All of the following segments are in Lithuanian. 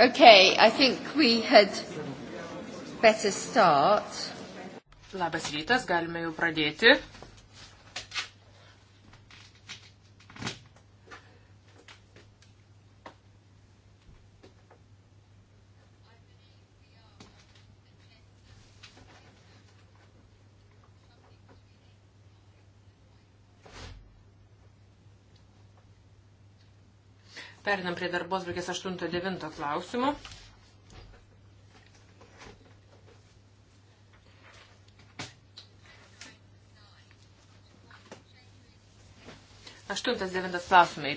Okay, I think we had better start. Labas rytas, galime jau pradėti. Perinam prie darbos varkės 8-9 klausimų. Aštuntas devintas klausimai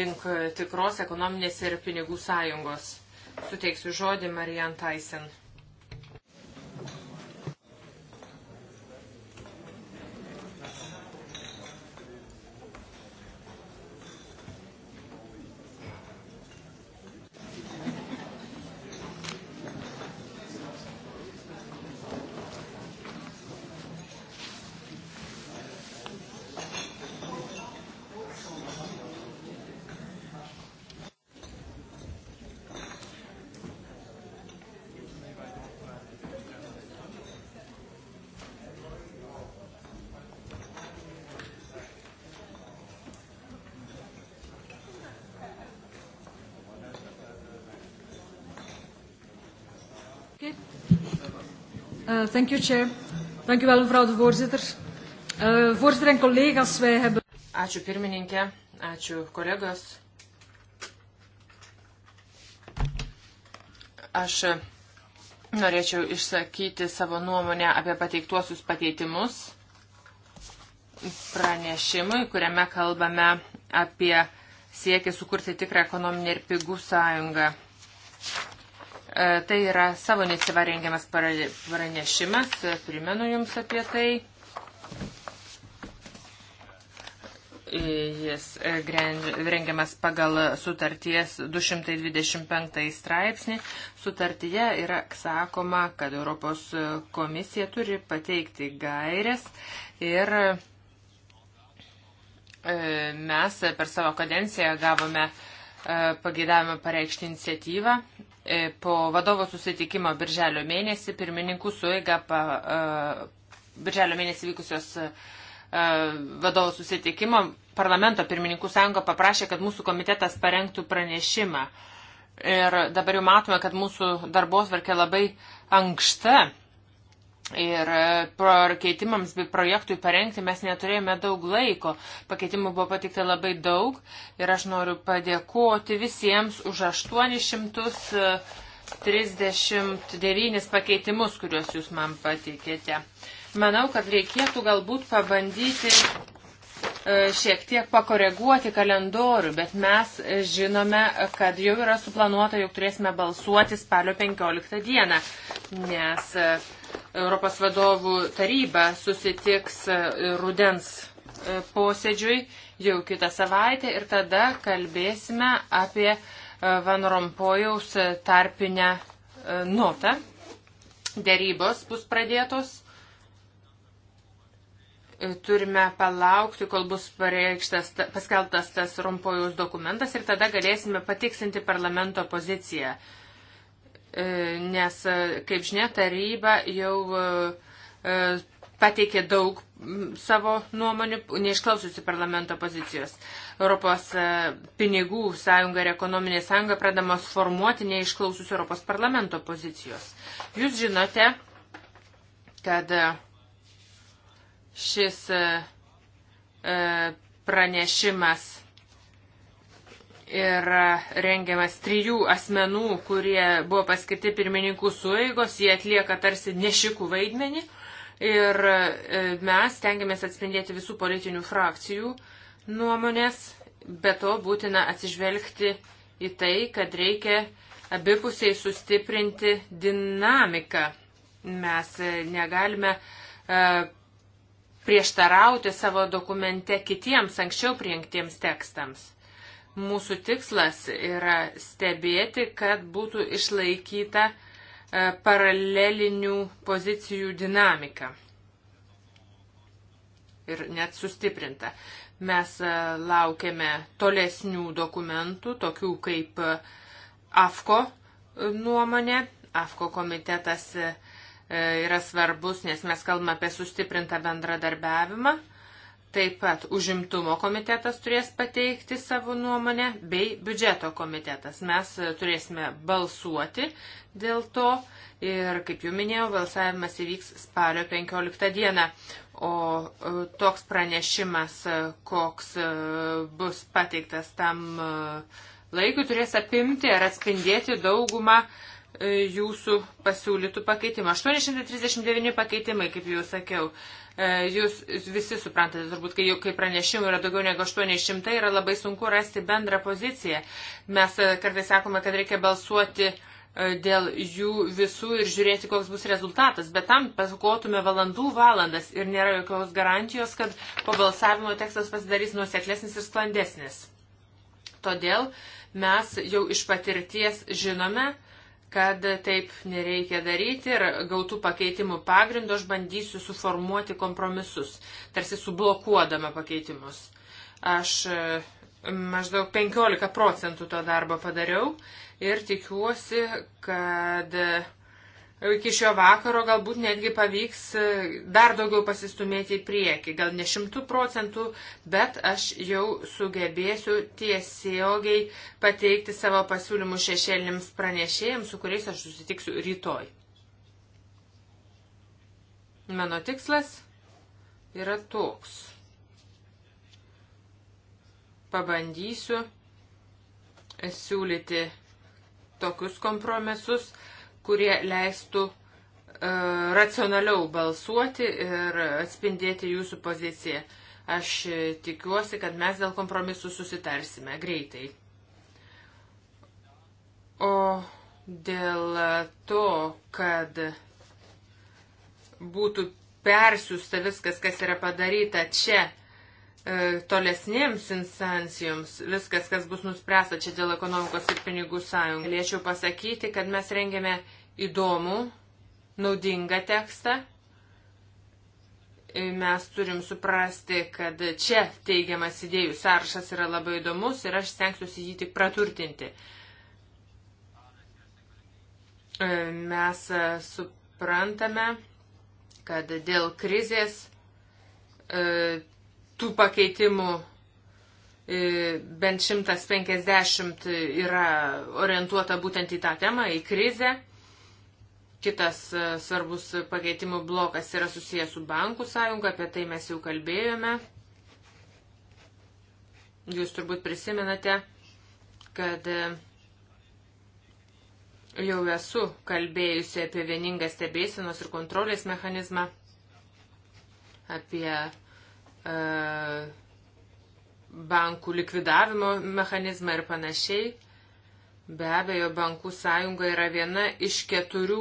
link tikros ekonominės ir pinigų sąjungos. Suteiksiu žodį Marian Tyson. Uh, thank you, Chair. Dank u wel, mevrouw de voorzitter. Uh, voorzitter en collega's, wij hebben... Ačiū pirmininkė, ačiū kolegos. Aš eh, norėčiau išsakyti savo nuomonę apie pateiktuosius pakeitimus pranešimui, kuriame kalbame apie siekį sukurti tikrą ekonominę ir pigų sąjungą. E, tai yra savo iniciatyva rengiamas pranešimas, primenu Jums apie tai. E, jis e, rengiamas pagal sutarties 225 straipsnį. Sutartyje yra sakoma, kad Europos komisija turi pateikti gairės ir mes per savo kadenciją gavome uh, E, pageidavimą pareikšti iniciatyvą. E, po vadovo susitikimo birželio mėnesį pirmininkų suėga e, birželio mėnesį vykusios vadovo susitikimo parlamento pirmininkų sąjunga paprašė, kad mūsų komitetas parengtų pranešimą. Ir dabar jau matome, kad mūsų darbos varkė labai ankšta Ir e, pakeitimams bei projektui parengti mes neturėjome daug laiko. Pakeitimų buvo patikta labai daug ir aš noriu padėkoti visiems už 839 e, pakeitimus, kuriuos jūs man pateikėte. Manau, kad reikėtų galbūt pabandyti e, šiek tiek pakoreguoti kalendorių, bet mes žinome, kad jau yra suplanuota, jog turėsime balsuoti spalio 15 dieną, nes Europos vadovų taryba susitiks e, rudens e, posėdžiui jau kitą savaitę ir tada kalbėsime apie e, Van Rompojaus tarpinę notą. Dėrybos bus pradėtos. Turime palaukti, kol bus paskeltas tas Rompojaus dokumentas ir tada galėsime patiksinti parlamento poziciją. E, nes, e, kaip žinia, taryba jau e, pateikė daug savo nuomonių, neišklaususi parlamento pozicijos. Europos pinigų sąjunga ir ekonominė sąjunga pradamos formuoti neišklausus Europos parlamento pozicijos. Jūs žinote, kad šis pranešimas ir rengiamas trijų asmenų, kurie buvo paskirti pirmininkų sueigos, jie atlieka tarsi nešikų vaidmenį ir e, mes tengiamės atspindėti visų politinių frakcijų nuomonės, bet to būtina atsižvelgti į tai, kad reikia abipusiai sustiprinti dinamiką. Mes e, negalime e, prieštarauti savo dokumente kitiems anksčiau priimtiems tekstams. Mūsų tikslas yra stebėti, kad būtų išlaikyta e, paralelinių pozicijų dinamika ir net sustiprinta. Mes e, laukiame tolesnių dokumentų, tokių kaip e, AFKO nuomonė. AFKO komitetas yra svarbus, nes mes kalbame apie sustiprintą bendradarbiavimą. Taip pat užimtumo komitetas turės pateikti savo nuomonę bei biudžeto komitetas. Mes e, turėsime balsuoti dėl to ir, kaip jau minėjau, balsavimas įvyks spalio 15 dieną. O e, toks pranešimas, e, koks bus pateiktas tam laikui, turės apimti ar atspindėti daugumą uh, E, jūsų pasiūlytų pakeitimų. 839 pakeitimai, kaip jau sakiau. E, jūs visi suprantate, turbūt, kai, kai pranešimų yra daugiau negu 800, yra labai sunku rasti bendrą poziciją. Mes e, kartais sakome, kad reikia balsuoti dėl jų visų ir žiūrėti, koks bus rezultatas, bet tam paskotume valandų valandas ir nėra jokios garantijos, kad po balsavimo tekstas pasidarys nuoseklesnis ir sklandesnis. Todėl mes jau iš patirties žinome, kad taip nereikia daryti ir gautų pakeitimų pagrindo aš bandysiu suformuoti kompromisus, tarsi sublokuodama pakeitimus. Aš e, maždaug 15 procentų to darbo padariau ir tikiuosi, kad iki šio vakaro galbūt netgi pavyks e, dar daugiau pasistumėti į priekį. Gal ne šimtų procentų, bet aš jau sugebėsiu tiesiogiai pateikti savo pasiūlymus šešėlinims pranešėjams, su kuriais aš susitiksiu rytoj. Mano tikslas yra toks. Pabandysiu siūlyti tokius kompromisus, kurie leistų e, racionaliau balsuoti ir atspindėti jūsų poziciją. Aš tikiuosi, kad mes dėl kompromisų susitarsime greitai. O dėl to, kad būtų persiusta viskas, kas yra padaryta čia E, tolesnėms instancijoms viskas, kas bus nuspręsta čia dėl ekonomikos ir pinigų sąjungų. Galėčiau pasakyti, kad mes rengėme įdomų, naudingą tekstą. E, mes turim suprasti, kad čia teigiamas idėjų sąrašas yra labai įdomus ir aš stengsiuosi jį tik praturtinti. E, mes suprantame, kad dėl krizės tų pakeitimų e, bent 150 yra orientuota būtent į tą temą, į krizę. Kitas e, svarbus pakeitimų blokas yra susijęs su bankų sąjunga, apie tai mes jau kalbėjome. Jūs turbūt prisimenate, kad e, jau esu kalbėjusi apie vieningą stebėsinos ir kontrolės mechanizmą, apie E, bankų likvidavimo mechanizmą ir panašiai. Be abejo, bankų sąjunga yra viena iš keturių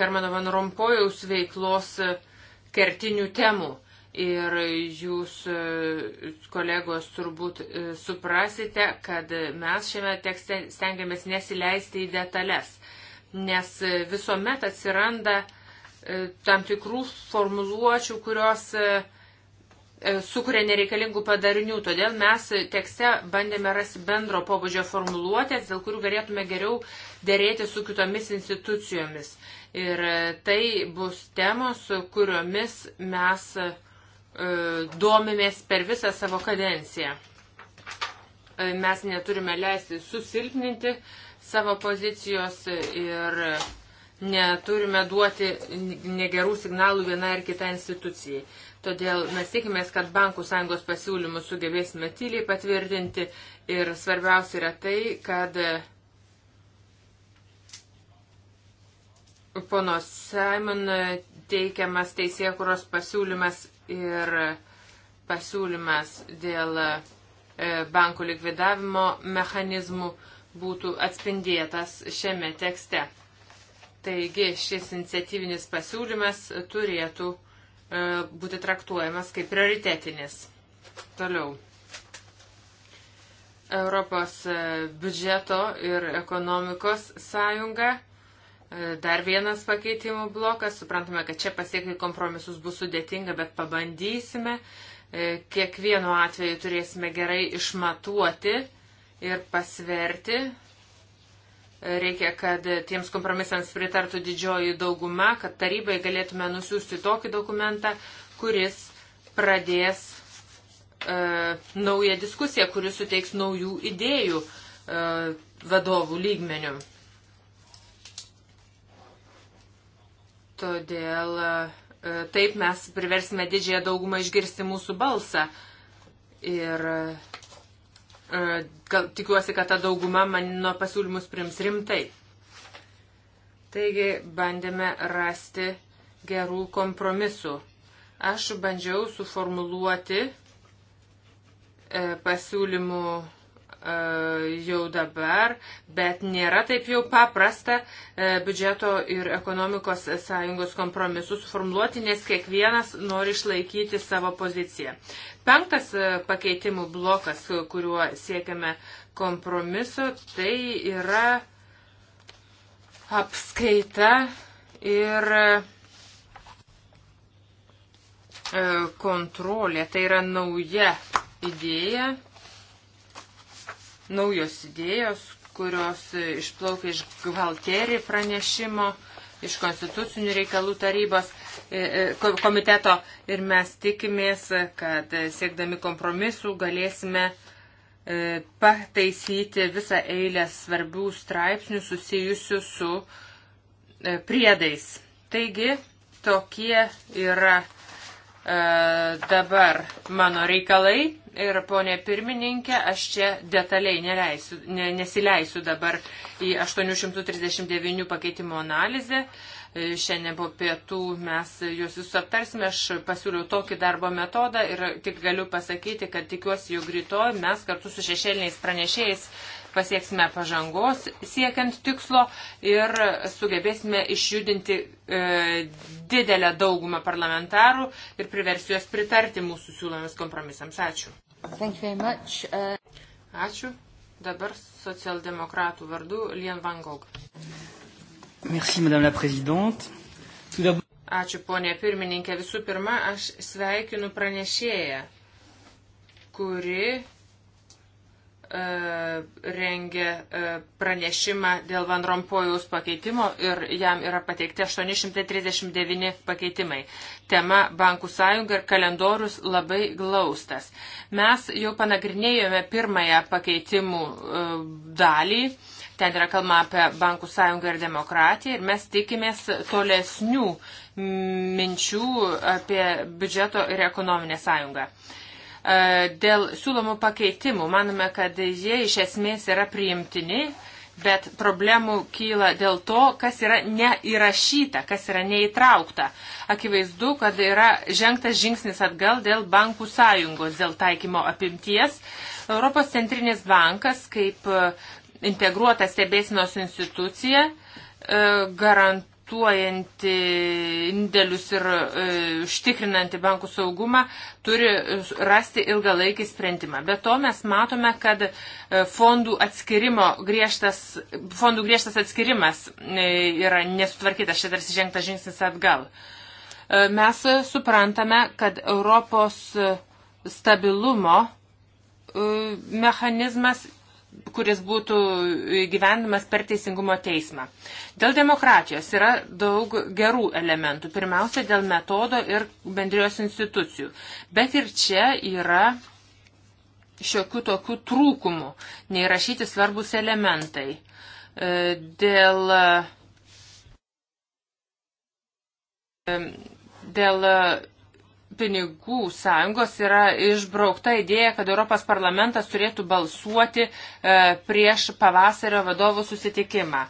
Hermano Van Rompojaus veiklos kertinių temų. Ir jūs, e, kolegos, turbūt e, suprasite, kad mes šiame tekste stengiamės nesileisti į detalės, nes visuomet atsiranda tam tikrų formuluočių, kurios uh, E, sukuria nereikalingų padarinių. Todėl mes tekste bandėme rasti bendro pobūdžio formuluotės, dėl kurių galėtume geriau dėrėti su kitomis institucijomis. Ir e, tai bus temos, kuriomis mes e, domimės per visą savo kadenciją. Mes neturime leisti susilpninti savo pozicijos ir neturime duoti negerų signalų vienai ar kitai institucijai. Todėl mes tikimės, kad bankų sąjungos pasiūlymus sugebėsime tyliai patvirtinti ir svarbiausia yra tai, kad e, pono Simon e, teikiamas teisėkuros pasiūlymas ir pasiūlymas dėl e, bankų likvidavimo mechanizmų būtų atspindėtas šiame tekste. Taigi šis iniciatyvinis pasiūlymas turėtų E, būti traktuojamas kaip prioritetinis. Toliau. Europos e, biudžeto ir ekonomikos sąjunga. E, dar vienas pakeitimų blokas. Suprantame, kad čia pasiekti kompromisus bus sudėtinga, bet pabandysime. Kiekvienu atveju turėsime gerai išmatuoti ir pasverti Reikia, kad tiems kompromisams pritartų didžioji dauguma, kad tarybai galėtume nusiųsti tokį dokumentą, kuris pradės e, naują diskusiją, kuris suteiks naujų idėjų e, vadovų lygmenių. Todėl e, taip mes priversime didžiąją daugumą išgirsti mūsų balsą. Ir e, E, gal, tikiuosi, kad ta dauguma mano pasiūlymus prims rimtai. Taigi bandėme rasti gerų kompromisų. Aš bandžiau suformuluoti e, pasiūlymų E, jau dabar, bet nėra taip jau paprasta e, biudžeto ir ekonomikos sąjungos kompromisus suformuoluoti, nes kiekvienas nori išlaikyti savo poziciją. Penktas e, pakeitimų blokas, kuriuo siekiame kompromiso, tai yra apskaita ir kontrolė. Tai yra nauja idėja naujos idėjos, kurios išplaukia iš Gvalterį pranešimo, iš Konstitucinių reikalų tarybos e, e, komiteto ir mes tikimės, kad siekdami kompromisų galėsime e, pataisyti visą eilę svarbių straipsnių susijusių su priedais. Taigi, tokie yra E, dabar mano reikalai ir ponė pirmininkė, aš čia detaliai neleisiu, ne, nesileisiu dabar į 839 pakeitimo analizę. E, šiandien po pietų mes juos visus aptarsime, aš pasiūliau tokį darbo metodą ir tik galiu pasakyti, kad tikiuosi, jog rytoj mes kartu su šešėliniais pranešėjais pasieksime pažangos siekiant tikslo ir sugebėsime išjudinti e, didelę daugumą parlamentarų ir priversiu juos pritarti mūsų siūlomis kompromisams. Ačiū. Uh... Ačiū. Dabar socialdemokratų vardu Lien Van Gogh. Merci, Madame la Présidente. Tout d'abord. Ačiū, ponė pirmininkė. Visų pirma, aš sveikinu pranešėją, kuri E, rengė e, pranešimą dėl Van Rompojaus pakeitimo ir jam yra pateikti 839 pakeitimai. Tema Bankų sąjunga ir kalendorius labai glaustas. Mes jau panagrinėjome pirmąją pakeitimų e, dalį. Ten yra kalba apie Bankų sąjungą ir demokratiją ir mes tikimės tolesnių minčių apie biudžeto ir ekonominę sąjungą. E, dėl siūlomų pakeitimų manome, kad jie iš esmės yra priimtini, bet problemų kyla dėl to, kas yra neįrašyta, kas yra neįtraukta. Akivaizdu, kad yra žengtas žingsnis atgal dėl bankų sąjungos, dėl taikymo apimties. Europos centrinis bankas kaip e, integruota stebėsinos institucija e, garant garantuojanti indėlius ir e, užtikrinanti bankų saugumą turi rasti ilgalaikį sprendimą. Be to mes matome, kad e, fondų, griežtas, fondų griežtas atskirimas e, yra nesutvarkytas, šitą tarsi žengtas žingsnis atgal. Mes suprantame, kad Europos stabilumo mechanizmas kuris būtų gyvenimas per teisingumo teismą. Dėl demokratijos yra daug gerų elementų. Pirmiausia, dėl metodo ir bendrijos institucijų. Bet ir čia yra šiokių tokių trūkumų, neįrašyti svarbus elementai. E, dėl, e, dėl pinigų sąjungos yra išbraukta idėja, kad Europos parlamentas turėtų balsuoti e, prieš pavasario vadovų susitikimą.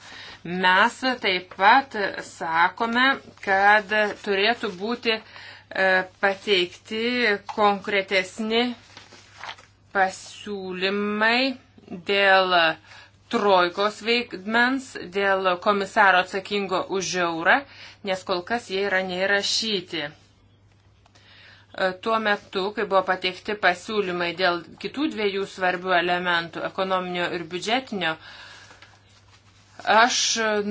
Mes taip pat sakome, kad turėtų būti e, pateikti konkretesni pasiūlymai dėl trojkos veikmens, dėl komisaro atsakingo už eurą, nes kol kas jie yra neįrašyti tuo metu, kai buvo pateikti pasiūlymai dėl kitų dviejų svarbių elementų - ekonominio ir biudžetinio, aš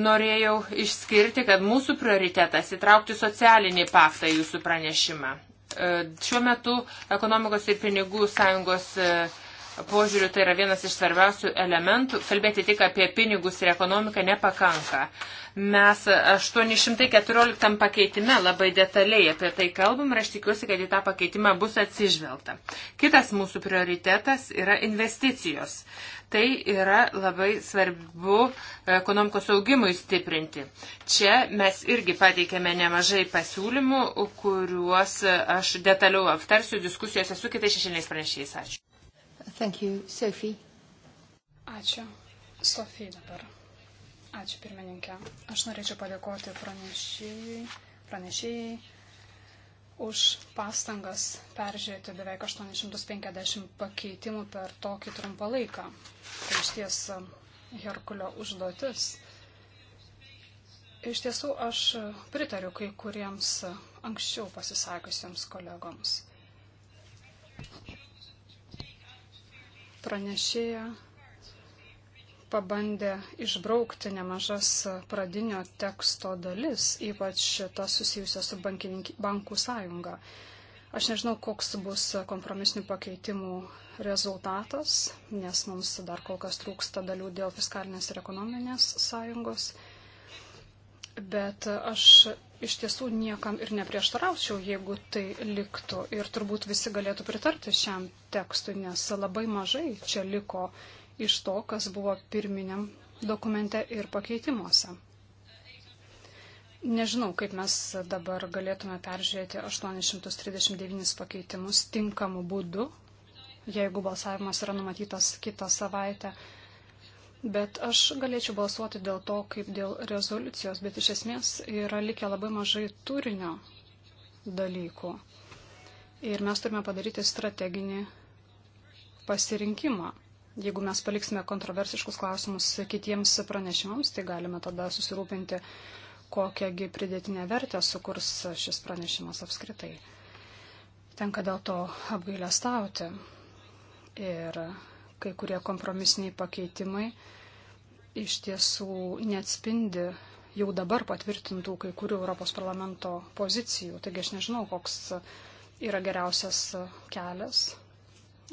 norėjau išskirti, kad mūsų prioritetas įtraukti socialinį paktą į jūsų pranešimą. E, šiuo metu ekonomikos ir pinigų sąjungos e, požiūriu tai yra vienas iš svarbiausių elementų. Kalbėti tik apie pinigus ir ekonomiką nepakanka. Mes 814 pakeitime labai detaliai apie tai kalbam ir aš tikiuosi, kad į tą pakeitimą bus atsižvelgta. Kitas mūsų prioritetas yra investicijos. Tai yra labai svarbu ekonomikos augimui stiprinti. Čia mes irgi pateikėme nemažai pasiūlymų, kuriuos aš detaliau aptarsiu diskusijose su kitais šešiniais pranešiais. Ačiū. Thank you, Sophie. Ačiū. Sofija dabar. Ačiū pirmininkė. Aš norėčiau padėkoti pranešėjai, pranešėjai už pastangas peržiūrėti beveik 850 pakeitimų per tokį trumpą laiką. Tai iš ties um, Herkulio užduotis. Iš tiesų aš pritariu kai kuriems um, anksčiau pasisakiusiems kolegoms. pranešėja pabandė išbraukti nemažas pradinio teksto dalis, ypač tas susijusias su bankų sąjunga. Aš nežinau, koks bus kompromisinių pakeitimų rezultatas, nes mums dar kol kas trūksta dalių dėl fiskalinės ir ekonominės sąjungos. Bet aš iš tiesų niekam ir neprieštaraučiau, jeigu tai liktų. Ir turbūt visi galėtų pritarti šiam tekstui, nes labai mažai čia liko iš to, kas buvo pirminiam dokumente ir pakeitimuose. Nežinau, kaip mes dabar galėtume peržiūrėti 839 pakeitimus tinkamu būdu, jeigu balsavimas yra numatytas kitą savaitę. Bet aš galėčiau balsuoti dėl to, kaip dėl rezoliucijos, bet iš esmės yra likę labai mažai turinio dalykų. Ir mes turime padaryti strateginį pasirinkimą. Jeigu mes paliksime kontroversiškus klausimus kitiems pranešimams, tai galime tada susirūpinti, kokiagi pridėtinė vertė sukurs šis pranešimas apskritai. Tenka dėl to apgailę stauti. Ir kai kurie kompromisiniai pakeitimai iš tiesų neatspindi jau dabar patvirtintų kai kurių Europos parlamento pozicijų. Taigi aš nežinau, koks yra geriausias kelias.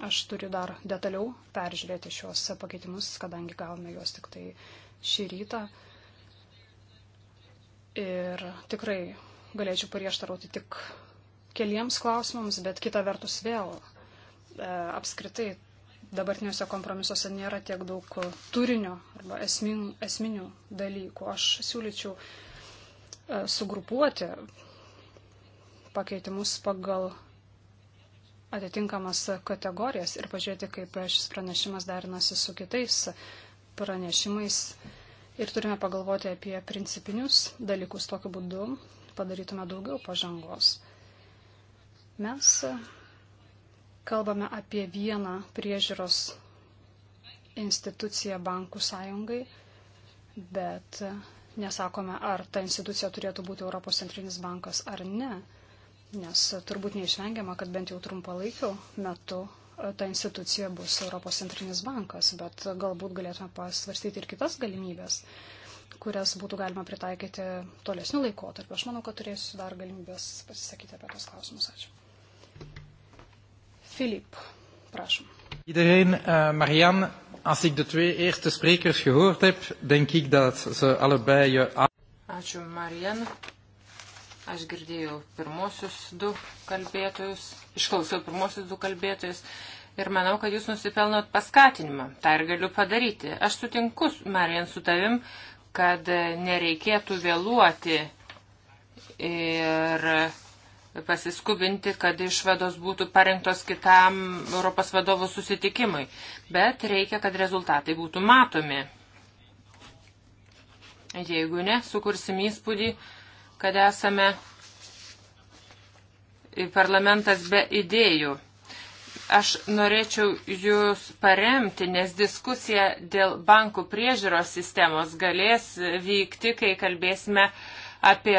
Aš turiu dar detaliau peržiūrėti šios pakeitimus, kadangi gavome juos tik tai šį rytą. Ir tikrai galėčiau prieštarauti tik keliems klausimams, bet kita vertus vėl e, apskritai dabartiniuose kompromisuose nėra tiek daug turinio arba esmin, esminių dalykų. Aš siūlyčiau e, sugrupuoti pakeitimus pagal atitinkamas kategorijas ir pažiūrėti, kaip šis pranešimas derinasi su kitais pranešimais. Ir turime pagalvoti apie principinius dalykus. Tokiu būdu padarytume daugiau pažangos. Mes kalbame apie vieną priežiūros instituciją bankų sąjungai, bet nesakome, ar ta institucija turėtų būti Europos centrinis bankas ar ne, nes turbūt neišvengiama, kad bent jau trumpalaikiu metu e, ta institucija bus Europos centrinis bankas, bet galbūt galėtume pasvarstyti ir kitas galimybės, kurias būtų galima pritaikyti tolesnių laikotarpių. Aš manau, kad turėsiu dar galimybės pasisakyti apie tos klausimus. Ačiū. Filip, prašom. Iedereen, uh, Marianne, als ik de twee eerste sprekers gehoord heb, denk ik dat ze allebei je. Ačiū, Marianne. Aš girdėjau pirmosius du kalbėtojus, išklausiau pirmosius du kalbėtojus ir manau, kad jūs nusipelnot paskatinimą. Ta ir galiu padaryti. Aš sutinku, Marijan, su tavim, kad nereikėtų vėluoti ir pasiskubinti, kad išvados būtų parengtos kitam Europos vadovų susitikimui, bet reikia, kad rezultatai būtų matomi. Jeigu ne, sukursim įspūdį, kad esame parlamentas be idėjų. Aš norėčiau jūs paremti, nes diskusija dėl bankų priežiūros sistemos galės vykti, kai kalbėsime uh, apie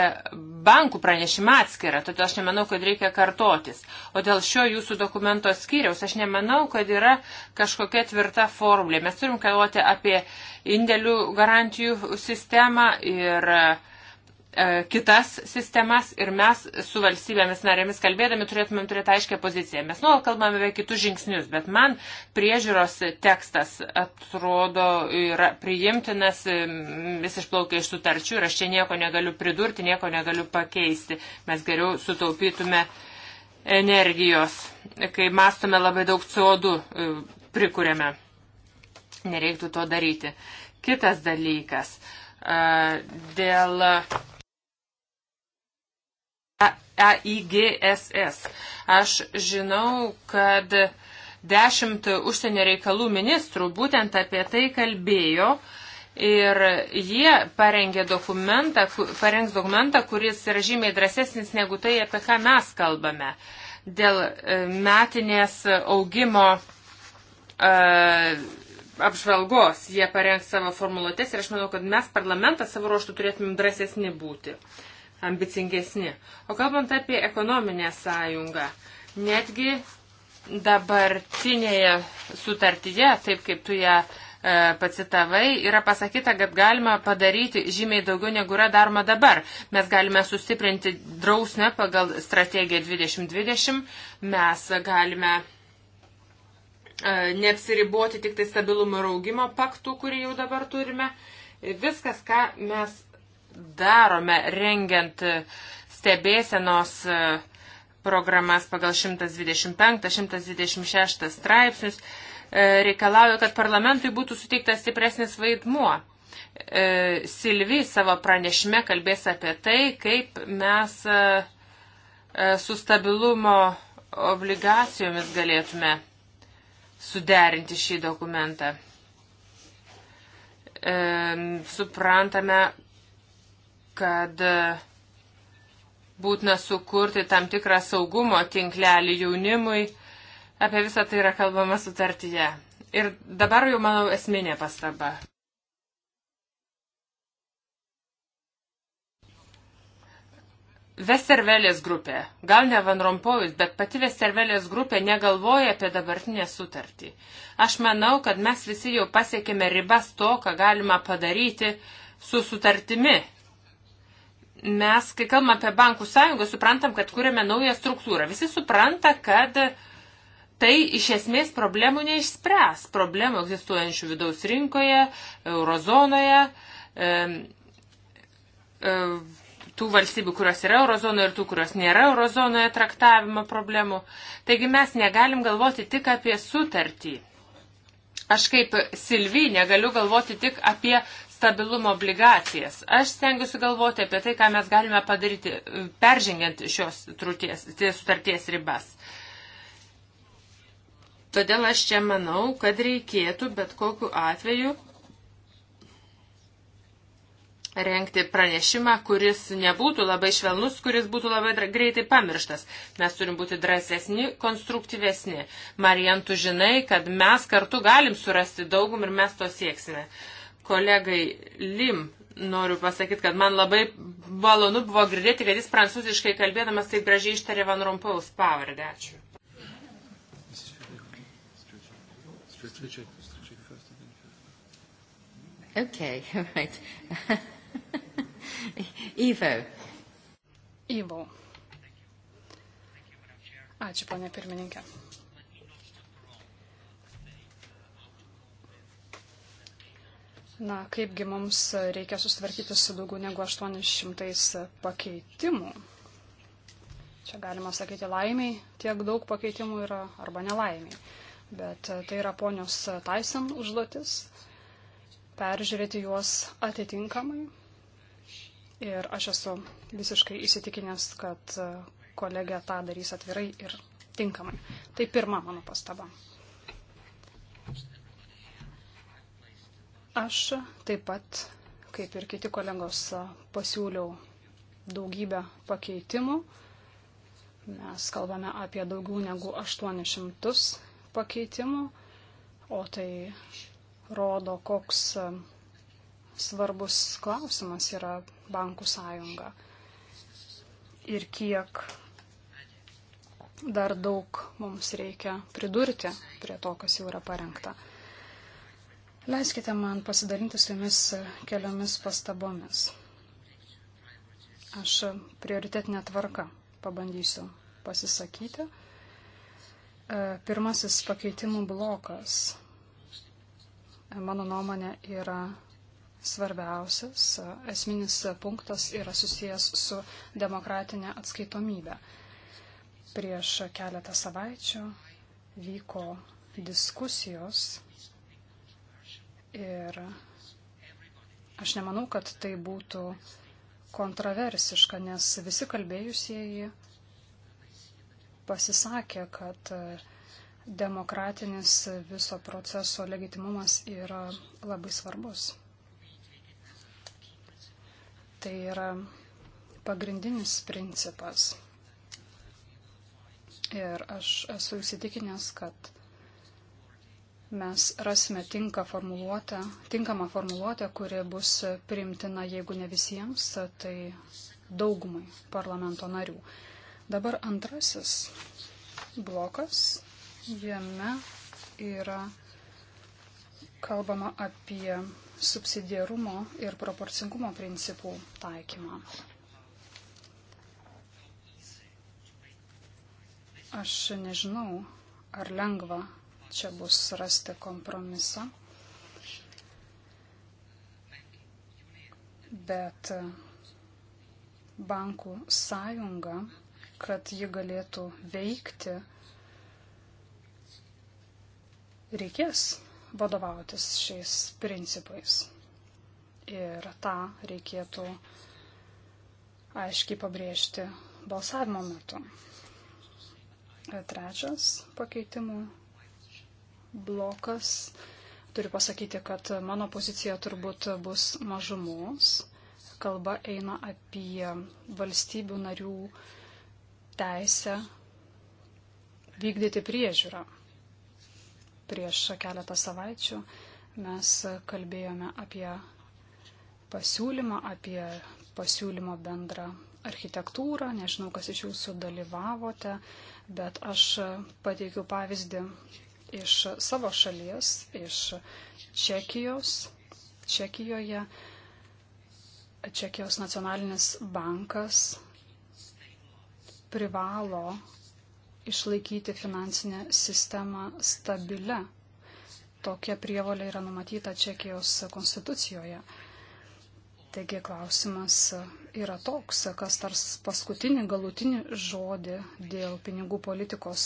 bankų pranešimą atskirą, todėl aš nemanau, kad reikia kartotis. O dėl šio jūsų dokumento skyriaus aš nemanau, kad yra kažkokia tvirta formulė. Mes turim kalbėti apie indėlių garantijų sistemą ir uh, E, kitas sistemas ir mes su valstybėmis narėmis kalbėdami turėtumėm turėti aiškę poziciją. Mes nuolat kalbame apie kitus žingsnius, bet man priežiūros tekstas atrodo yra priimtinas, e, jis išplaukia iš sutarčių ir aš čia nieko negaliu pridurti, nieko negaliu pakeisti. Mes geriau sutaupytume energijos, kai mastome labai daug CO2 e, prikūrėme. Nereiktų to daryti. Kitas dalykas. Dėl EIGSS. Aš žinau, kad dešimt užsienio reikalų ministrų būtent apie tai kalbėjo. Ir jie parengė dokumentą, parengs dokumentą, kuris yra žymiai drąsesnis negu tai, apie ką mes kalbame. Dėl e, metinės augimo uh, apžvalgos jie parengs savo formuluotės ir aš manau, kad mes parlamentą savo ruoštų turėtumėm drąsesni būti. Uh, ambicingesni. O kalbant apie ekonominę sąjungą, netgi dabartinėje sutartyje, taip kaip tu ją e, pacitavai, yra pasakyta, kad galima padaryti žymiai daugiau negu yra daroma dabar. Mes galime sustiprinti drausmę pagal strategiją 2020, mes galime e, neapsiriboti tik tai stabilumo ir augimo paktų, kurį jau dabar turime. Viskas, ką mes darome rengiant e, stebėsenos e, programas pagal 125-126 straipsnius, e, reikalauja, kad parlamentui būtų suteiktas stipresnis vaidmuo. Silvi savo pranešime kalbės apie tai, kaip mes su stabilumo obligacijomis galėtume suderinti šį dokumentą. E, suprantame, kad e, būtina sukurti tam tikrą saugumo tinklelį jaunimui. Apie visą tai yra kalbama sutartyje. Ir dabar jau, manau, esminė pastaba. Vestervelės grupė, gal ne Van Rompojus, bet pati Vestervelės grupė negalvoja apie dabartinę sutartį. Aš manau, kad mes visi jau pasiekėme ribas to, ką galima padaryti su sutartimi mes, kai kalbam apie bankų sąjungą, suprantam, kad kūrėme naują struktūrą. Visi supranta, kad tai iš esmės problemų neišspręs. Problemų egzistuojančių vidaus rinkoje, eurozonoje, e, e, tų valstybių, kurios yra eurozonoje ir tų, kurios nėra eurozonoje traktavimo problemų. Taigi mes negalim galvoti tik apie sutartį. Aš kaip Silvi negaliu galvoti tik apie stabilumo obligacijas. Aš stengiuosi galvoti apie tai, ką mes galime padaryti, peržengiant šios trūties, sutarties ribas. Todėl aš čia manau, kad reikėtų bet kokiu atveju renkti pranešimą, kuris nebūtų labai švelnus, kuris būtų labai greitai pamirštas. Mes turim būti drąsesni, konstruktyvesni. Marijan, tu žinai, kad mes kartu galim surasti daugum ir mes to sieksime. Kolegai Lim, noriu pasakyti, kad man labai malonu buvo girdėti, kad jis prancūziškai kalbėdamas taip gražiai ištarė Van Rompaus pavardę. Ačiū. Okay, all right. Ivo. Ivo. Ačiū, ponė pirmininkė. Na, kaipgi mums reikia susitvarkyti su daugiau negu 800 pakeitimų. Čia galima sakyti laimiai, tiek daug pakeitimų yra arba nelaimiai. Bet tai yra ponios Tyson užduotis peržiūrėti juos atitinkamai Ir aš esu visiškai įsitikinęs, kad kolegė tą darys atvirai ir tinkamai. Tai pirma mano pastaba. Aš taip pat, kaip ir kiti kolegos, pasiūliau daugybę pakeitimų. Mes kalbame apie daugiau negu 800 pakeitimų, o tai rodo, koks svarbus klausimas yra bankų sąjungą. Ir kiek dar daug mums reikia pridurti prie to, kas jau yra parengta. Leiskite man pasidalinti su jumis keliomis pastabomis. Aš prioritetinę tvarką pabandysiu pasisakyti. E, pirmasis pakeitimų blokas, mano nuomonė, yra svarbiausias esminis punktas yra susijęs su demokratinė atskaitomybė. Prieš keletą savaičių vyko diskusijos ir aš nemanau, kad tai būtų kontroversiška, nes visi kalbėjusieji pasisakė, kad demokratinis viso proceso legitimumas yra labai svarbus. Tai yra pagrindinis principas. Ir aš esu įsitikinęs, kad mes rasime tinką formuluotę, tinkamą formuluotę, kuri bus priimtina, jeigu ne visiems, tai daugumai parlamento narių. Dabar antrasis blokas, jame yra kalbama apie subsidiarumo ir proporcingumo principų taikymą. Aš nežinau, ar lengva čia bus rasti kompromisą, bet bankų sąjunga, kad ji galėtų veikti, reikės vadovautis šiais principais. Ir tą reikėtų aiškiai pabrėžti balsavimo metu. Trečias pakeitimų blokas. Turiu pasakyti, kad mano pozicija turbūt bus mažumos. Kalba eina apie valstybių narių teisę vykdyti priežiūrą Prieš keletą savaičių mes kalbėjome apie pasiūlymą, apie pasiūlymo bendrą architektūrą. Nežinau, kas iš jūsų dalyvavote, bet aš pateikiu pavyzdį iš savo šalies, iš Čekijos. Čekijoje Čekijos nacionalinis bankas privalo išlaikyti finansinę sistemą stabilę. Tokia prievolė yra numatyta Čekijos konstitucijoje. Taigi klausimas yra toks, kas tars paskutinį galutinį žodį dėl pinigų politikos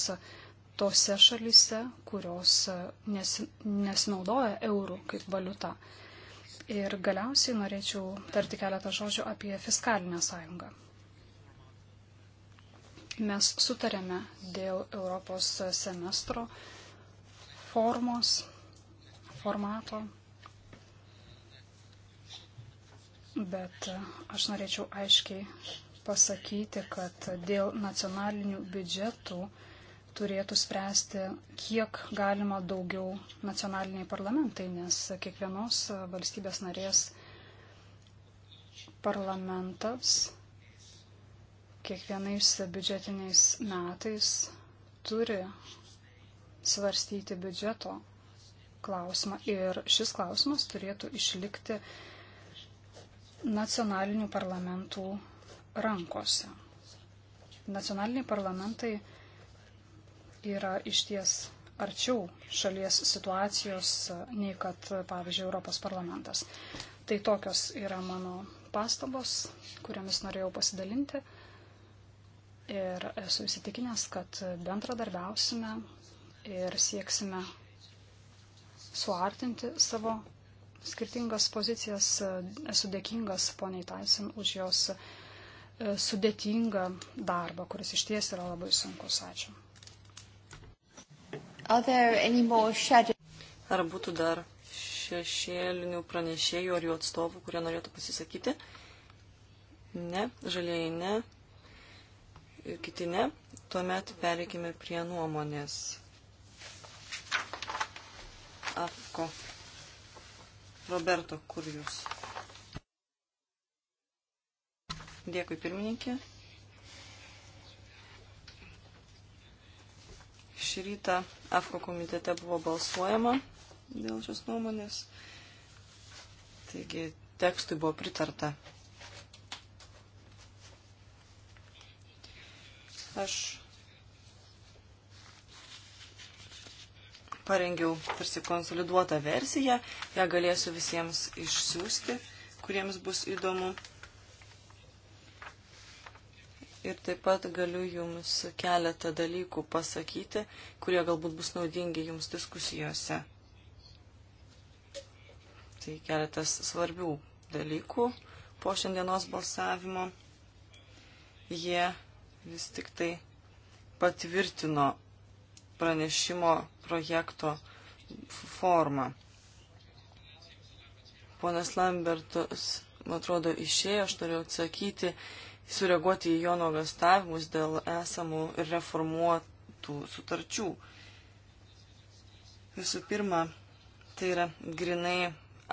tose šalise, kurios nesinaudoja eurų kaip valiuta. Ir galiausiai norėčiau tarti keletą žodžių apie fiskalinę sąjungą. Mes sutarėme dėl Europos semestro formos, formato, bet aš norėčiau aiškiai pasakyti, kad dėl nacionalinių biudžetų turėtų spręsti, kiek galima daugiau nacionaliniai parlamentai, nes kiekvienos valstybės narės parlamentas kiekvienais biudžetiniais metais turi svarstyti biudžeto klausimą ir šis klausimas turėtų išlikti nacionalinių parlamentų rankose. Nacionaliniai parlamentai yra išties arčiau šalies situacijos nei kad, pavyzdžiui, Europos parlamentas. Tai tokios yra mano pastabos, kuriamis norėjau pasidalinti. Ir esu įsitikinęs, kad bendradarbiausime ir sieksime suartinti savo skirtingas pozicijas. Esu dėkingas poniai Taisin už jos e, sudėtingą darbą, kuris iš ties yra labai sunkus. Ačiū. Ar būtų dar šešėlinių pranešėjų ar jų atstovų, kurie norėtų pasisakyti? Ne, žalieji ne, kiti ne. Tuomet pereikime prie nuomonės. Afko. Roberto, kur jūs? Dėkui, pirmininkė. Šį rytą AFKO komitete buvo balsuojama dėl šios nuomonės. Taigi tekstui buvo pritarta. Aš parengiau tarsi konsoliduotą versiją, ją galėsiu visiems išsiųsti, kuriems bus įdomu. Ir taip pat galiu jums keletą dalykų pasakyti, kurie galbūt bus naudingi jums diskusijose. Tai keletas svarbių dalykų po šiandienos balsavimo. Jie yeah vis tik tai patvirtino pranešimo projekto formą. Ponas Lambertas, man atrodo, išėjo, aš noriu atsakyti, sureaguoti į jo nuogastavimus dėl esamų ir reformuotų sutarčių. Visų pirma, tai yra grinai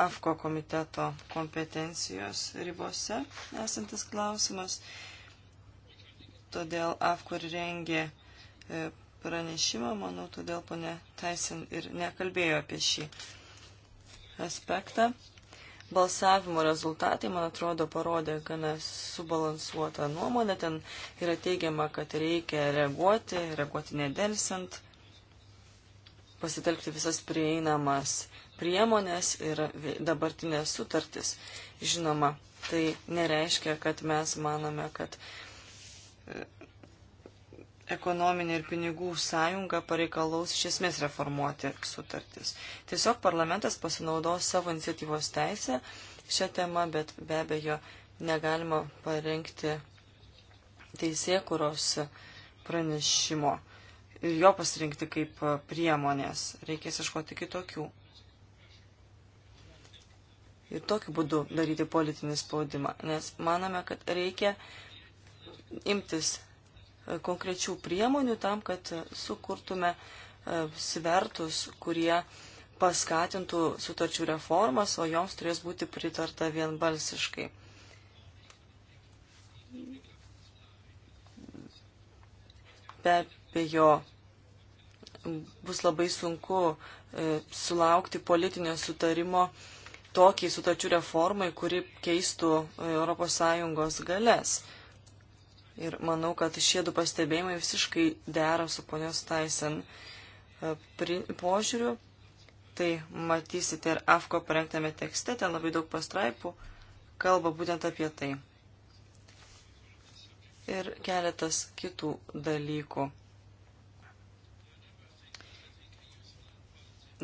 AFKO komiteto kompetencijos ribose esantis klausimas todėl AFKUR rengė e, pranešimą, manau, todėl ponė Tyson ir nekalbėjo apie šį aspektą. Balsavimo rezultatai, man atrodo, parodė gana subalansuotą nuomonę. Ten yra teigiama, kad reikia reaguoti, reaguoti nedelsant, pasitelkti visas prieinamas priemonės ir dabartinės sutartis. Žinoma, tai nereiškia, kad mes manome, kad uh, ekonominė ir pinigų sąjunga pareikalaus iš esmės reformuoti sutartis. Tiesiog parlamentas pasinaudos savo iniciatyvos teisę šią temą, bet be abejo negalima parengti teisėkuros pranešimo ir jo pasirinkti kaip priemonės. Reikės iškoti kitokių. Ir tokiu būdu daryti politinį spaudimą, nes manome, kad reikia uh, imtis e, konkrečių priemonių tam, kad sukurtume e, svertus, kurie paskatintų sutarčių reformas, o joms turės būti pritarta vienbalsiškai. Be abejo, bus labai sunku e, sulaukti politinio sutarimo tokiai sutarčių reformai, kuri keistų ES galės. Ir manau, kad šie du pastebėjimai visiškai dera su ponios Taisen e, požiūriu. Tai matysite ir AFKO parengtame tekste, ten labai daug pastraipų kalba būtent apie tai. Ir keletas kitų dalykų.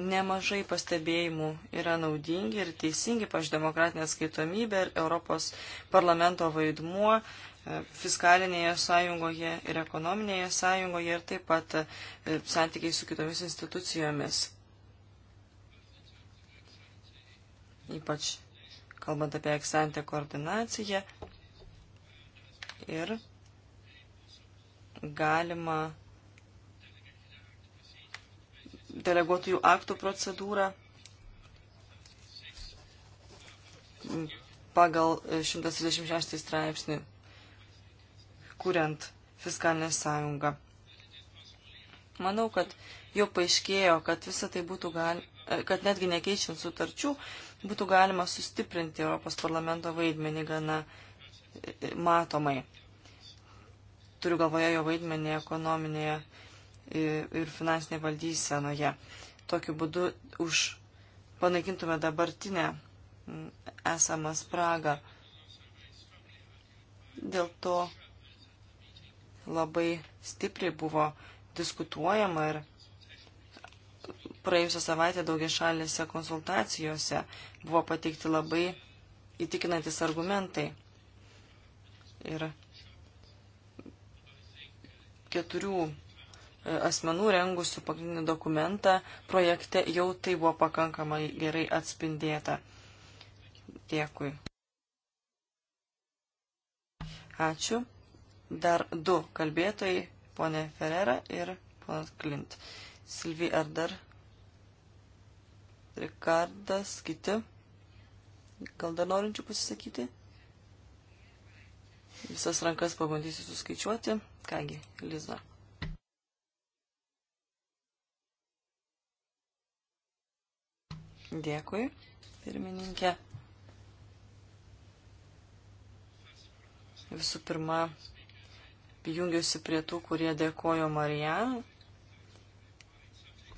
nemažai pastebėjimų yra naudingi ir teisingi, paž demokratinė skaitomybė ir Europos parlamento vaidmuo E, fiskalinėje sąjungoje ir ekonominėje sąjungoje ir taip pat e, santykiai su kitomis institucijomis. Ypač kalbant apie eksantę koordinaciją ir galima deleguotųjų aktų procedūrą pagal 136 e, straipsnį kuriant fiskalinę sąjungą. Manau, kad jau paaiškėjo, kad visą tai būtų galima, e, kad netgi nekeičiant sutarčių, būtų galima sustiprinti Europos parlamento vaidmenį gana e, e, matomai. Turiu galvoje jo vaidmenį ekonominėje ir finansinėje valdysenoje. Tokiu būdu už panaikintume dabartinę esamą spragą. Dėl to labai stipriai buvo diskutuojama ir praėjusią savaitę daugia šalėse konsultacijose buvo pateikti labai įtikinantis argumentai. Ir keturių e, asmenų rengusių pagrindinį dokumentą projekte jau tai buvo pakankamai gerai atspindėta. Dėkui. Ačiū dar du kalbėtojai, ponė Ferrera ir ponas Klint. Silvi, ar dar Rikardas, kiti? Gal dar norinčių pasisakyti? Visas rankas pabandysiu suskaičiuoti. Kągi, Liza. Dėkui, pirmininkė. Visų pirma, jungiuosi prie tų, kurie dėkojo Marijan.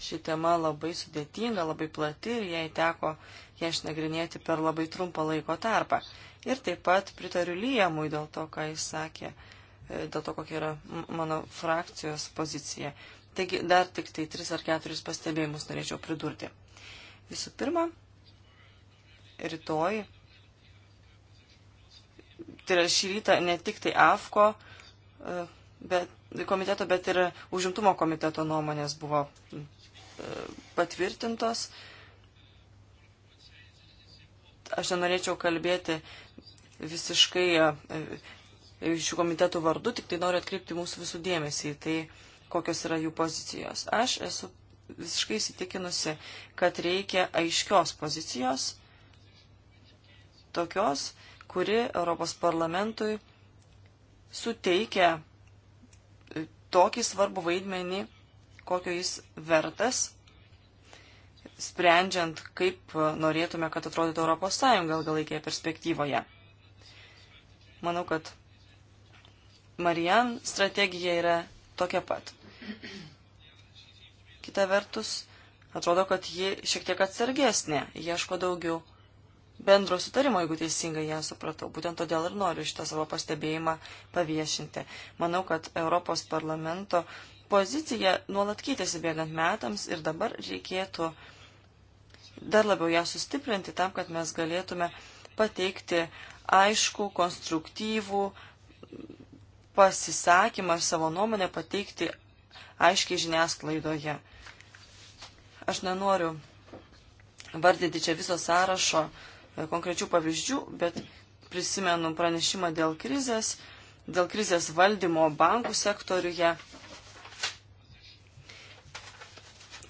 Ši tema labai sudėtinga, labai plati ir jai teko ją išnagrinėti per labai trumpą laiko tarpą. Ir taip pat pritariu Lyjamui dėl to, ką jis sakė, e, dėl to, kokia yra mano frakcijos pozicija. Taigi dar tik tai tris ar keturis pastebėjimus norėčiau pridurti. Visų pirma, rytoj, tai yra šį rytą ne tik tai AFKO, bet, komiteto, bet ir užimtumo komiteto nuomonės buvo e, patvirtintos. Aš nenorėčiau kalbėti visiškai e, e, šių komitetų vardu, tik tai noriu atkreipti mūsų visų dėmesį į tai, kokios yra jų pozicijos. Aš esu visiškai įsitikinusi, kad reikia aiškios pozicijos, tokios, kuri Europos parlamentui suteikia e, tokį svarbų vaidmenį, kokio jis vertas, sprendžiant, kaip e, norėtume, kad atrodytų Europos Sąjunga ilgalaikėje perspektyvoje. Manau, kad Marijan strategija yra tokia pat. Kita vertus, atrodo, kad ji šiek tiek atsargesnė, ieško daugiau bendro sutarimo, jeigu teisingai ją supratau. Būtent todėl ir noriu šitą savo pastebėjimą paviešinti. Manau, kad Europos parlamento pozicija nuolat keitėsi bėgant metams ir dabar reikėtų dar labiau ją sustiprinti tam, kad mes galėtume pateikti aišku, konstruktyvų pasisakymą ir savo nuomonę pateikti aiškiai žiniasklaidoje. Aš nenoriu vardinti čia viso sąrašo E, konkrečių pavyzdžių, bet prisimenu pranešimą dėl krizės, dėl krizės valdymo bankų sektoriuje.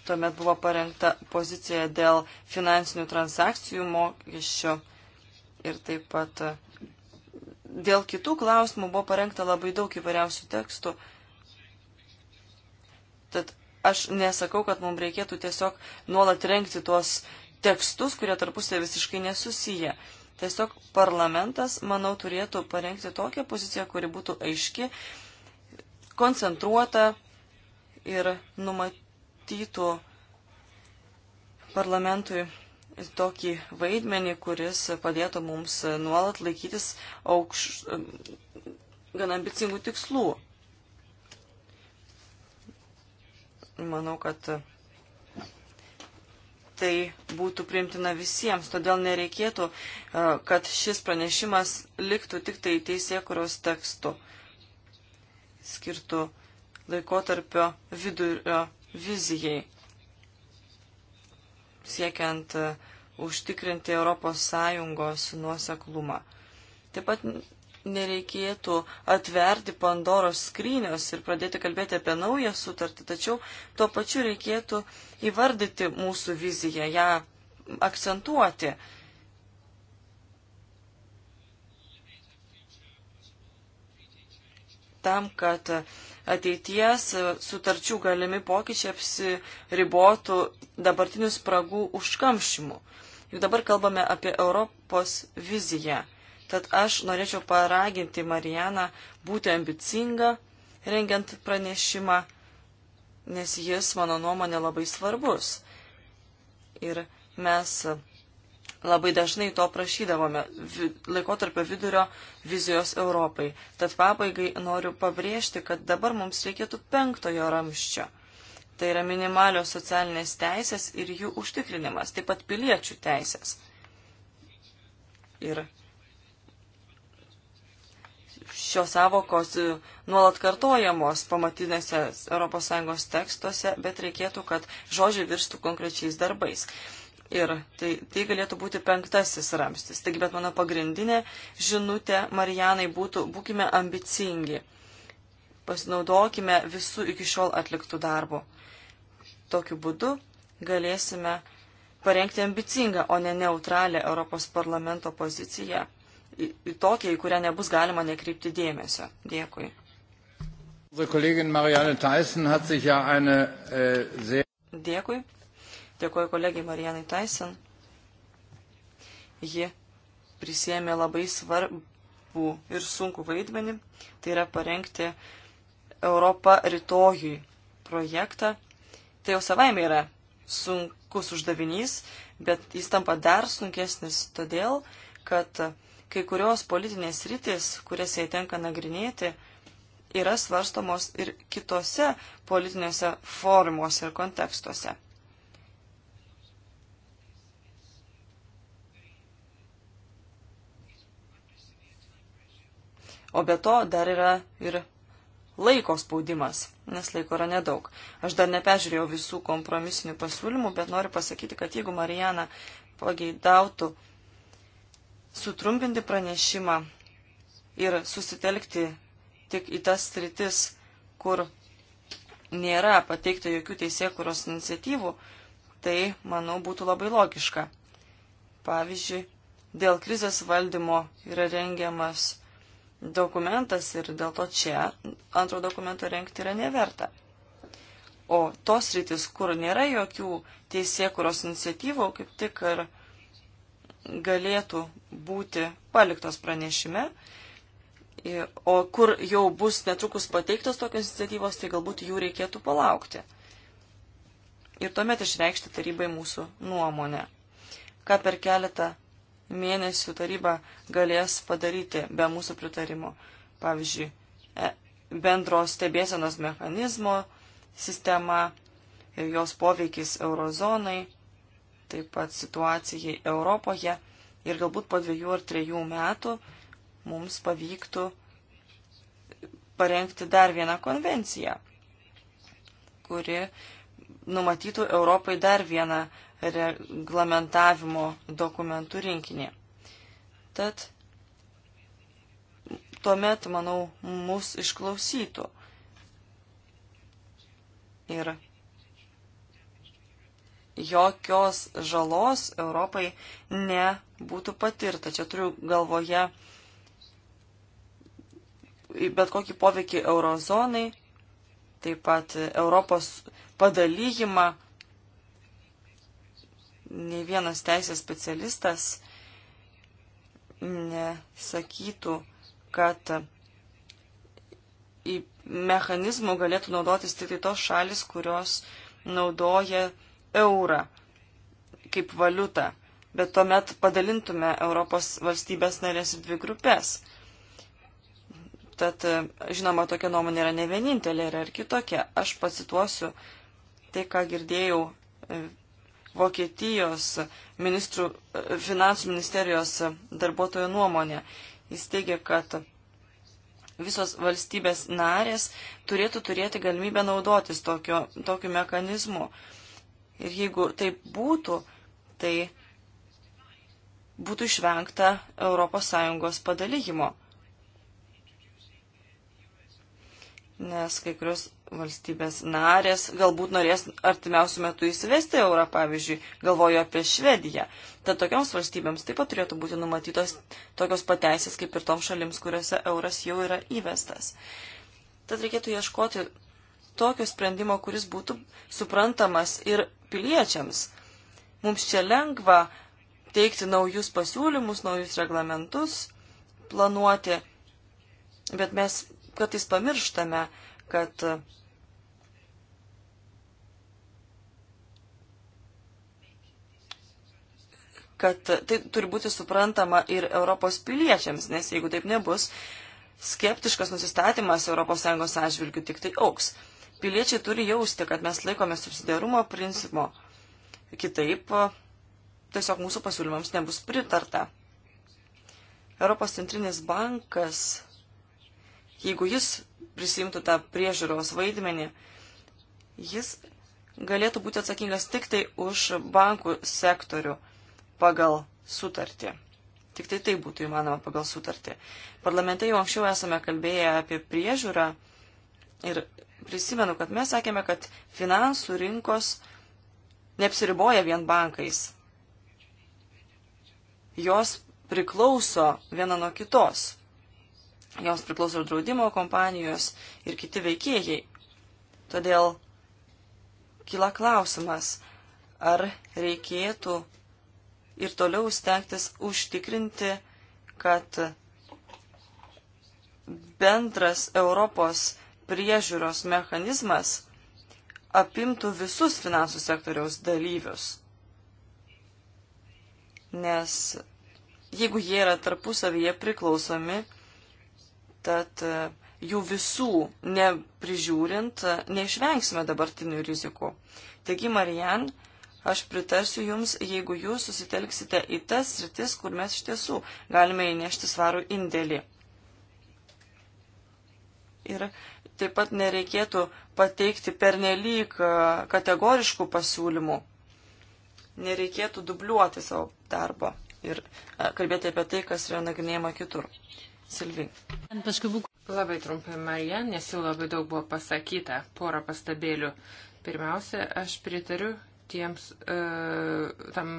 Tuomet buvo parengta pozicija dėl finansinių transakcijų mokesčio ir taip pat e, dėl kitų klausimų buvo parengta labai daug įvairiausių tekstų. Tad aš nesakau, kad mums reikėtų tiesiog nuolat renkti tuos uh, tekstus, kurie tarpusė visiškai nesusiję. Tiesiog parlamentas, manau, turėtų parengti tokią poziciją, kuri būtų aiški, koncentruota ir numatytų parlamentui tokį vaidmenį, kuris padėtų mums nuolat laikytis aukš... gan ambicingų tikslų. Manau, kad tai būtų priimtina visiems. Todėl nereikėtų, e, kad šis pranešimas liktų tik tai teisėkuros tekstu skirtų laikotarpio vidurio vizijai, siekiant e, užtikrinti ES nuoseklumą. Taip pat nereikėtų atverti Pandoros skrynios ir pradėti kalbėti apie naują sutartį, tačiau tuo pačiu reikėtų įvardyti mūsų viziją, ją akcentuoti. Tam, kad ateities sutarčių galimi pokyčiai apsiribotų dabartinių spragų užkamšimu. Juk dabar kalbame apie Europos viziją. Tad aš norėčiau paraginti Marijaną būti ambicingą, rengiant pranešimą, nes jis, mano nuomonė, labai svarbus. Ir mes labai dažnai to prašydavome laikotarpio vidurio vizijos Europai. Tad pabaigai noriu pabrėžti, kad dabar mums reikėtų penktojo ramščio. Tai yra minimalios socialinės teisės ir jų užtikrinimas, taip pat piliečių teisės. Ir šios savokos e, nuolat kartojamos pamatinėse ES tekstuose, bet reikėtų, kad žodžiai virstų konkrečiais darbais. Ir tai, tai galėtų būti penktasis ramstis. Taigi, bet mano pagrindinė žinutė Marijanai būtų, būkime ambicingi. Pasinaudokime visų iki šiol atliktų darbų. Tokiu būdu galėsime parengti ambicingą, o ne neutralią Europos parlamento poziciją į tokią, į kurią nebus galima nekreipti dėmesio. Dėkui. Äh, Dėkui. Dėkuoju kolegijai Marijanai Tyson. Ji prisėmė labai svarbų ir sunkų vaidmenį, tai yra parengti Europą rytojui projektą. Tai jau savaime yra sunkus uždavinys, bet jis tampa dar sunkesnis todėl, kad kai kurios politinės rytis, kurias jai tenka nagrinėti, yra svarstomos ir kitose politinėse forumuose ir kontekstuose. O be to dar yra ir laiko spaudimas, nes laiko yra nedaug. Aš dar nepežiūrėjau visų kompromisinių pasiūlymų, bet noriu pasakyti, kad jeigu Marijana pageidautų, sutrumpinti pranešimą ir susitelkti tik į tas sritis, kur nėra pateikta jokių teisėkuros iniciatyvų, tai, manau, būtų labai logiška. Pavyzdžiui, dėl krizės valdymo yra rengiamas dokumentas ir dėl to čia antro dokumento renkti yra neverta. O tos rytis, kur nėra jokių teisėkuros iniciatyvų, kaip tik ir galėtų būti paliktos pranešime, o kur jau bus netrukus pateiktos tokios iniciatyvos, tai galbūt jų reikėtų palaukti. Ir tuomet išreikšti tarybai mūsų nuomonę, ką per keletą mėnesių taryba galės padaryti be mūsų pritarimo. Pavyzdžiui, e, bendros stebėsenos mechanizmo sistema ir jos poveikis eurozonai taip pat situacijai Europoje ir galbūt po dviejų ar trejų metų mums pavyktų parengti dar vieną konvenciją, kuri numatytų Europai dar vieną reglamentavimo dokumentų rinkinį. Tad tuomet, manau, mus išklausytų. Ir jokios žalos Europai nebūtų patirta. Čia turiu galvoje bet kokį poveikį eurozonai, taip pat Europos padalyjimą. Ne vienas teisės specialistas nesakytų, kad į mechanizmų galėtų naudotis tik tai tos šalis, kurios naudoja eurą kaip valiutą, bet tuomet padalintume Europos valstybės narės į dvi grupės. Tad, žinoma, tokia nuomonė yra ne vienintelė, yra ir kitokia. Aš pacituosiu tai, ką girdėjau e, Vokietijos ministrų, e, finansų ministerijos darbuotojo nuomonė. Jis teigia, kad visos valstybės narės turėtų turėti galimybę naudotis tokio, tokiu mechanizmu. Uh, Ir jeigu taip būtų, tai būtų išvengta ES padalyjimo. Nes kai kurios valstybės narės galbūt norės artimiausių metų įsivesti eurą, pavyzdžiui, galvoju apie Švediją. Tad tokioms valstybėms taip pat turėtų būti numatytos tokios pateisės kaip ir toms šalims, kuriuose euras jau yra įvestas. Tad reikėtų ieškoti tokio sprendimo, kuris būtų suprantamas ir piliečiams. Mums čia lengva teikti naujus pasiūlymus, naujus reglamentus, planuoti, bet mes kartais pamirštame, kad kad tai turi būti suprantama ir Europos piliečiams, nes jeigu taip nebus, skeptiškas nusistatymas ES atžvilgių tik tai auks piliečiai turi jausti, kad mes laikome subsidiarumo principo. Kitaip tiesiog mūsų pasiūlymams nebus pritarta. Europos centrinis bankas, jeigu jis prisimtų tą priežiūros vaidmenį, jis galėtų būti atsakingas tik tai už bankų sektorių pagal sutartį. Tik tai tai būtų įmanoma pagal sutartį. Parlamente jau anksčiau esame kalbėję apie priežiūrą ir prisimenu, kad mes sakėme, kad finansų rinkos neapsiriboja vien bankais. Jos priklauso viena nuo kitos. Joms priklauso ir draudimo kompanijos, ir kiti veikėjai. Todėl kyla klausimas, ar reikėtų ir toliau stengtis užtikrinti, kad bendras Europos priežiūros mechanizmas apimtų visus finansų sektoriaus dalyvius. Nes jeigu jie yra tarpusavyje priklausomi, tad e, jų visų neprižiūrint e, neišvengsime dabartinių rizikų. Taigi, Marijan, aš pritarsiu Jums, jeigu Jūs susitelksite į tas sritis, kur mes iš tiesų galime įnešti svarų indėlį. Ir taip pat nereikėtų pateikti pernelyg e, kategoriškų pasiūlymų. Nereikėtų dubliuoti savo darbo ir e, kalbėti apie tai, kas yra nagrinėjama kitur. Silvi. Labai trumpai, Marija, nes jau labai daug buvo pasakyta, porą pastabėlių. Pirmiausia, aš pritariu tiems, e, tam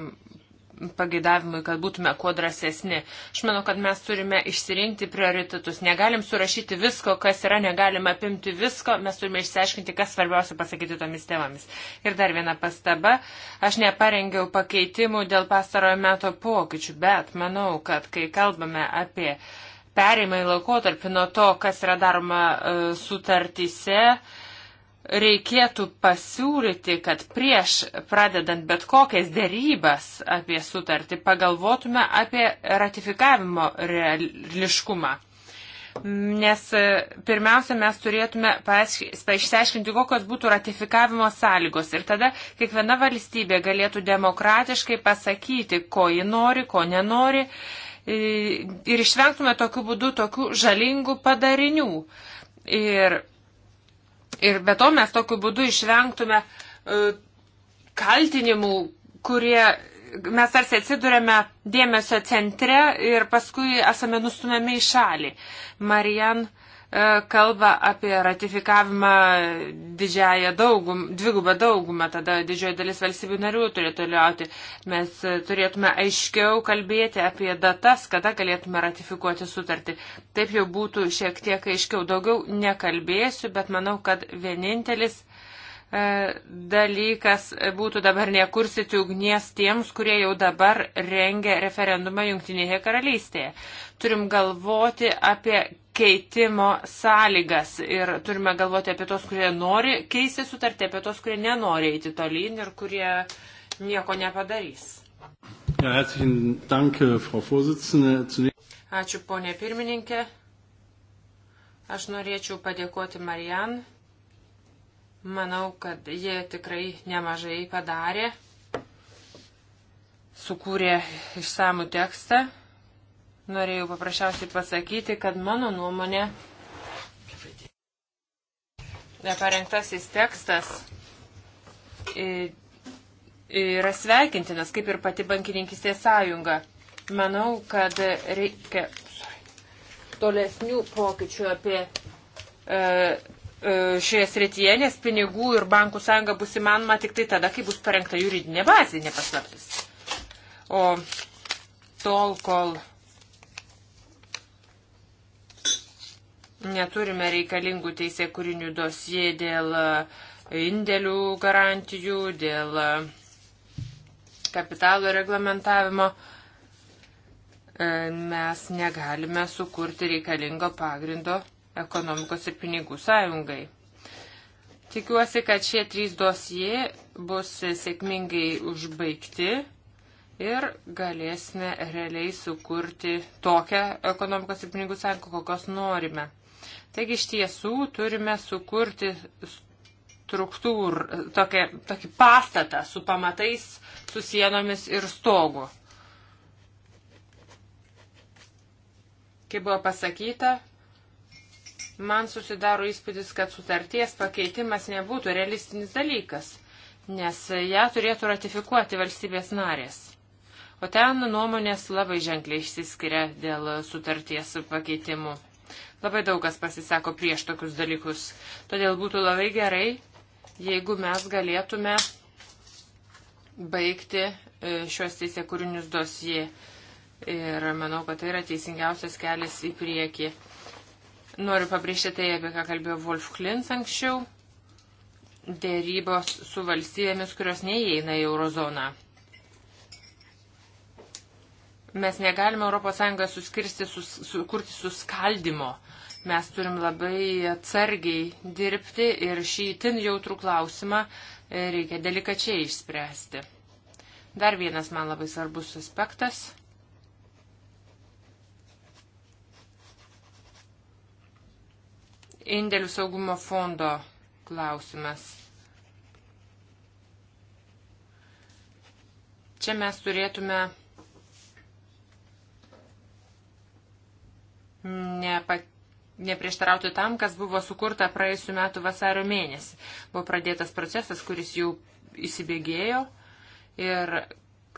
pageidavimui, kad būtume kuo drąsesni. Aš manau, kad mes turime išsirinkti prioritetus. Negalim surašyti visko, kas yra, negalim apimti visko, mes turime išsiaiškinti, kas svarbiausia pasakyti tomis temomis. Ir dar viena pastaba. Aš neparengiau pakeitimų dėl pastarojo meto pokyčių, bet manau, kad kai kalbame apie pereimą į laikotarpį nuo to, kas yra daroma e, sutartyse, e, reikėtų pasiūlyti, kad prieš pradedant bet kokias dėrybas apie sutartį pagalvotume apie ratifikavimo reališkumą. Nes e, pirmiausia, mes turėtume išsiaiškinti, kokios būtų ratifikavimo sąlygos. Ir tada kiekviena valstybė galėtų demokratiškai pasakyti, ko ji nori, ko nenori. E, ir išvengtume tokiu būdu tokių žalingų padarinių. Ir Ir be to mes tokiu būdu išvengtume e, kaltinimų, kurie mes tarsi atsidurėme dėmesio centre ir paskui esame nustumiami į šalį. Marian uh, E, kalba apie ratifikavimą didžiąją daugumą, dvigubą daugumą, tada didžioji dalis valstybių narių turėtų liauti. Mes e, turėtume aiškiau kalbėti apie datas, kada galėtume ratifikuoti sutartį. Taip jau būtų šiek tiek aiškiau. Daugiau nekalbėsiu, bet manau, kad vienintelis e, dalykas būtų dabar nekursyti ugnies tiems, kurie jau dabar rengia referendumą Junktinėje karalystėje. Turim galvoti apie keitimo sąlygas ir turime galvoti apie tos, kurie nori keisti sutartį, apie tos, kurie nenori eiti tolyn ir kurie nieko nepadarys. Ja, dank, äh, Ačiū, ponė pirmininkė. Aš norėčiau padėkoti Marijan. Manau, kad jie tikrai nemažai padarė, sukūrė išsamų tekstą. Norėjau paprasčiausiai pasakyti, kad mano nuomonė neparengtasis tekstas yra sveikintinas, kaip ir pati bankininkistės sąjunga. Manau, kad reikia tolesnių pokyčių apie e, e, šioje srityje, nes pinigų ir bankų sąjunga bus įmanoma tik tai tada, kai bus parengta juridinė bazė, nepaslaptis. O tol, kol Neturime reikalingų teisė kūrinių dosie dėl e, indėlių garantijų, dėl e, kapitalo reglamentavimo. E, mes negalime sukurti reikalingo pagrindo ekonomikos ir pinigų sąjungai. Tikiuosi, kad šie trys dosijai bus sėkmingai užbaigti ir galėsime realiai sukurti tokią ekonomikos ir pinigų sąjungą, kokios norime. Taigi iš tiesų turime sukurti struktūr, tokia, tokį pastatą su pamatais, su sienomis ir stogu. Kaip buvo pasakyta, man susidaro įspūdis, kad sutarties pakeitimas nebūtų realistinis dalykas, nes ją turėtų ratifikuoti valstybės narės. O ten nuomonės labai ženkliai išsiskiria dėl sutarties pakeitimų. Labai daug kas pasisako prieš tokius dalykus. Todėl būtų labai gerai, jeigu mes galėtume baigti e, šios teisėkūrinius dosijai. Ir manau, kad tai yra teisingiausias kelias į priekį. Noriu pabrėžti tai, apie ką kalbėjo Wolf Klins anksčiau. Dėrybos su valstybėmis, kurios neįeina į eurozoną. Mes negalime ES suskirsti, sus, sukurti suskaldimo. Uh, Mes turim labai atsargiai dirbti ir šį itin jautrų klausimą e, reikia delikačiai išspręsti. Dar vienas man labai svarbus aspektas. Indėlių saugumo fondo klausimas. Čia mes turėtume nepak neprieštarautų tam, kas buvo sukurta praėjusiu metu vasario mėnesį. Buvo pradėtas procesas, kuris jau įsibėgėjo ir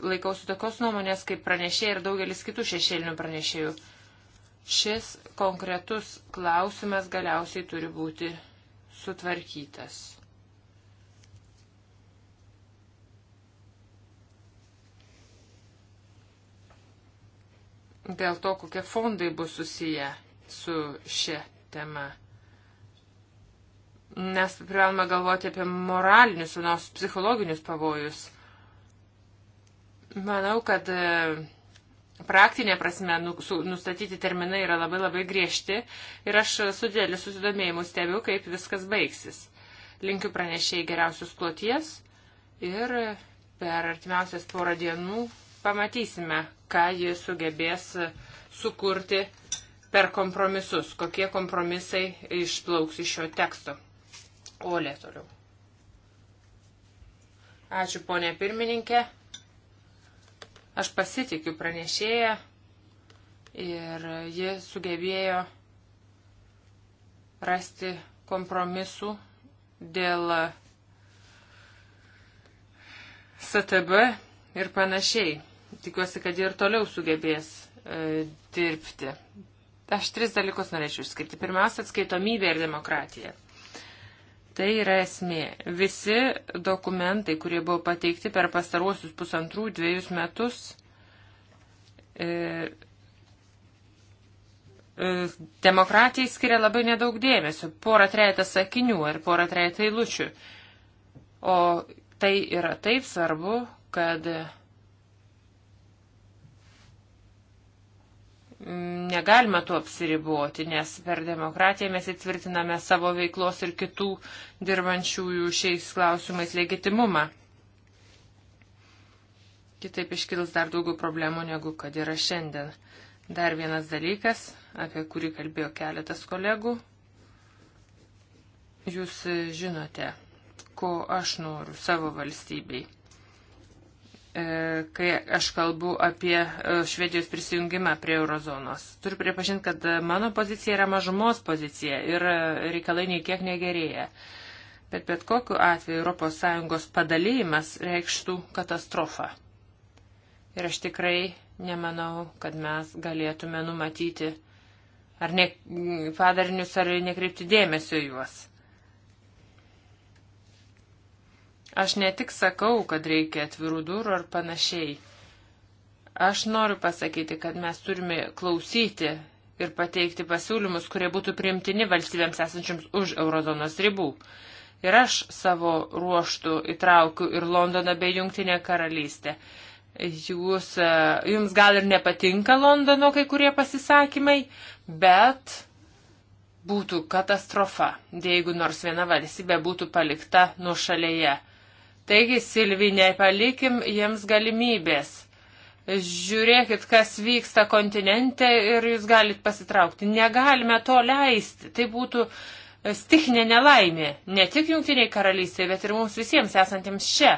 laikausi tokios nuomonės, kaip pranešė ir daugelis kitų šešėlinių pranešėjų. Šis konkretus klausimas galiausiai turi būti sutvarkytas. Dėl to, kokie fondai bus susiję su šia tema. Nes privalome galvoti apie moralinius, nors psichologinius pavojus. Manau, kad e, praktinė prasme nu, nustatyti terminai yra labai labai griežti ir aš su dėliu susidomėjimu stebiu, kaip viskas baigsis. Linkiu pranešėjai geriausius kloties ir per artimiausias porą dienų pamatysime, ką ji sugebės sukurti per kompromisus, kokie kompromisai išplauks iš šio teksto. Olė toliau. Ačiū, ponė pirmininkė. Aš pasitikiu pranešėją ir ji sugebėjo rasti kompromisų dėl STB ir panašiai. Tikiuosi, kad jie ir toliau sugebės e, dirbti. Aš tris dalykus norėčiau išskirti. Pirmiausia, atskaitomybė ir demokratija. Tai yra esmė. Visi dokumentai, kurie buvo pateikti per pastaruosius pusantrų dviejus metus, e, e demokratijai skiria labai nedaug dėmesio, porą trejata sakinių ar porą trejata eilučių. O tai yra taip svarbu, kad negalime tuo apsiriboti, nes per demokratiją mes įtvirtiname savo veiklos ir kitų dirbančiųjų šiais klausimais legitimumą. Kitaip iškils dar daugiau problemų negu kad yra šiandien. Dar vienas dalykas, apie kurį kalbėjo keletas kolegų. Jūs žinote, ko aš noriu savo valstybei. E, kai aš kalbu apie e, Švedijos prisijungimą prie eurozonos. Turiu pripažinti, kad mano pozicija yra mažumos pozicija ir e, reikalai nei kiek negerėja. Bet bet kokiu atveju ES padalymas reikštų katastrofą. Ir aš tikrai nemanau, kad mes galėtume numatyti ar ne, padarinius, ar nekreipti dėmesio juos. Aš ne tik sakau, kad reikia atvirų durų ar panašiai. Aš noriu pasakyti, kad mes turime klausyti ir pateikti pasiūlymus, kurie būtų priimtini valstybėms esančiams už eurozonos ribų. Ir aš savo ruoštų įtraukiu ir Londoną bei Jungtinę karalystę. Jūs, e, jums gal ir nepatinka Londono kai kurie pasisakymai, bet būtų katastrofa, jeigu nors viena valstybė būtų palikta nuo šalyje. Taigi, Silvinė, palikim jiems galimybės. Žiūrėkit, kas vyksta kontinente ir jūs galit pasitraukti. Negalime to leisti. Tai būtų stichinė nelaimė. Ne tik jungtiniai karalystėje, bet ir mums visiems esantiems čia.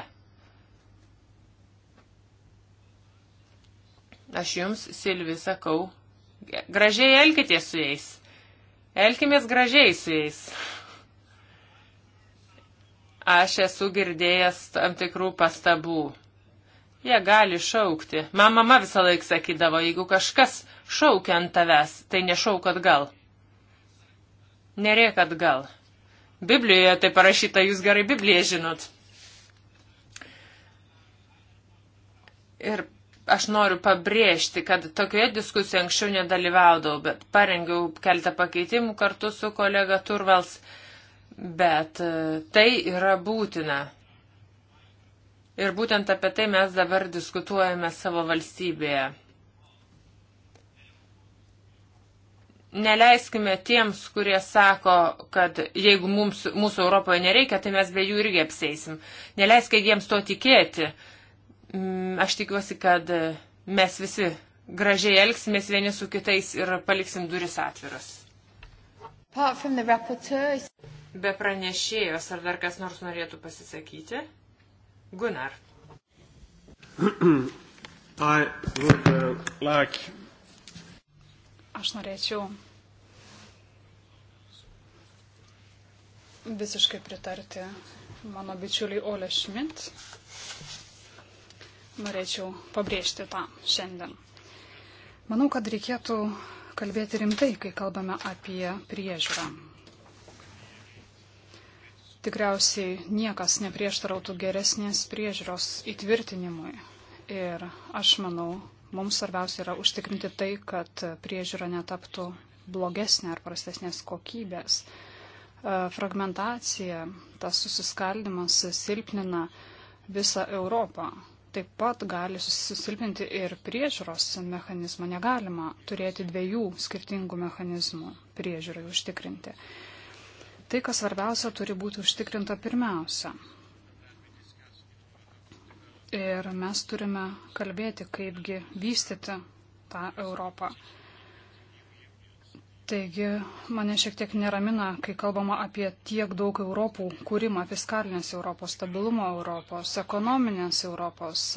Aš jums, Silvi, sakau, gražiai elkitės su jais. Elkimės gražiai su jais. Aš esu girdėjęs tam tikrų pastabų. Jie gali šaukti. Man mama visą laiką sakydavo, jeigu kažkas šaukia ant tavęs, tai nešauk atgal. Nerėk atgal. Biblijoje tai parašyta, jūs gerai Bibliją žinot. Ir aš noriu pabrėžti, kad tokioje diskusijoje anksčiau nedalyvaudavau, bet parengiau keletą pakeitimų kartu su kolega Turvals Bet e, tai yra būtina. Ir būtent apie tai mes dabar diskutuojame savo valstybėje. Neleiskime tiems, kurie sako, kad jeigu mums, mūsų Europoje nereikia, tai mes be jų irgi apseisim. Neleiskime jiems to tikėti. Mm, aš tikiuosi, kad mes visi gražiai elgsimės vieni su kitais ir paliksim duris atviras be pranešėjos, ar dar kas nors norėtų pasisakyti? Gunnar. I would uh, like. Aš norėčiau visiškai pritarti mano bičiuliai Ole Schmidt. Norėčiau pabrėžti tą šiandien. Manau, kad reikėtų kalbėti rimtai, kai kalbame apie priežiūrą Tikriausiai niekas neprieštarautų geresnės priežiūros įtvirtinimui. Ir aš manau, mums svarbiausia yra užtikrinti tai, kad priežiūra netaptų blogesnė ar prastesnės kokybės. E, fragmentacija, tas susiskaldimas silpnina visą Europą. Taip pat gali susilpinti ir priežiūros mechanizmą. Negalima turėti dviejų skirtingų mechanizmų priežiūrai užtikrinti. Tai, kas svarbiausia, turi būti užtikrinta pirmiausia. Ir mes turime kalbėti, kaipgi vystyti tą Europą. Taigi mane šiek tiek neramina, kai kalbama apie tiek daug Europų kūrimą, fiskalinės Europos, stabilumo Europos, ekonominės Europos,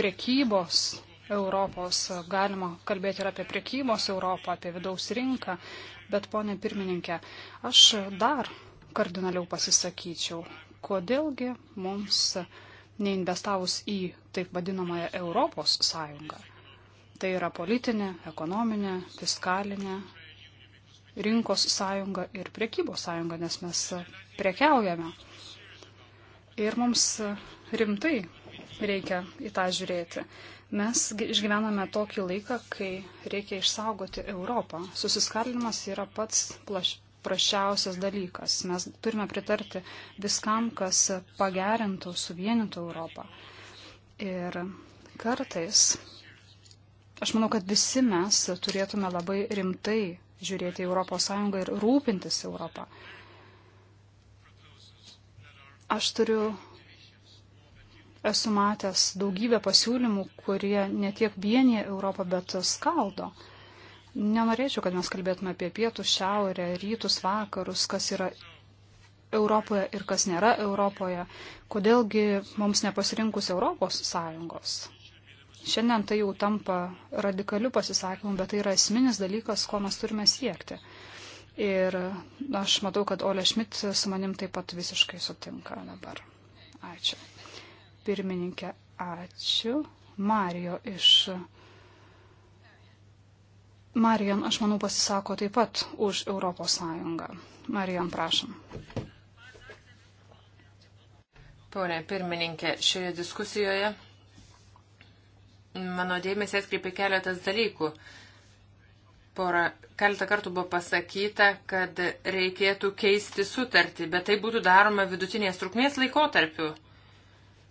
priekybos Europos, galima kalbėti ir apie priekybos Europą, apie vidaus rinką, bet ponė pirmininkė, aš dar kardinaliau pasisakyčiau, kodėlgi mums neinvestavus į taip vadinamąją Europos sąjungą. Tai yra politinė, ekonominė, fiskalinė, rinkos sąjunga ir priekybos sąjunga, nes mes prekiaujame. Ir mums rimtai reikia į tą žiūrėti. Mes išgyvename tokį laiką, kai reikia išsaugoti Europą. Susiskaldimas yra pats plaš, prašiausias dalykas. Mes turime pritarti viskam, kas pagerintų, suvienintų Europą. Ir kartais, aš manau, kad visi mes turėtume labai rimtai žiūrėti Europos Sąjungą ir rūpintis Europą. Aš turiu esu matęs daugybę pasiūlymų, kurie ne tiek vienyje Europą, bet skaldo. Nenorėčiau, kad mes kalbėtume apie pietų, šiaurę, rytus, vakarus, kas yra Europoje ir kas nėra Europoje. Kodėlgi mums nepasirinkus Europos Sąjungos? Šiandien tai jau tampa radikaliu pasisakymu, bet tai yra esminis dalykas, ko mes turime siekti. Ir aš matau, kad Ole Šmit su manim taip pat visiškai sutinka dabar. Ačiū. Pirmininkė, ačiū. Marijo iš. Marijan, aš manau, pasisako taip pat už Europos Sąjungą. Marijan, prašom. Pone pirmininkė, šioje diskusijoje mano dėmesį atkreipė keletas dalykų. Porą, keletą kartų buvo pasakyta, kad reikėtų keisti sutartį, bet tai būtų daroma vidutinės trukmės laikotarpiu.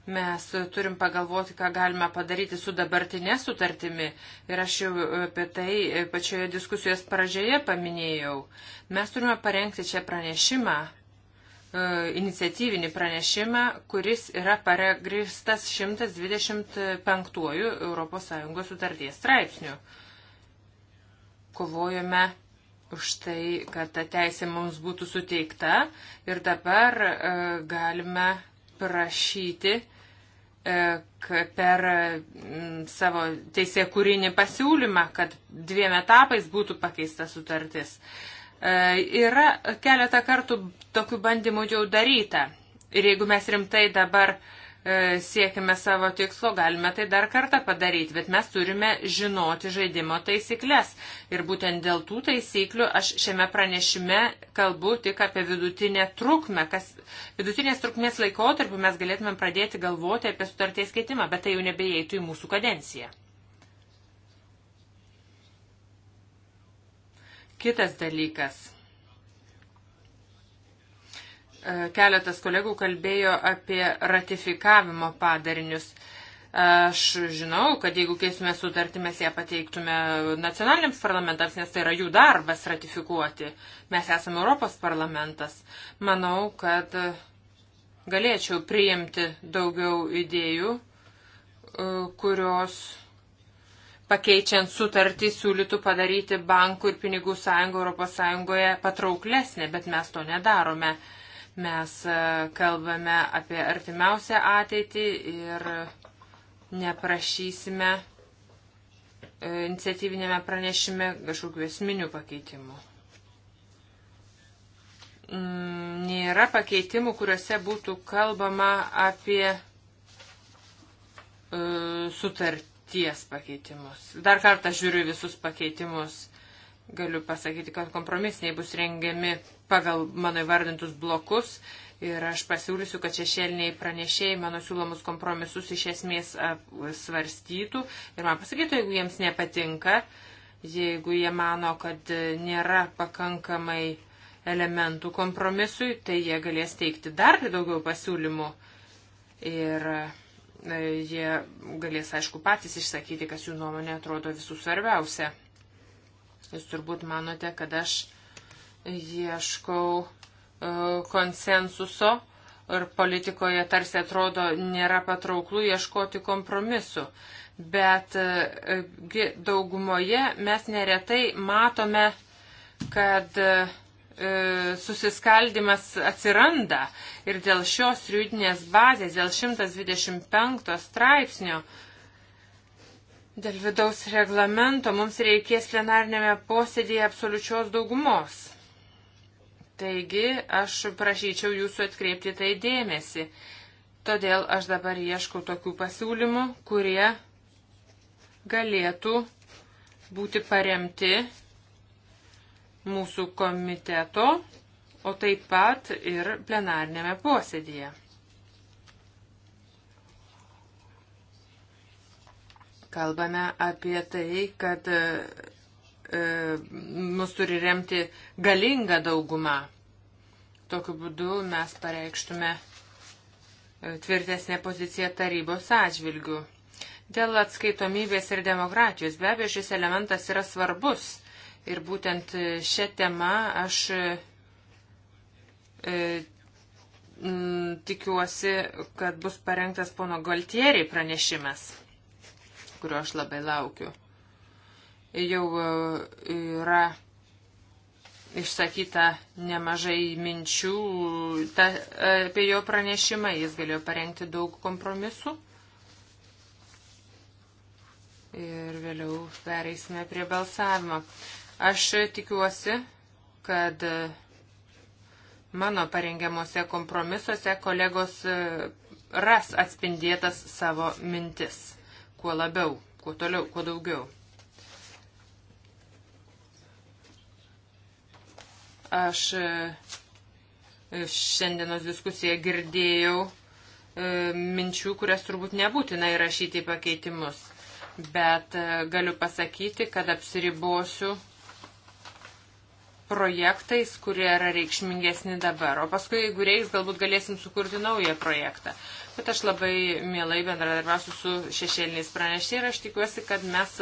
Mes turim pagalvoti, ką galime padaryti su dabartinė sutartimi. Ir aš jau apie tai pačioje diskusijos pradžioje paminėjau. Mes turime parengti čia pranešimą, e, iniciatyvinį pranešimą, kuris yra paregristas 125 ES sutarties straipsnių. Kovojame už tai, kad ta teisė mums būtų suteikta ir dabar e, galime prašyti, E, per mm, savo teisė kūrinį pasiūlymą, kad dviem etapais būtų pakeista sutartis. E, yra keletą kartų tokių bandymų jau daryta. Ir jeigu mes rimtai dabar uh, E, siekime savo tikslo, galime tai dar kartą padaryti, bet mes turime žinoti žaidimo taisyklės. Ir būtent dėl tų taisyklių aš šiame pranešime kalbu tik apie vidutinę trukmę, kas vidutinės trukmės laikotarpiu mes galėtume pradėti galvoti apie sutarties keitimą, bet tai jau nebeeitų į mūsų kadenciją. Kitas dalykas. E, keletas kolegų kalbėjo apie ratifikavimo padarinius. E, aš žinau, kad jeigu keisime sutartį, mes ją pateiktume nacionaliniams parlamentams, nes tai yra jų darbas ratifikuoti. Mes esame Europos parlamentas. Manau, kad galėčiau priimti daugiau idėjų, e, kurios pakeičiant sutartį siūlytų padaryti bankų ir pinigų sąjungą Europos Sąjungoje patrauklesnė, bet mes to nedarome. Mes e, kalbame apie artimiausią ateitį ir neprašysime e, iniciatyvinėme pranešime kažkokių esminių pakeitimų. Mm, nėra pakeitimų, kuriuose būtų kalbama apie e, sutarties pakeitimus. Dar kartą žiūriu visus pakeitimus. Galiu pasakyti, kad kompromisiniai bus rengiami pagal mano įvardintus blokus ir aš pasiūlysiu, kad šešėliniai pranešėjai mano siūlomus kompromisus iš esmės svarstytų ir man pasakytų, jeigu jiems nepatinka, jeigu jie mano, kad nėra pakankamai elementų kompromisui, tai jie galės teikti dar daugiau pasiūlymų ir e, jie galės, aišku, patys išsakyti, kas jų nuomonė atrodo visų svarbiausia. Jūs turbūt manote, kad aš ieškau e, konsensuso ir politikoje tarsi atrodo nėra patrauklų ieškoti kompromisu. Bet e, daugumoje mes neretai matome, kad e, susiskaldimas atsiranda ir dėl šios juridinės bazės, dėl 125 straipsnio, dėl vidaus reglamento mums reikės plenarnėme posėdėje absoliučios daugumos. Taigi aš prašyčiau jūsų atkreipti tai dėmesį. Todėl aš dabar ieškau tokių pasiūlymų, kurie galėtų būti paremti mūsų komiteto, o taip pat ir plenarnėme posėdėje. Kalbame apie tai, kad E, mus turi remti galinga dauguma. Tokiu būdu mes pareikštume e, tvirtesnę poziciją tarybos atžvilgių. Dėl atskaitomybės ir demokratijos be abejo šis elementas yra svarbus ir būtent šią temą aš e, m, tikiuosi, kad bus parengtas pono Galtieriai pranešimas, kurio aš labai laukiu jau e, yra išsakyta nemažai minčių ta, apie jo pranešimą, jis galėjo parengti daug kompromisų. Ir vėliau pereisime prie balsavimo. Aš tikiuosi, kad mano parengiamuose kompromisuose kolegos e, ras atspindėtas savo mintis. Kuo labiau, kuo toliau, kuo daugiau. Aš e, šiandienos diskusiją girdėjau e, minčių, kurias turbūt nebūtina įrašyti į pakeitimus. Bet e, galiu pasakyti, kad apsiribosiu projektais, kurie yra reikšmingesni dabar. O paskui, jeigu reiks, galbūt galėsim sukurti naują projektą. Bet aš labai mielai bendradarbiausiu su šešėliniais pranešiai ir aš tikiuosi, kad mes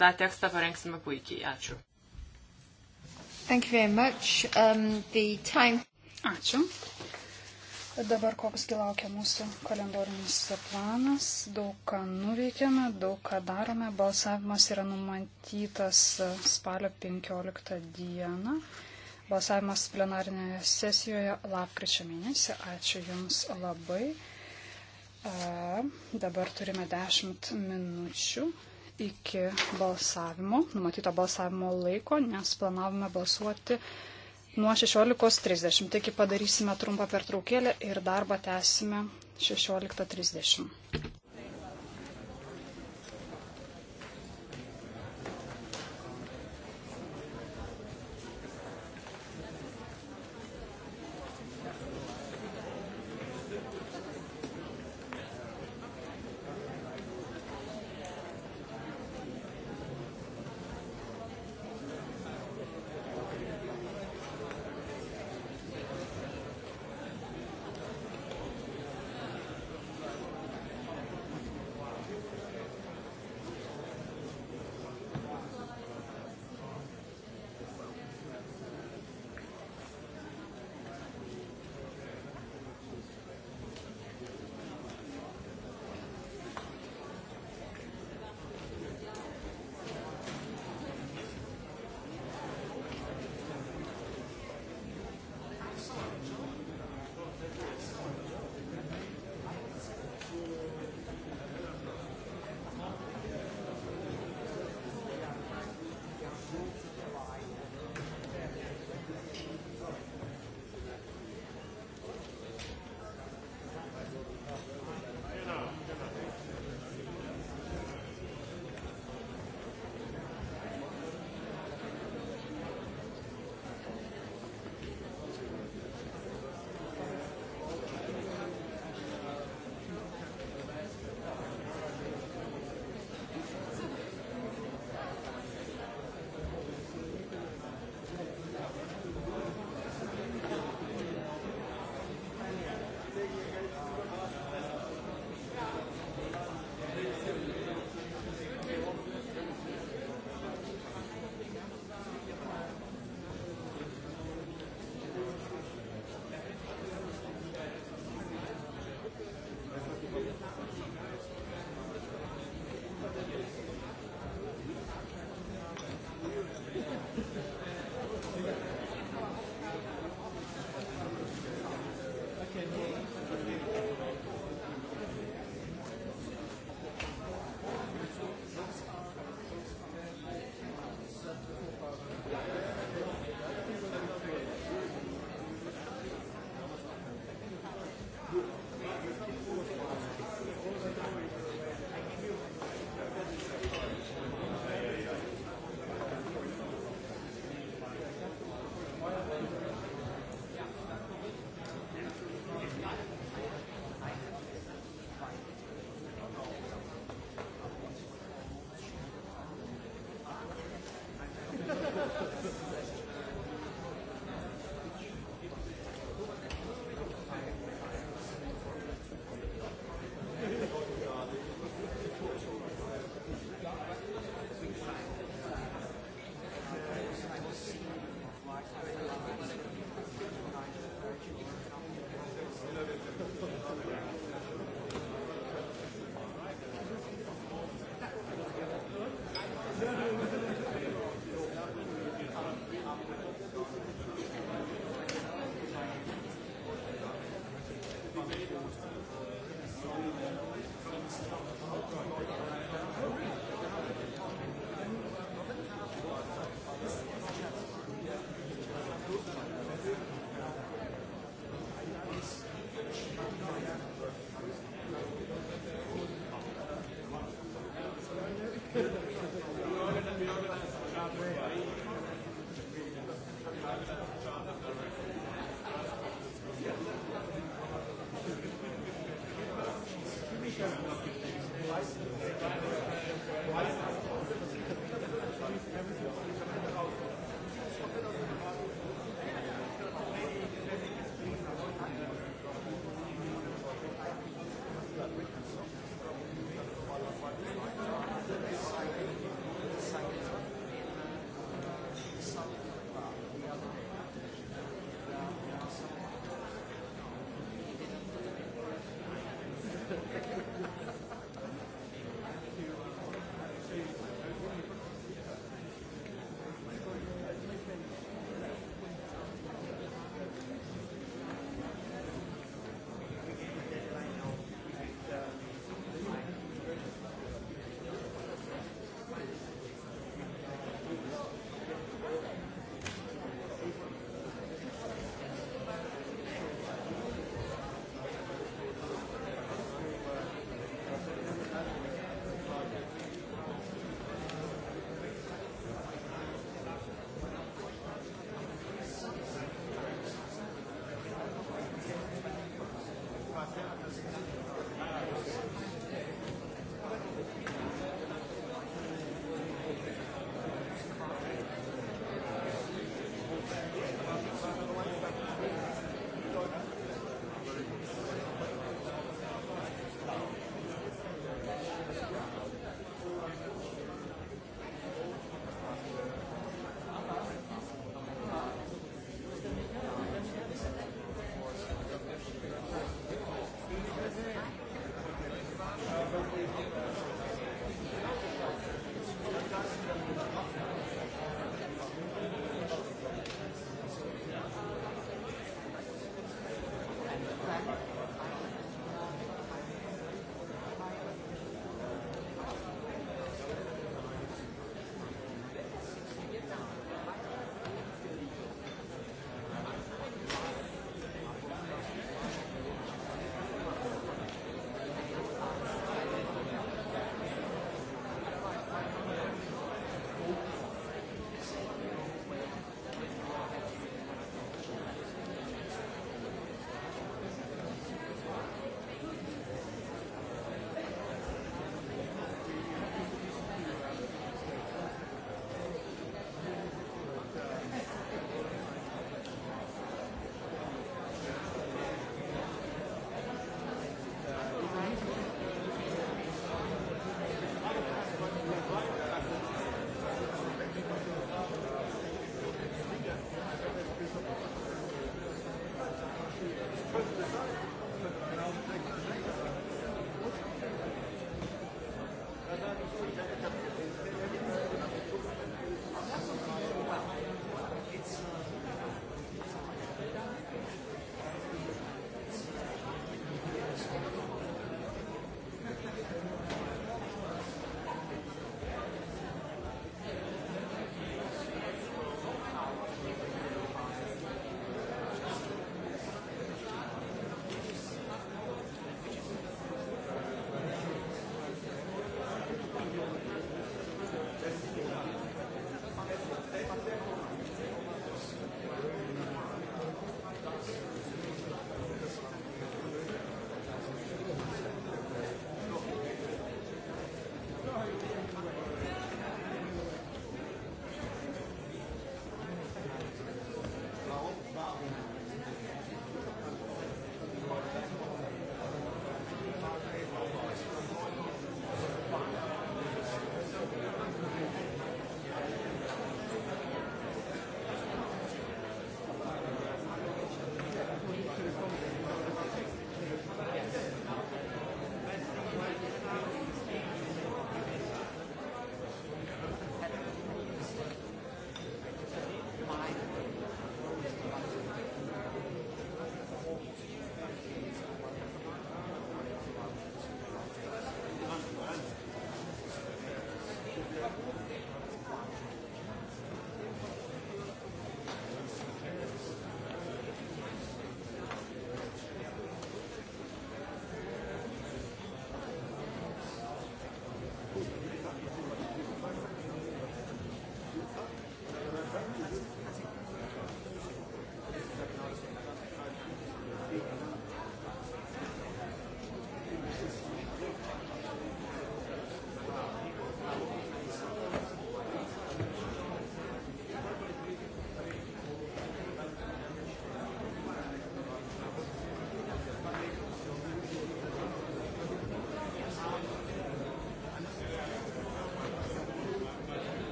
tą tekstą parengsime puikiai. Ačiū. Thank you very much. Um, the time... Ačiū. Dabar koksgi laukia mūsų kalendorinis planas, daug ką nuveikėme, daug ką darome. Balsavimas yra numatytas spalio 15 dieną. Balsavimas plenarinėje sesijoje lapkričio mėnesį. Ačiū Jums labai. A, dabar turime 10 minučių iki balsavimo, numatyto balsavimo laiko, nes planavome balsuoti nuo 16.30. Taigi padarysime trumpą pertraukėlę ir darbą tęsime 16.30.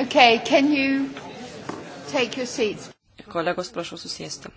Okay, can you take your seats? Kolegos, prašau susėsti.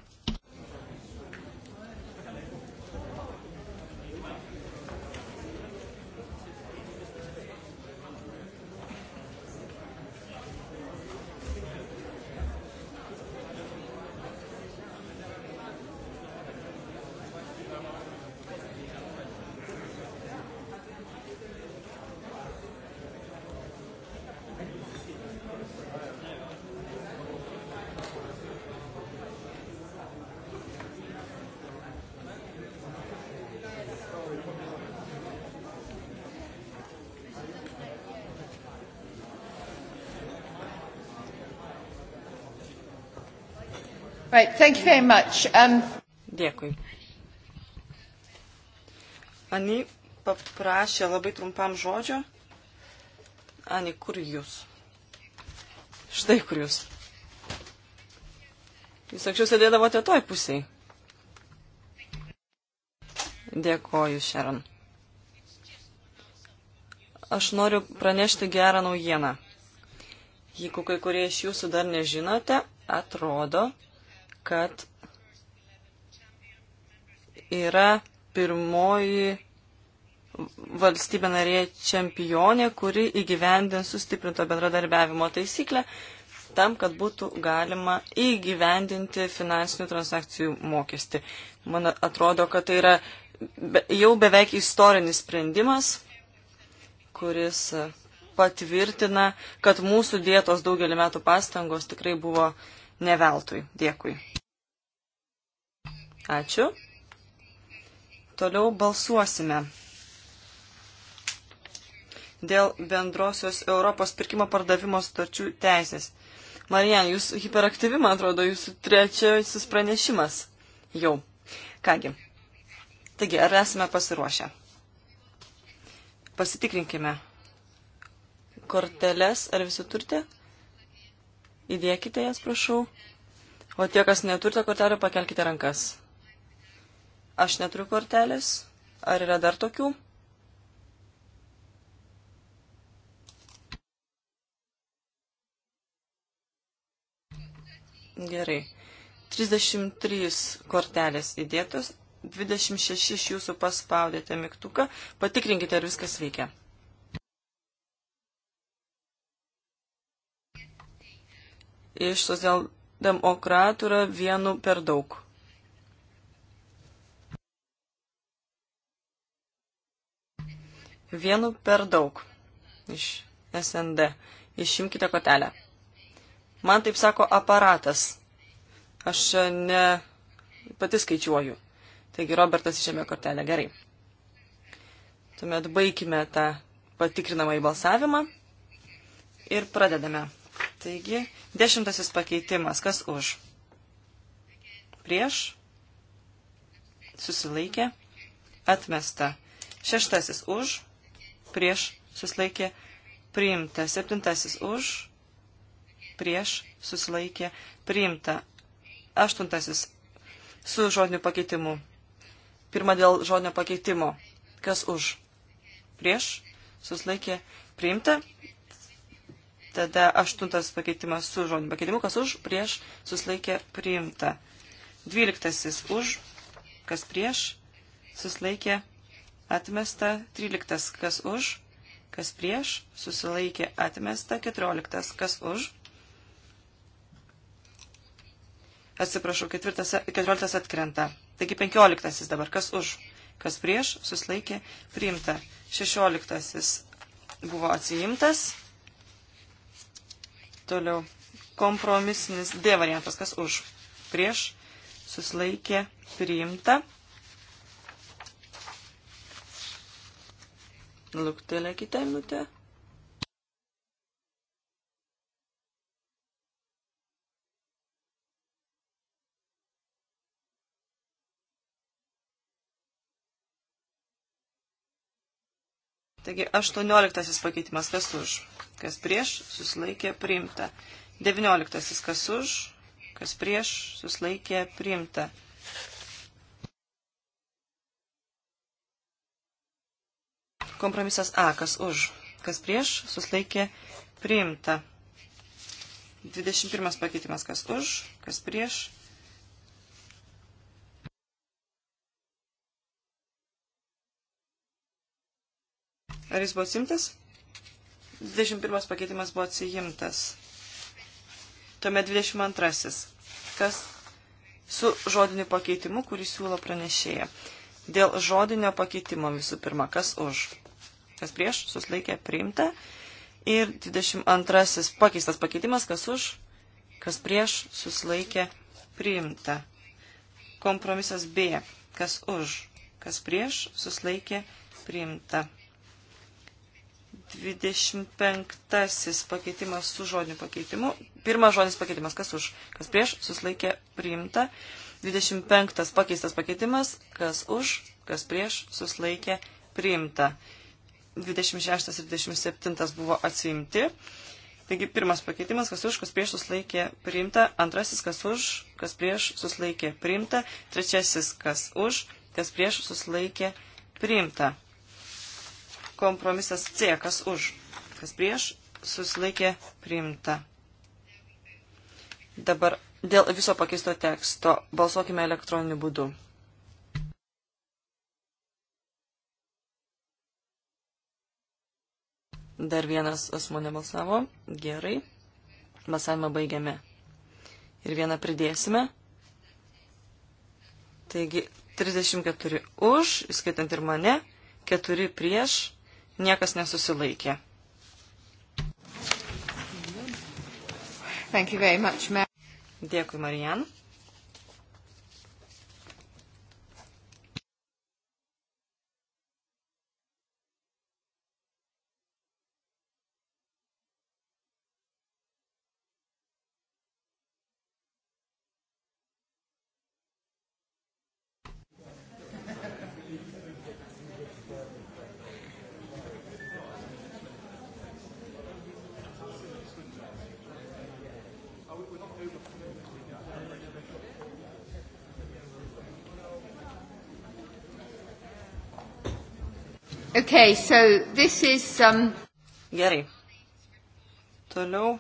Right, thank you very much. Um... Dėkui. Ani paprašė labai trumpam žodžio. Ani, kur jūs? Štai kur jūs. Jūs anksčiau sėdėdavote toj pusėj. Dėkoju, Šeron. Aš noriu pranešti gerą naujieną. Jeigu kai kurie iš jūsų dar nežinote, atrodo, kad yra pirmoji valstybė narė čempionė, kuri įgyvendins sustiprinto bendradarbiavimo taisyklę tam, kad būtų galima įgyvendinti finansinių transakcijų mokestį. Man atrodo, kad tai yra jau beveik istorinis sprendimas, kuris patvirtina, kad mūsų dėtos daugelį metų pastangos tikrai buvo uh, neveltui. Dėkui. Ačiū. Toliau balsuosime dėl bendrosios Europos pirkimo pardavimo sutarčių teisės. Marijan, jūs hiperaktyvi, man atrodo, jūsų trečiasis pranešimas. Jau. Kągi. Taigi, ar esame pasiruošę? Pasitikrinkime. Korteles, ar visi turite? Įdėkite jas, prašau. O tie, kas neturite kortelių, pakelkite rankas. Aš neturiu kortelės. Ar yra dar tokių? Gerai. 33 kortelės įdėtos, 26 iš jūsų paspaudėte mygtuką, patikrinkite, ar viskas veikia. iš socialdemokratų yra vienu per daug. Vienu per daug iš SND. Išimkite kotelę. Man taip sako aparatas. Aš ne pati skaičiuoju. Taigi Robertas išėmė kortelę. Gerai. Tuomet baigime tą patikrinamą į balsavimą ir pradedame. Taigi, dešimtasis pakeitimas. Kas už? Prieš? Susilaikė? Atmesta. Šeštasis už? Prieš? Susilaikė? Priimta. Septintasis už? Prieš? Susilaikė? Priimta. Aštuntasis su žodiniu pakeitimu. Pirma dėl žodinio pakeitimo. Kas už? Prieš? Susilaikė? Priimta. Tada aštuntas pakeitimas su žodiniu pakeitimu, kas už, prieš, susilaikė, priimta. Dvyliktasis už, kas prieš, susilaikė, atmesta. Tryliktas, kas už, kas prieš, susilaikė, atmesta. Keturioliktas, kas už. Atsiprašau, keturioliktas atkrenta. Taigi penkioliktasis dabar, kas už, kas prieš, susilaikė, priimta. Šešioliktasis buvo atsiimtas. Toliau. Kompromisinis D variantas. Kas už? Prieš. Susilaikė. Priimta. Luktelėkite minutę. Taigi, aštuonioliktasis pakeitimas, kas už? kas prieš, susilaikė priimta. 19. Kas už, kas prieš, susilaikė priimta. Kompromisas A, kas už, kas prieš, susilaikė priimta. 21 pakeitimas, kas už, kas prieš, Ar jis buvo simtas? 21 pakeitimas buvo atsijimtas. Tuomet 22. Kas su žodiniu pakeitimu, kurį siūlo pranešėja. Dėl žodinio pakeitimo visų pirma, kas už, kas prieš, suslaikė priimta. Ir 22. pakeistas pakeitimas, kas už, kas prieš, suslaikė priimta. Kompromisas B, kas už, kas prieš, suslaikė priimta. 25 pakeitimas su žodiniu pakeitimu. Pirmas žodis pakeitimas, kas už, kas prieš, susilaikė priimta. 25 pakeistas pakeitimas, kas už, kas prieš, susilaikė priimta. 26 ir 27 buvo atsiimti. Taigi pirmas pakeitimas, kas už, kas prieš suslaikė priimta, antrasis, kas už, kas prieš suslaikė priimta, trečiasis, kas už, kas prieš suslaikė priimta. Kompromisas C, kas už, kas prieš, susilaikė priimta. Dabar dėl viso pakeisto teksto balsuokime elektroniniu būdu. Dar vienas asmo nebalsavo. Gerai. Balsavimą baigiame. Ir vieną pridėsime. Taigi 34 už, įskaitant ir mane, 4 prieš, niekas nesusilaikė. Much, Dėkui, Marijan. Okay, so this is, um... Gerai. Toliau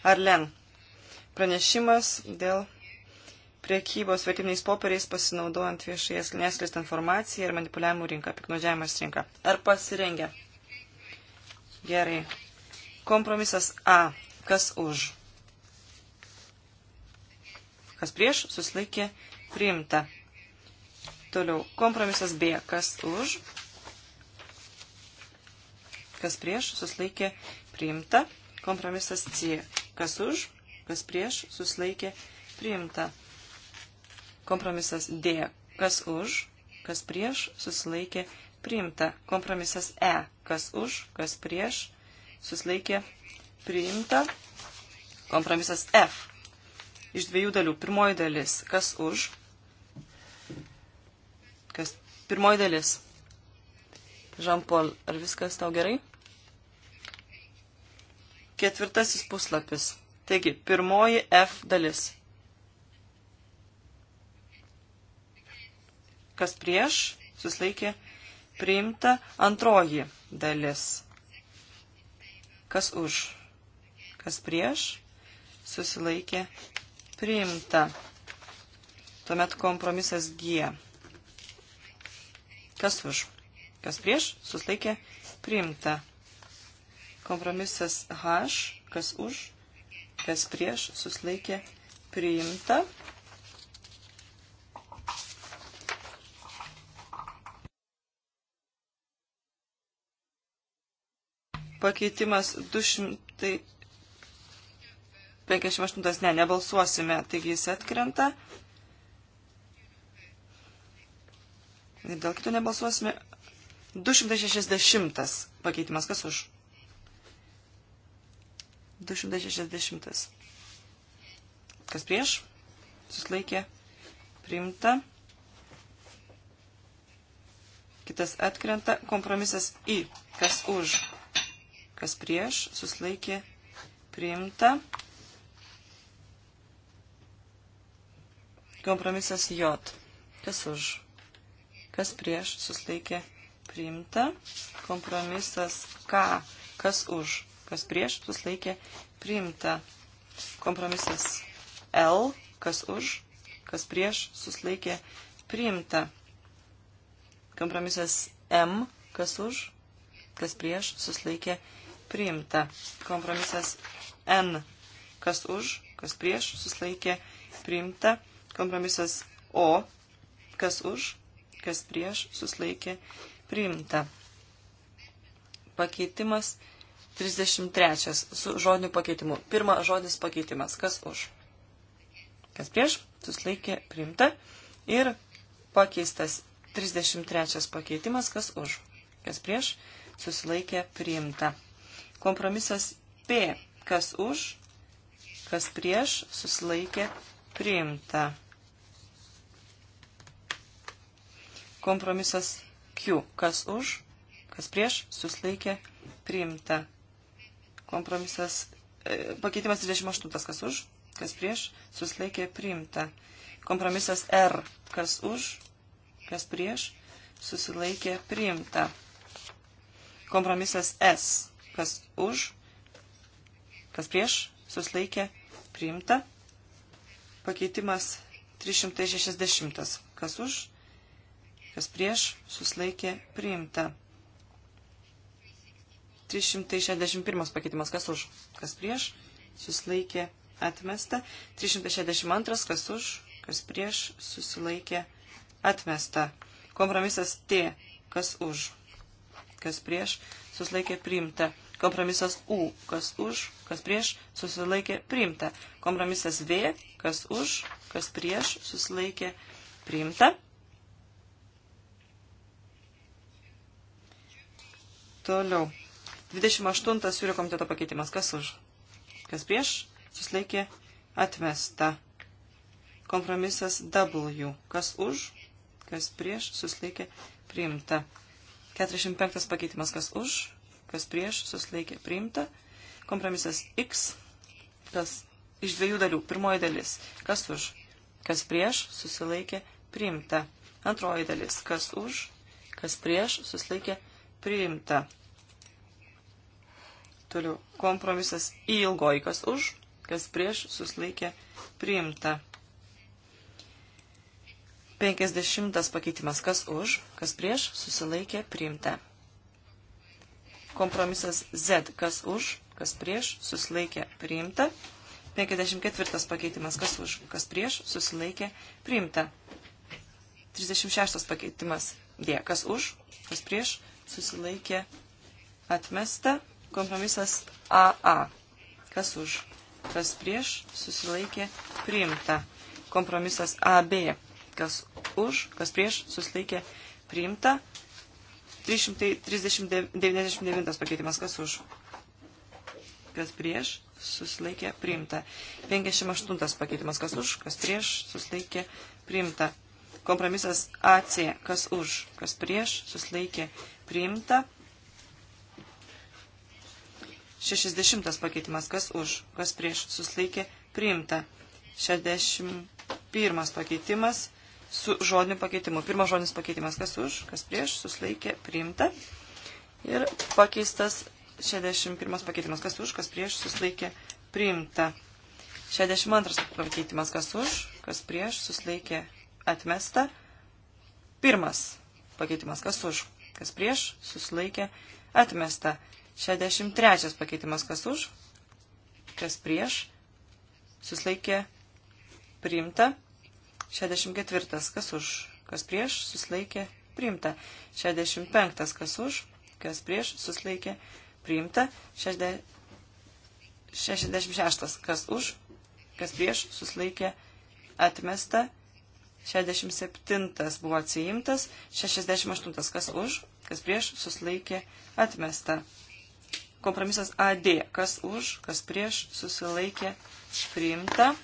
Arlen. Pranešimas dėl priekybos vertiminiais popieriais pasinaudojant viešai nesklistą informaciją ir manipuliavimų rinką, piknaudžiavimas rinką. Ar pasirengę? Gerai. Kompromisas A. Kas už? Kas prieš? Susilaikė. Priimta. Toliau. Kompromisas B. Kas už? Kas už? kas prieš, susilaikė priimta. Kompromisas C, kas už, kas prieš, susilaikė priimta. Kompromisas D, kas už, kas prieš, susilaikė priimta. Kompromisas E, kas už, kas prieš, susilaikė priimta. Kompromisas F, iš dviejų dalių. Pirmoji dalis, kas už, kas pirmoji dalis. Žampol, ar viskas tau gerai? Ketvirtasis puslapis. Taigi, pirmoji F dalis. Kas prieš, susilaikė, priimta antroji dalis. Kas už, kas prieš, susilaikė, priimta. Tuomet kompromisas G. Kas už, kas prieš, susilaikė, priimta. Kompromisas H, kas už, kas prieš, susilaikė priimta. Pakeitimas 258, ne, nebalsuosime, taigi jis atkrenta. Ir dėl kito nebalsuosime. 260 pakeitimas, kas už? 260. Kas prieš? Suslaikė. Primta. Kitas atkrenta. Kompromisas į. Kas už? Kas prieš? Suslaikė. Primta. Kompromisas J. Kas už? Kas prieš? Suslaikė. Primta. Kompromisas K. Kas už? kas prieš, susilaikė priimta. Kompromisas L, kas už, kas prieš, susilaikė priimta. Kompromisas M, kas už, kas prieš, susilaikė priimta. Kompromisas N, kas už, kas prieš, susilaikė priimta. Kompromisas O, kas už, kas prieš, susilaikė priimta. Pakeitimas 33 su žodiniu pakeitimu. Pirma žodis pakeitimas. Kas už? Kas prieš? Suslaikė priimta. Ir pakeistas 33 pakeitimas. Kas už? Kas prieš? Susilaikė priimta. Kompromisas P. Kas už? Kas prieš? Susilaikė priimta. Kompromisas Q. Kas už? Kas prieš? Susilaikė priimta. Kompromisas. E, pakeitimas 28. Kas už? Kas prieš? Susilaikė priimta. Kompromisas R. Kas už? Kas prieš? Susilaikė priimta. Kompromisas S. Kas už? Kas prieš? Susilaikė priimta. Pakeitimas 360. Kas už? Kas prieš? Susilaikė priimta. 361 pakeitimas, kas už, kas prieš, susilaikė atmesta. 362, kas už, kas prieš, susilaikė atmesta. Kompromisas T, kas už, kas prieš, susilaikė priimta. Kompromisas U, kas už, kas prieš, susilaikė priimta. Kompromisas V, kas už, kas prieš, susilaikė priimta. Toliau. 28 siūlio komiteto pakeitimas. Kas už? Kas prieš? Susilaikė atmesta. Kompromisas W. Kas už? Kas prieš? Susilaikė priimta. 45 pakeitimas. Kas už? Kas prieš? Susilaikė priimta. Kompromisas X. Kas iš dviejų dalių. Pirmoji dalis. Kas už? Kas prieš? Susilaikė priimta. Antroji dalis. Kas už? Kas prieš? Susilaikė priimta. Toliau kompromisas į ilgoji, kas už, kas prieš, susilaikė priimta. 50 pakeitimas, kas už, kas prieš, susilaikė priimta. Kompromisas Z, kas už, kas prieš, susilaikė priimta. 54 pakeitimas, kas už, kas prieš, susilaikė priimta. 36 pakeitimas, D, kas už, kas prieš, susilaikė atmesta. Kompromisas AA. Kas už? Kas prieš? Susilaikė priimta. Kompromisas AB. Kas už? Kas prieš? Susilaikė priimta. 399 pakeitimas. Kas už? Kas prieš? Susilaikė priimta. 58 pakeitimas. Kas už? Kas prieš? Susilaikė priimta. Kompromisas AC. Kas už? Kas prieš? Susilaikė priimta. 60 pakeitimas, kas už, kas prieš, susilaikė, priimta. 61 pakeitimas su žodiniu pakeitimu. Pirmas žodinis pakeitimas, kas už, kas prieš, susilaikė, priimta. Ir pakeistas 61 pakeitimas, kas už, kas prieš, susilaikė, priimta. 62 pakeitimas, kas už, kas prieš, susilaikė, atmesta. Pirmas pakeitimas, kas už, kas prieš, susilaikė, atmesta. 63 pakeitimas kas už, kas prieš, susilaikė priimta. 64 kas už, kas prieš, susilaikė priimta. 65 kas už, kas prieš, susilaikė priimta. 66 kas už, kas prieš, susilaikė atmesta. 67 buvo atsiimtas, 68 kas už, kas prieš, susilaikė atmesta. Kompromisas AD. Kas už, kas prieš, susilaikė, priimta.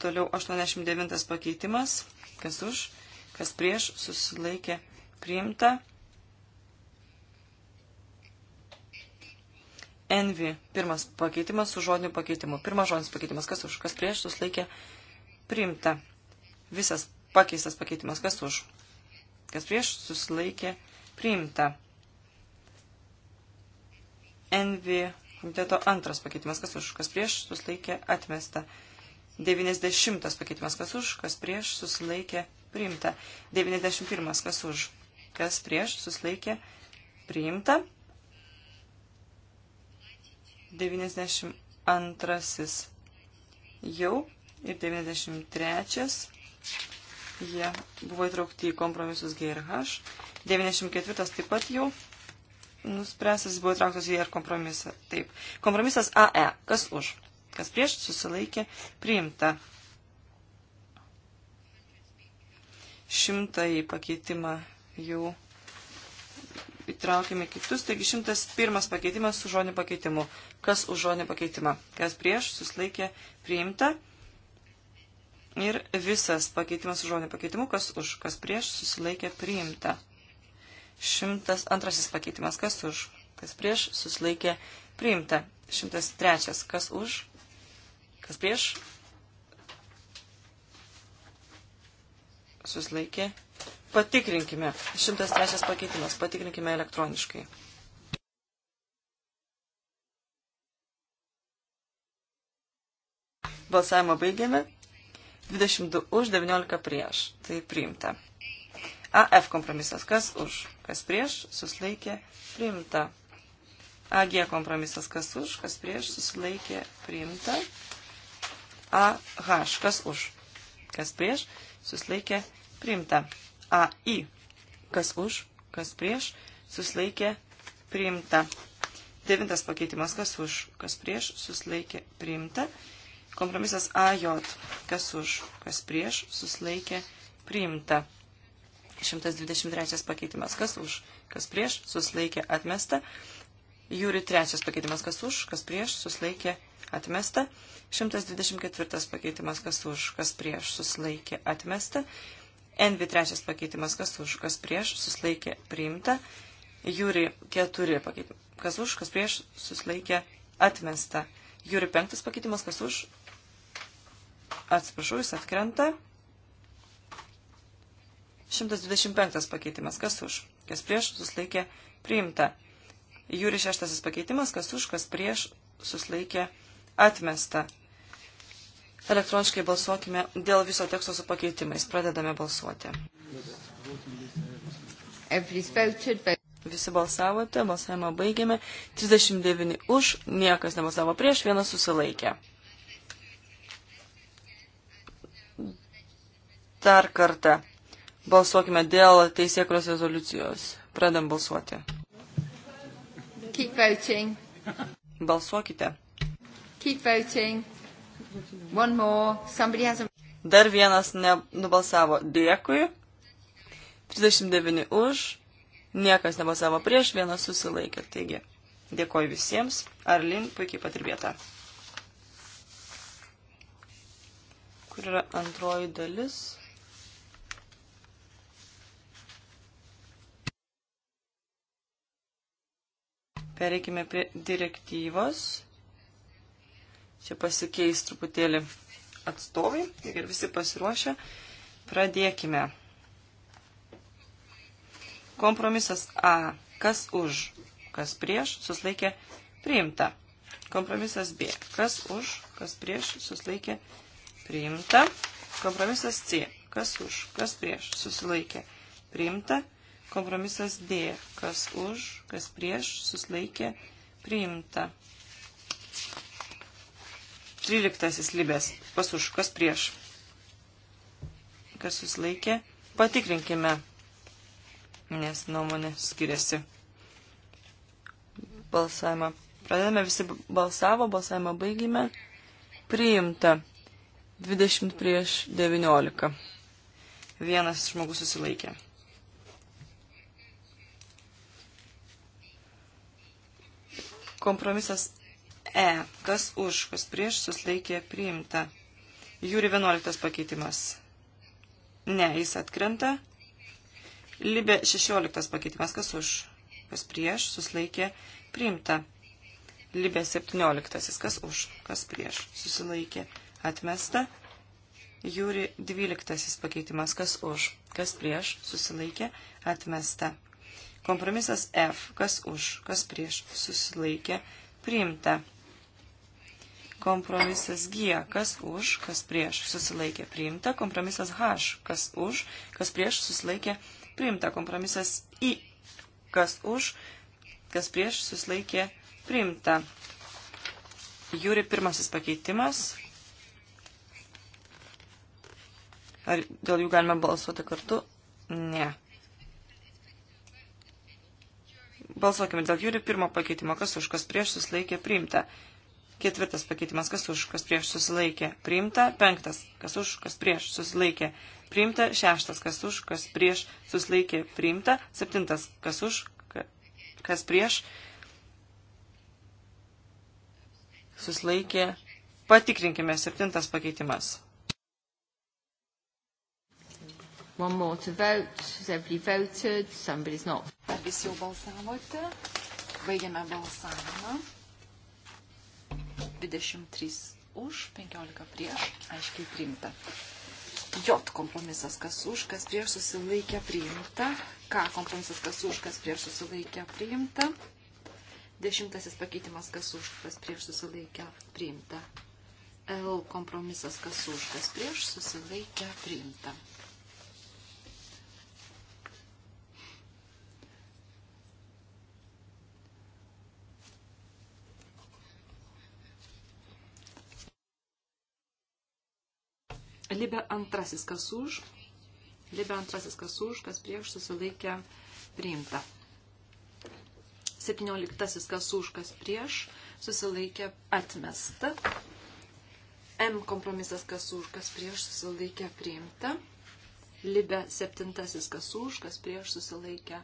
Toliau 89 pakeitimas. Kas už, kas prieš, susilaikė, priimta. Envy. Pirmas pakeitimas su žodiniu pakeitimu. Pirmas žodinis pakeitimas. Kas už, kas prieš, susilaikė, priimta. Visas pakeistas pakeitimas. Kas už, kas prieš, susilaikė, priimta. NV komiteto antras pakeitimas, kas už, kas prieš, susilaikė atmesta. 90 pakeitimas, kas už, kas prieš, susilaikė priimta. 91 kas už, kas prieš, susilaikė priimta. 92 jau ir 93 jie buvo įtraukti į kompromisus G ir H. 94 taip pat jau Nuspręstas buvo įtrauktas į ar kompromisą. Taip. Kompromisas AE. Kas už? Kas prieš? Susilaikė. Priimta. Šimtąjį pakeitimą jau įtraukime kitus. Taigi šimtas pirmas pakeitimas su žodiniu pakeitimu. Kas už žodinį pakeitimą? Kas prieš? Susilaikė. Priimta. Ir visas pakeitimas su žodiniu pakeitimu. Kas už? Kas prieš? Susilaikė. Priimta. 102 pakeitimas, kas už, kas prieš, susilaikė priimta. 103, kas už, kas prieš, susilaikė. Patikrinkime. 103 pakeitimas, patikrinkime elektroniškai. Balsavimą baigėme. 22 už, 19 prieš. Tai priimta. AF kompromisas. Kas už, kas prieš, susilaikė, priimta. AG kompromisas. Kas už, kas prieš, susilaikė, priimta. AH. Kas už, kas prieš, susilaikė, priimta. AI. Kas už, kas prieš, susilaikė, priimta. Devintas pakeitimas. Kas už, kas prieš, susilaikė, priimta. Kompromisas AJ. Kas už, kas prieš, susilaikė, priimta. 123 pakeitimas kas už, kas prieš, susilaikė atmesta. Jūri trečias pakeitimas kas už, kas prieš, susilaikė atmesta. 124 pakeitimas kas už, kas prieš, susilaikė atmesta. Envi trečias pakeitimas kas už, kas prieš, susilaikė priimta. Jūri keturi pakeitimas kas už, kas prieš, susilaikė atmesta. Jūri penktas pakeitimas kas už, atsiprašau, jis atkrenta. 125 pakeitimas, kas už, kas prieš, susilaikė, priimta. Jūri šeštasis pakeitimas, kas už, kas prieš, susilaikė, atmesta. Elektroniškai balsuokime dėl viso teksto su pakeitimais. Pradedame balsuoti. Visi balsavote, balsavimą baigėme. 39 už, niekas nebalsavo prieš, vienas susilaikė. Dar kartą Balsuokime dėl teisėkros rezoliucijos. Pradam balsuoti. Keep voting. Balsuokite. Keep voting. One more. Somebody has a... Dar vienas nenubalsavo. Dėkui. 39 už. Niekas nebalsavo prieš, vienas susilaikė. Taigi, dėkoju visiems. Arlin puikiai patirbėta. Kur yra antroji dalis? Pereikime prie direktyvos. Čia pasikeis truputėlį atstovai ir visi pasiruošę. Pradėkime. Kompromisas A. Kas už, kas prieš, suslaikė priimta. Kompromisas B. Kas už, kas prieš, suslaikė priimta. Kompromisas C. Kas už, kas prieš, susilaikė priimta. Kompromisas D. Kas už, kas prieš, susilaikė, priimta. 13 libės. Kas už, kas prieš. Kas susilaikė, patikrinkime, nes nuomonė skiriasi. Balsavimą. Pradedame visi balsavo, balsavimą baigime. Priimta. 20 prieš 19. Vienas žmogus susilaikė. Kompromisas E. Kas už, kas prieš, susilaikė priimta. Jūri 11 pakeitimas. Ne, jis atkrenta. Libė 16 pakeitimas. Kas už, kas prieš, susilaikė priimta. Libė 17. Kas už, kas prieš, susilaikė atmesta. Jūri 12 pakeitimas, kas už, kas prieš, susilaikė, atmesta. Kompromisas F, kas už, kas prieš, susilaikė, priimta. Kompromisas G, kas už, kas prieš, susilaikė, priimta. Kompromisas H, kas už, kas prieš, susilaikė, priimta. Kompromisas I, kas už, kas prieš, susilaikė, priimta. Jūri pirmasis pakeitimas. Ar dėl jų galime balsuoti kartu? Ne. Balsuokime dėl jūri pirmo pakeitimo, kas už, kas prieš susilaikė priimta. Ketvirtas pakeitimas, kas už, kas prieš susilaikė priimta. Penktas, kas už, kas prieš susilaikė priimta. Šeštas, kas už, kas prieš susilaikė priimta. Septintas, kas už, kas prieš susilaikė. Patikrinkime septintas pakeitimas. One more to vote. Has everybody voted? Somebody's not. Ar visi jau balsavote? Baigiame balsavimą. 23 už, 15 prieš, aiškiai priimta. J kompromisas kas už, kas prieš susilaikė priimta. K kompromisas kas už, kas prieš susilaikė priimta. Dešimtasis pakeitimas kas už, kas prieš susilaikė priimta. L kompromisas kas už, kas prieš susilaikė priimta. Libe antrasis kas už. Libe antrasis kas už, kas prieš susilaikė priimta. 17 kas už, kas prieš susilaikė atmesta. M kompromisas kas už, kas prieš susilaikė priimta. Libe septintasis kas už, kas prieš susilaikė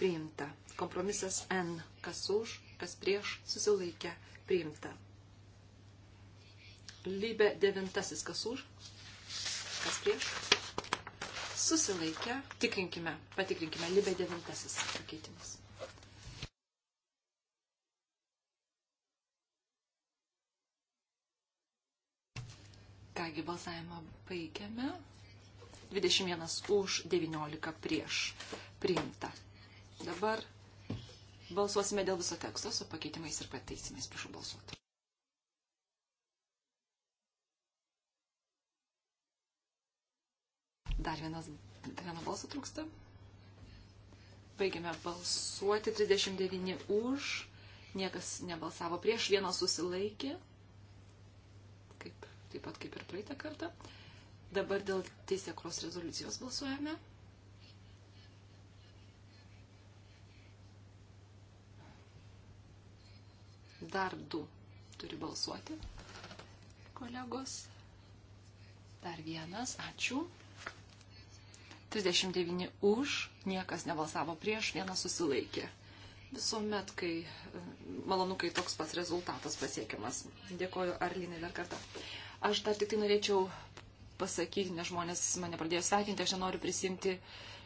priimta. Kompromisas N kas už, kas prieš susilaikė priimta. Libe devintasis kas už, Kas prieš? Susilaikę. Tikrinkime. Patikrinkime. Libė devintasis pakeitimas. Kągi balsavimą baigiame. 21 už 19 prieš. Priimta. Dabar balsuosime dėl viso teksto su pakeitimais ir pataisimais. Prašau balsuoti. Dar vienas, dar vieno balso trūksta. Baigiame balsuoti. 39 už. Niekas nebalsavo prieš. Vienas susilaikė. Kaip, taip pat kaip ir praeitą kartą. Dabar dėl teisėkros rezoliucijos balsuojame. Dar du turi balsuoti kolegos. Dar vienas, ačiū. 39 už, niekas nebalsavo prieš, vienas susilaikė. Visuomet, kai e, malonu, kai toks pats rezultatas pasiekiamas. Dėkoju Arlinai dar kartą. Aš dar tik tai norėčiau pasakyti, nes žmonės mane pradėjo sveikinti, aš nenoriu prisimti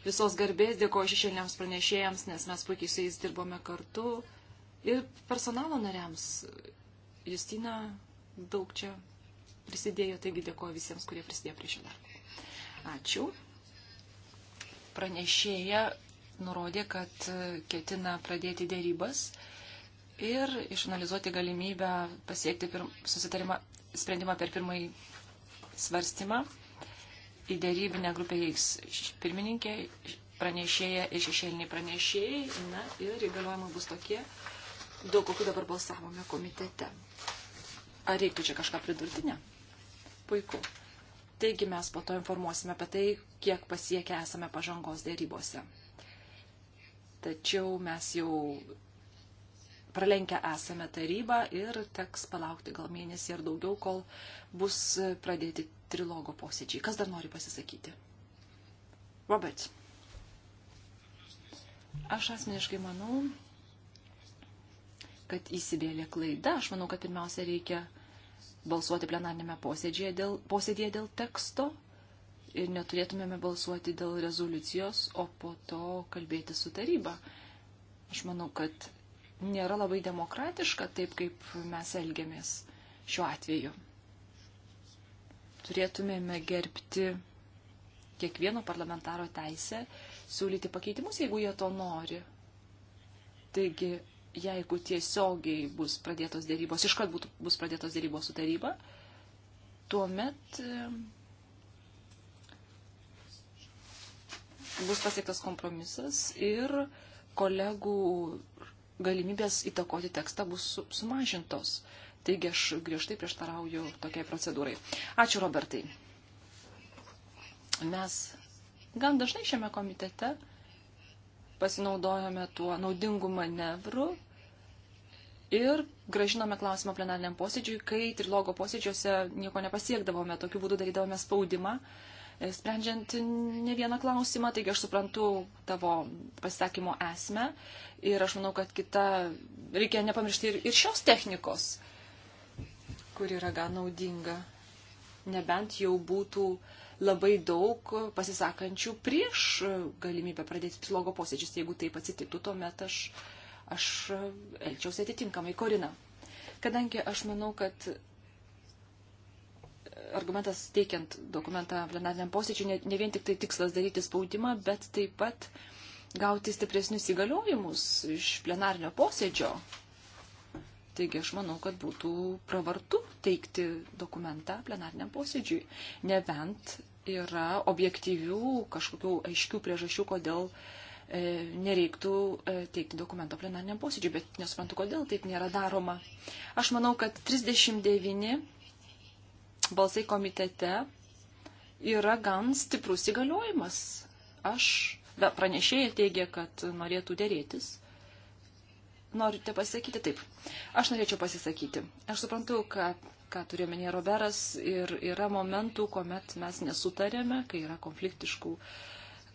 visos garbės, dėkoju šešėliams pranešėjams, nes mes puikiai su jais dirbome kartu. Ir personalo nariams Justina daug čia prisidėjo, taigi dėkoju visiems, kurie prisidėjo prie šio darbo. Ačiū pranešėja nurodė, kad e, ketina pradėti dėrybas ir išanalizuoti galimybę pasiekti susitarimą sprendimą per pirmąjį svarstymą. Į dėrybinę grupę įvyks pirmininkė, pranešėja ir šešėliniai pranešėjai. Na ir įgaliojimai bus tokie, daug kokių dabar balsavome komitete. Ar reiktų čia kažką pridurti? Ne. Puiku. Taigi mes po to informuosime apie tai, kiek pasiekę esame pažangos dėrybose. Tačiau mes jau pralenkę esame tarybą ir teks palaukti gal mėnesį ar daugiau, kol bus pradėti trilogo posėdžiai. Kas dar nori pasisakyti? Robert. Aš asmeniškai manau, kad įsivėlė klaida. Aš manau, kad pirmiausia reikia balsuoti plenarnėme posėdėje dėl, posėdėje dėl teksto ir neturėtumėme balsuoti dėl rezoliucijos, o po to kalbėti su taryba. Aš manau, kad nėra labai demokratiška taip, kaip mes elgiamės šiuo atveju. Turėtumėme gerbti kiekvieno parlamentaro teisę siūlyti pakeitimus, jeigu jie to nori. Taigi jeigu tiesiogiai bus pradėtos dėrybos, iškart būtų, bus pradėtos dėrybos su taryba, tuomet e, bus pasiektas kompromisas ir kolegų galimybės įtakoti tekstą bus sumažintos. Taigi aš griežtai prieštarauju tokiai procedūrai. Ačiū, Robertai. Mes gan dažnai šiame komitete pasinaudojome tuo naudingu manevru ir gražinome klausimą plenariniam posėdžiui, kai trilogo posėdžiuose nieko nepasiekdavome, tokiu būdu darydavome spaudimą, e, sprendžiant ne vieną klausimą, taigi aš suprantu tavo pasisakymo esmę ir aš manau, kad kita, reikia nepamiršti ir, ir šios technikos, kur yra gan naudinga, nebent jau būtų uh, labai daug pasisakančių prieš galimybę pradėti slogo posėdžius. Jeigu taip atsitiktų, tuomet aš, aš elgčiausi atitinkamai. Korina. Kadangi aš manau, kad argumentas teikiant dokumentą plenariniam posėdžiui ne, ne vien tik tai tikslas daryti spaudimą, bet taip pat gauti stipresnius įgaliojimus iš plenarinio posėdžio. Taigi aš manau, kad būtų pravartu teikti dokumentą plenariniam posėdžiui, nebent yra objektyvių kažkokių aiškių priežasčių, kodėl e, nereiktų e, teikti dokumento plenariniam posėdžiui, bet nesuprantu, kodėl taip nėra daroma. Aš manau, kad 39 balsai komitete yra gan stiprus įgaliojimas. Aš, be pranešėjai teigia, kad norėtų dėrėtis norite pasisakyti? Taip. Aš norėčiau pasisakyti. Aš suprantu, ką, ką turėjo menė Roberas ir yra momentų, kuomet mes nesutarėme, kai yra konfliktiškų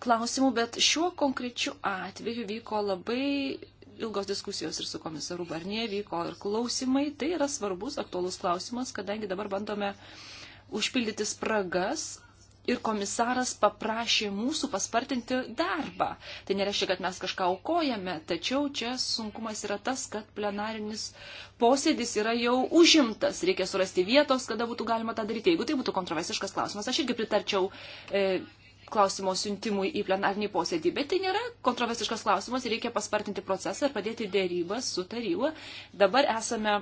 klausimų, bet šiuo konkrečiu atveju vyko labai ilgos diskusijos ir su komisaru Barnie, vyko ir klausimai. Tai yra svarbus, aktuolus klausimas, kadangi dabar bandome užpildyti spragas ir komisaras paprašė mūsų paspartinti darbą. Tai nereiškia, kad mes kažką aukojame, tačiau čia sunkumas yra tas, kad plenarinis posėdis yra jau užimtas, reikia surasti vietos, kada būtų galima tą daryti. Jeigu tai būtų kontroversiškas klausimas, aš irgi pritarčiau. E, klausimo siuntimui į plenarnį posėdį, bet tai nėra kontroversiškas klausimas ir reikia paspartinti procesą ir padėti dėrybas su taryba. Dabar esame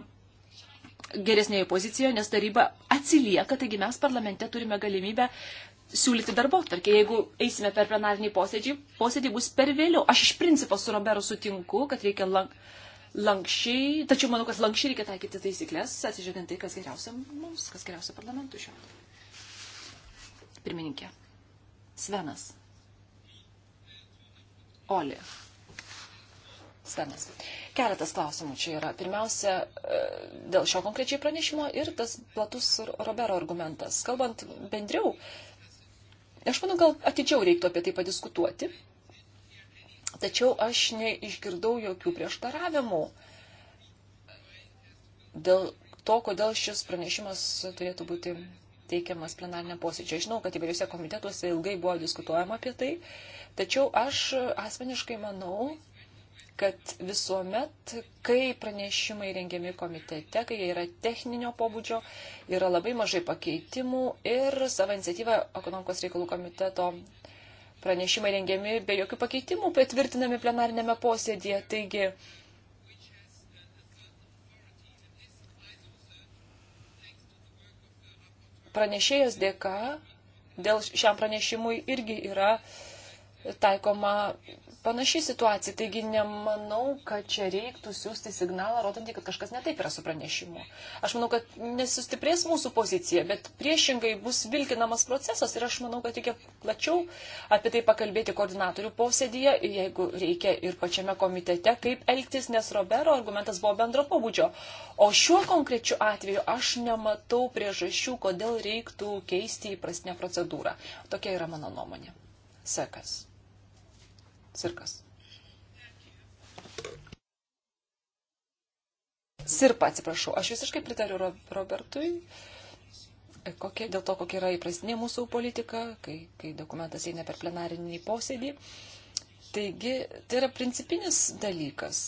geresnėje pozicijoje, nes taryba atsilieka, taigi mes parlamente turime galimybę siūlyti darbo tarkė. Jeigu eisime per plenarinį posėdį, posėdį bus per vėliau. Aš iš principo su Roberu sutinku, kad reikia lank, lankščiai, tačiau manau, kad lankščiai reikia taikyti taisyklės, atsižiūrint tai, kas geriausia mums, kas geriausia parlamentui šiuo atveju. Pirmininkė. Svenas. Oli. Svenas. Keletas klausimų čia yra. Pirmiausia, e, dėl šio konkrečiai pranešimo ir tas platus Robero argumentas. Kalbant bendriau, Aš manau, gal atidžiau reiktų apie tai padiskutuoti. Tačiau aš neišgirdau jokių prieštaravimų dėl to, kodėl šis pranešimas turėtų būti teikiamas plenarinė posėdžio. Žinau, kad įvairiuose komitetuose ilgai buvo diskutuojama apie tai, tačiau aš asmeniškai manau, kad visuomet, kai pranešimai rengiami komitete, kai jie yra techninio pobūdžio, yra labai mažai pakeitimų ir savo iniciatyvą ekonomikos reikalų komiteto pranešimai rengiami be jokių pakeitimų, patvirtinami plenarinėme posėdėje. Taigi, pranešėjos dėka, dėl šiam pranešimui irgi yra taikoma panaši situacija, taigi nemanau, kad čia reiktų siūsti signalą, rodantį, kad kažkas netaip yra su pranešimu. Aš manau, kad nesustiprės mūsų pozicija, bet priešingai bus vilkinamas procesas ir aš manau, kad reikia plačiau apie tai pakalbėti koordinatorių posėdėje, jeigu reikia ir pačiame komitete, kaip elgtis, nes Robero argumentas buvo bendro pobūdžio. O šiuo konkrečiu atveju aš nematau priežasčių, kodėl reiktų keisti įprastinę procedūrą. Tokia yra mano nuomonė. Sekas cirkas. Sirpa, atsiprašau, aš visiškai pritariu Robertui, e, kokie, dėl to, kokia yra įprastinė mūsų politika, kai, kai dokumentas eina per plenarinį posėdį. Taigi, tai yra principinis dalykas.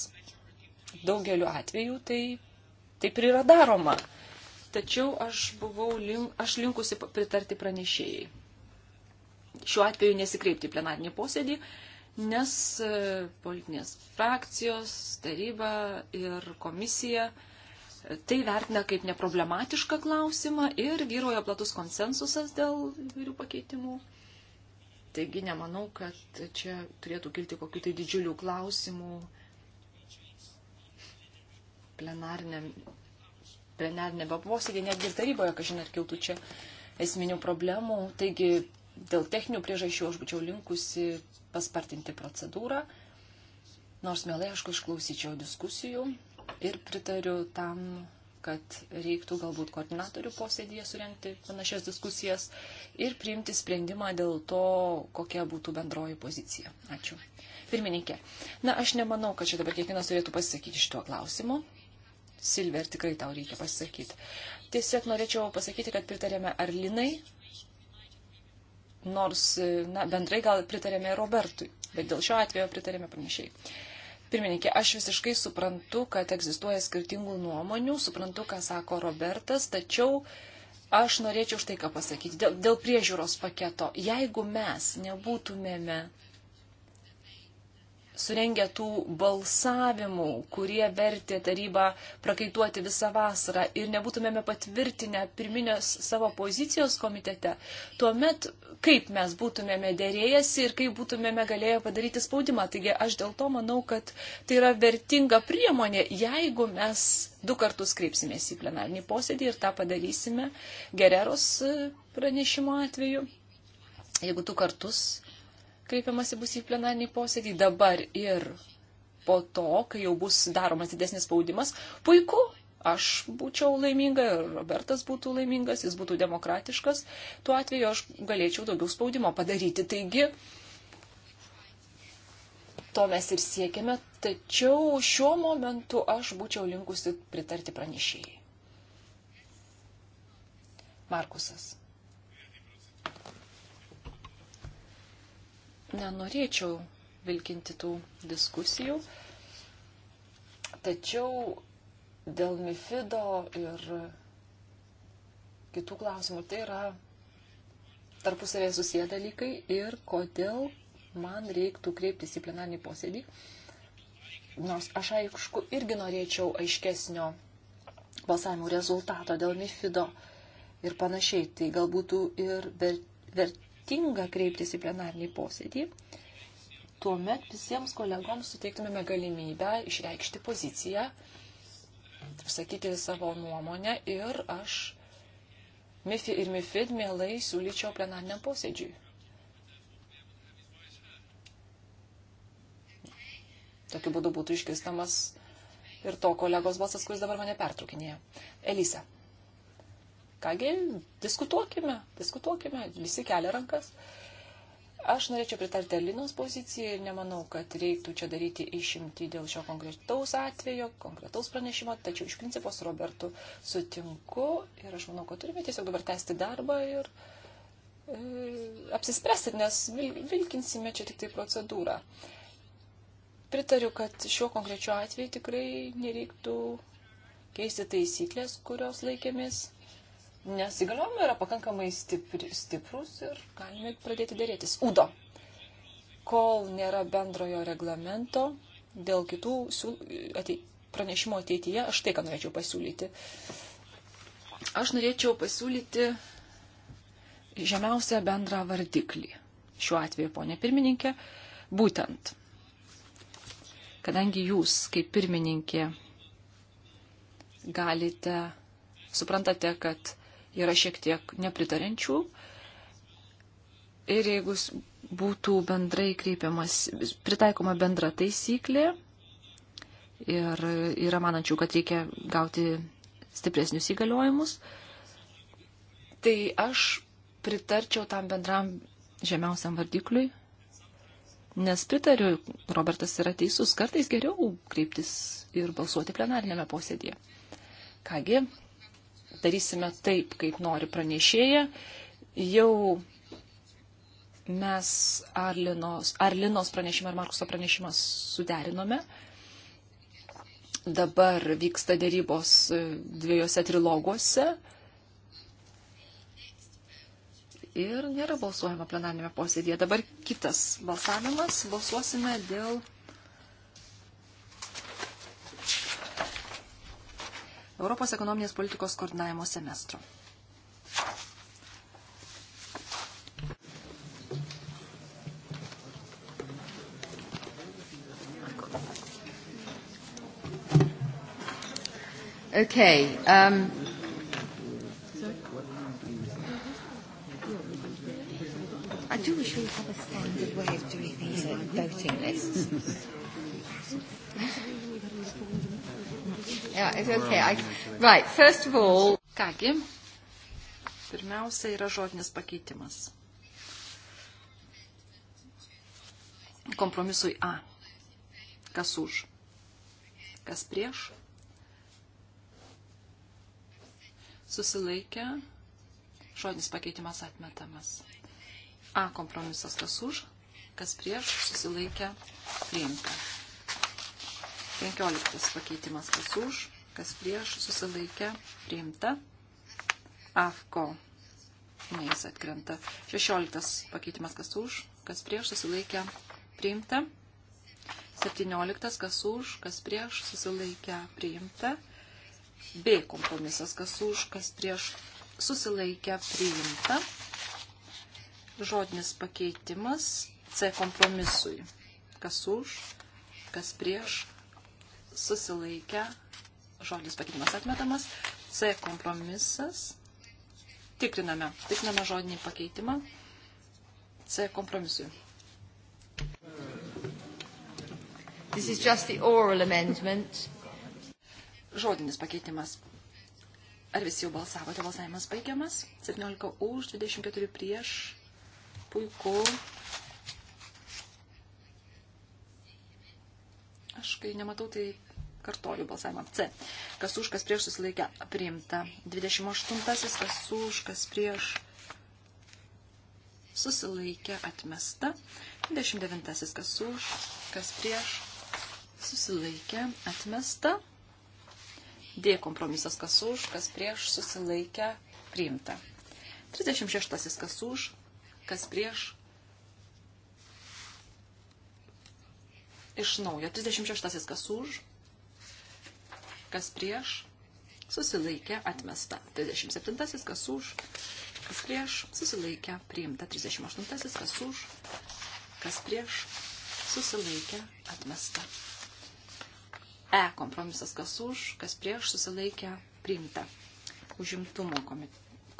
Daugeliu atveju tai taip ir yra daroma. Tačiau aš buvau, link, aš linkusi pritarti pranešėjai. Šiuo atveju nesikreipti plenarinį posėdį, nes e, politinės frakcijos, taryba ir komisija e, tai vertina kaip neproblematišką klausimą ir vyroja platus konsensusas dėl įvairių pakeitimų. Taigi nemanau, kad čia turėtų kilti kokių tai didžiulių klausimų plenarinėme posėdėje, netgi ir taryboje, kažin ar kiltų čia esminių problemų. Taigi dėl techninių priežasčių aš būčiau linkusi paspartinti procedūrą. Nors mielai, aišku, išklausyčiau diskusijų ir pritariu tam, kad reiktų galbūt koordinatorių posėdėje surenkti panašias diskusijas ir priimti sprendimą dėl to, kokia būtų bendroji pozicija. Ačiū. Pirmininkė, na, aš nemanau, kad čia dabar kiekvienas turėtų pasisakyti šituo klausimu. Silver, tikrai tau reikia pasakyti. Tiesiog norėčiau pasakyti, kad pritarėme Arlinai nors na, bendrai gal pritarėme Robertui, bet dėl šio atvejo pritarėme panašiai. Pirmininkė, aš visiškai suprantu, kad egzistuoja skirtingų nuomonių, suprantu, ką sako Robertas, tačiau aš norėčiau štai ką pasakyti dėl, dėl priežiūros paketo. Jeigu mes nebūtumėme surengę tų balsavimų, kurie vertė tarybą prakaituoti visą vasarą ir nebūtumėme patvirtinę pirminės savo pozicijos komitete, tuomet kaip mes būtumėme dėrėjęsi ir kaip būtumėme galėję padaryti spaudimą. Taigi aš dėl to manau, kad tai yra vertinga priemonė, jeigu mes du kartus kreipsimės į plenarinį posėdį ir tą padarysime gereros pranešimo atveju. Jeigu du kartus kreipiamasi bus į plenarinį posėdį dabar ir po to, kai jau bus daromas didesnis spaudimas. Puiku, aš būčiau laiminga ir Robertas būtų laimingas, jis būtų demokratiškas, tuo atveju aš galėčiau daugiau spaudimo padaryti. Taigi, to mes ir siekiame, tačiau šiuo momentu aš būčiau linkusi pritarti pranešėjai. Markusas. nenorėčiau vilkinti tų diskusijų, tačiau dėl Mifido ir kitų klausimų tai yra tarpusavėje susiję dalykai ir kodėl man reiktų kreiptis į plenarinį posėdį. Nors aš aišku irgi norėčiau aiškesnio balsavimo rezultato dėl Mifido ir panašiai. Tai galbūt ir ver, ver, protinga kreiptis į plenarnį posėdį, tuomet visiems kolegoms suteiktumėme galimybę išreikšti poziciją, sakyti savo nuomonę ir aš MIFI ir MIFID mielai siūlyčiau plenariniam posėdžiui. Tokiu būdu būtų iškirstamas ir to kolegos balsas, kuris dabar mane pertraukinėja. Elisa. Kągi, diskutuokime, diskutuokime, visi kelia rankas. Aš norėčiau pritarti Alinos pozicijai ir nemanau, kad reiktų čia daryti išimti dėl šio konkretaus atvejo, konkretaus pranešimo, tačiau iš principo su Robertu sutinku ir aš manau, kad turime tiesiog dabar tęsti darbą ir e, apsispręsti, nes vil, vilkinsime čia tik tai procedūrą. Pritariu, kad šiuo konkrečiu atveju tikrai nereiktų keisti taisyklės, kurios laikėmės nes įgaliojimai yra pakankamai stipri, stiprus ir galime pradėti dėrėtis. Udo, kol nėra bendrojo reglamento dėl kitų siūl... atei... pranešimo ateityje, aš tai, ką norėčiau pasiūlyti. Aš norėčiau pasiūlyti žemiausią bendrą vardiklį. Šiuo atveju, ponė pirmininkė, būtent, kadangi jūs kaip pirmininkė galite suprantate, kad yra šiek tiek nepritarenčių. Ir jeigu būtų bendrai kreipiamas, pritaikoma bendra taisyklė ir yra manančių, kad reikia gauti stipresnius įgaliojimus, tai aš pritarčiau tam bendram žemiausiam vardikliui, nes pritariu, Robertas yra teisus, kartais geriau kreiptis ir balsuoti plenarinėme posėdėje. Kągi, darysime taip, kaip nori pranešėja. Jau mes Arlinos, Arlinos pranešimą ir Markuso pranešimą suderinome. Dabar vyksta dėrybos e, dviejose triloguose ir nėra balsuojama plenarnėme posėdėje. Dabar kitas balsavimas. Balsuosime dėl Europos ekonominės politikos koordinavimo semestro. Okay. Um, I do wish we would have a standard way of doing these voting lists. Yeah, it's okay. I... Right, first of all... Kągi, pirmiausia yra žodinis pakeitimas. Kompromisui A. Kas už? Kas prieš? Susilaikė. Žodinis pakeitimas atmetamas. A kompromisas kas už, kas prieš, susilaikė, priimta. 15 pakeitimas kas už, kas prieš, susilaikę, priimta. AFKO neįs atkrenta. 16 pakeitimas kas už, kas prieš, susilaikę, priimta. 17 kas už, kas prieš, susilaikę, priimta. B kompromisas kas už, kas prieš, susilaikę, priimta. Žodinis pakeitimas C kompromisui. Kas už, kas prieš, susilaikę, žodinis pakeitimas atmetamas, C kompromisas, tikriname, tikriname žodinį pakeitimą C kompromisui. This is just the oral amendment. Žodinis pakeitimas. Ar visi jau balsavote? Balsavimas baigiamas. 17 už, 24 prieš. Puiku. Aš kai nematau, tai Kartoju balsavimą C. Kas už, kas prieš susilaikė priimta. 28. Kas už, kas prieš susilaikė atmesta. 29. Kas už, kas prieš susilaikė atmesta. D kompromisas kas už, kas prieš susilaikė priimta. 36. Kas už, kas prieš iš naujo. 36 kas už, kas prieš, susilaikė, atmesta. 37, kas už, kas prieš, susilaikė, priimta. 38, kas už, kas prieš, susilaikė, atmesta. E kompromisas, kas už, kas prieš, susilaikė, priimta. Užimtumo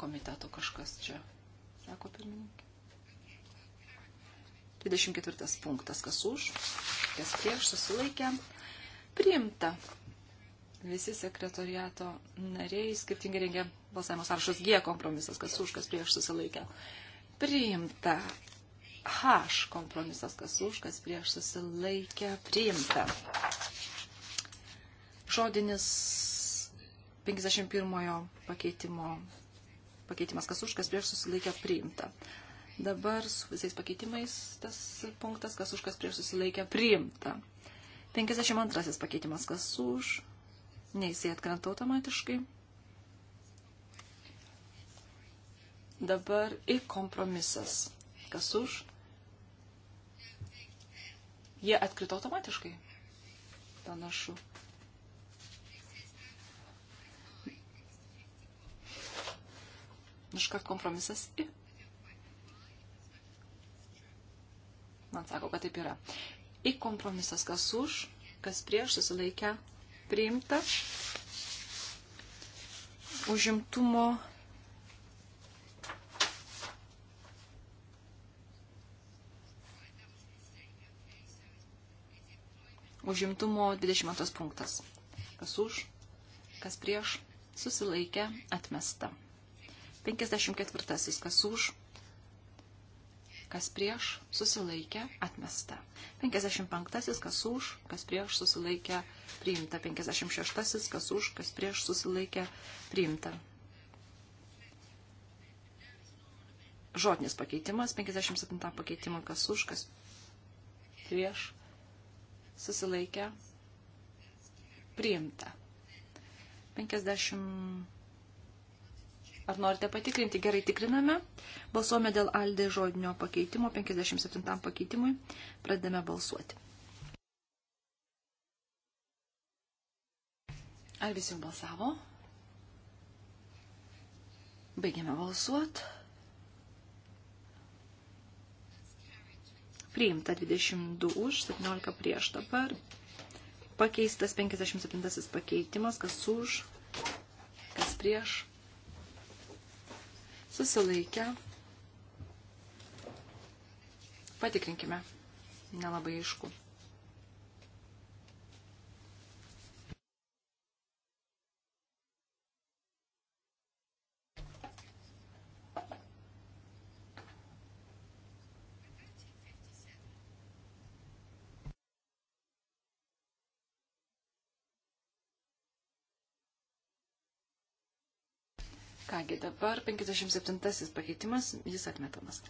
komiteto kažkas čia, sako pirmininkė. 24 punktas, kas už, kas prieš, susilaikė, priimta visi sekretoriato nariai skirtingai rengia balsavimo sąrašas G kompromisas, kas už, kas prieš susilaikę. Priimta. H kompromisas, kas už, kas prieš susilaikę. Priimta. Žodinis 51 pakeitimo. Pakeitimas, kas už, kas prieš susilaikę. Priimta. Dabar su visais pakeitimais tas punktas, kas už, kas prieš susilaikę. Priimta. 52 pakeitimas, kas už, neįsiai atkrenta automatiškai. Dabar į kompromisas. Kas už? Jie atkrito automatiškai. Panašu. Iškart kompromisas į. Man sako, kad taip yra. Į kompromisas kas už, kas prieš susilaikę priimta. Užimtumo Užimtumo 22 punktas. Kas už, kas prieš, susilaikė, atmesta. 54. Kas už, kas prieš, susilaikė, atmesta. 55, kas už, kas prieš, susilaikė, priimta. 56, kas už, kas prieš, susilaikė, priimta. Žodinis pakeitimas, 57 pakeitimą, kas už, kas prieš, susilaikė, priimta. 50. Ar norite patikrinti? Gerai, tikriname. Balsuome dėl Aldė žodinio pakeitimo, 57 pakeitimui. Pradedame balsuoti. Ar visi jau balsavo? Baigiame balsuot. Priimta 22 už, 17 prieš dabar. Pakeistas 57 pakeitimas, kas už, kas prieš, susilaikę. Patikrinkime. Nelabai aišku. Kągi, dabar 57 pakeitimas, jis atmetamas.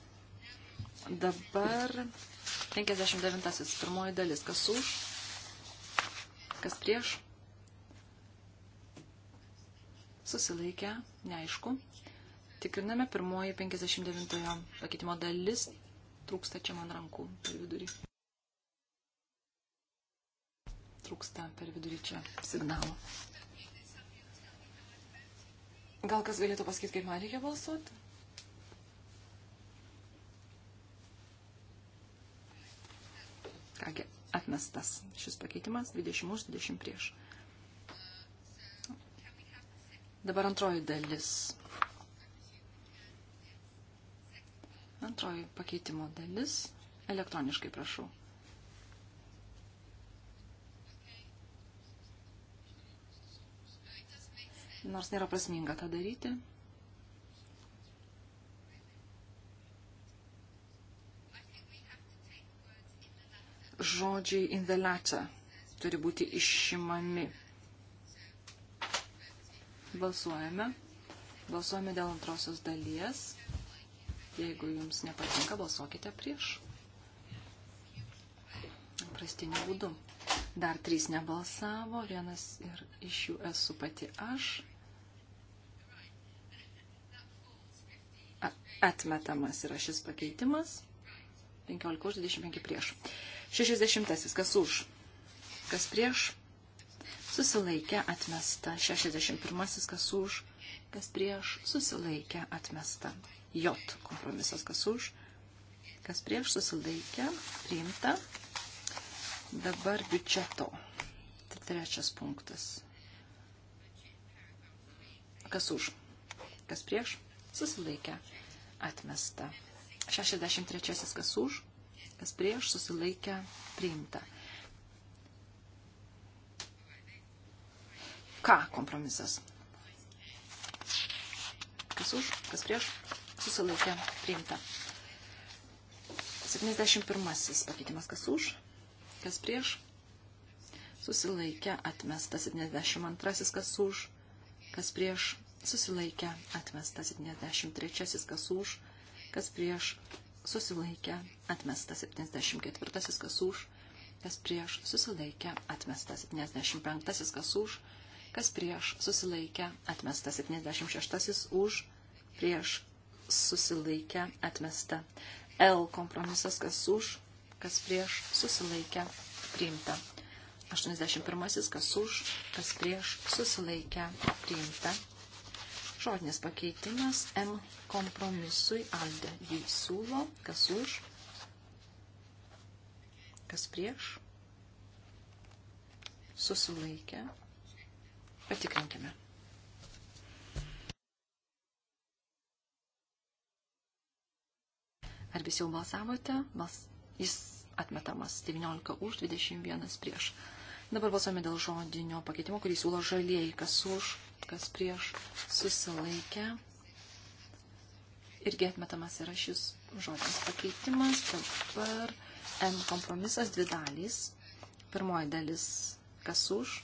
Dabar 59 pirmoji dalis, kas už, kas prieš, susilaikę, neaišku. Tikriname pirmoji 59 pakeitimo dalis, trūksta čia man rankų per vidurį. Trūksta per vidurį čia signalo. Gal kas galėtų pasakyti, kaip man reikia balsuoti? Kągi, atmestas šis pakeitimas 20 už 20 prieš. Dabar antroji dalis. Antroji pakeitimo dalis. Elektroniškai prašau. nors nėra prasminga tą daryti. Žodžiai invelata turi būti išimami. Balsuojame. Balsuojame dėl antrosios dalies. Jeigu jums nepatinka, balsuokite prieš. Prastiniu būdu. Dar trys nebalsavo, vienas ir iš jų esu pati aš. Atmetamas yra šis pakeitimas. 15 už 25 prieš. 60. Kas už? Kas prieš? Susilaikę atmesta. 61. Kas už? Kas prieš? Susilaikę atmesta. J. Kompromisas. Kas už? Kas prieš? Susilaikę. Priimta. Dabar biudžeto. Tai trečias punktas. Kas už? Kas prieš? Susilaikę. Atmesta. 63. Kas už? Kas prieš? Susilaikę. Priimta. Ką kompromisas? Kas už? Kas prieš? Susilaikę. Priimta. 71. Pakeitimas. Kas už? kas prieš, susilaikė atmesta 72, kas už, kas prieš, susilaikė atmesta 73, kas už, kas prieš, susilaikė atmesta 74, kas už, kas prieš, susilaikė atmesta 75, kas už, kas prieš, susilaikė atmesta 76, už, prieš, susilaikė atmesta. L kompromisas, kas už, kas prieš, susilaikę, priimta. 81. kas už, kas prieš, susilaikę, priimta. Žodinis pakeitimas M kompromisui Alde jį siūlo, kas už, kas prieš, susilaikę, patikrinkime. Ar visi jau balsavote? Bals... Jis atmetamas 19 už, 21 prieš. Dabar balsuojame dėl žodinio pakeitimo, kurį siūlo žalieji, kas už, kas prieš, susilaikę. Irgi atmetamas yra šis žodinis pakeitimas. Dabar M kompromisas dvi dalys. Pirmoji dalis, kas už,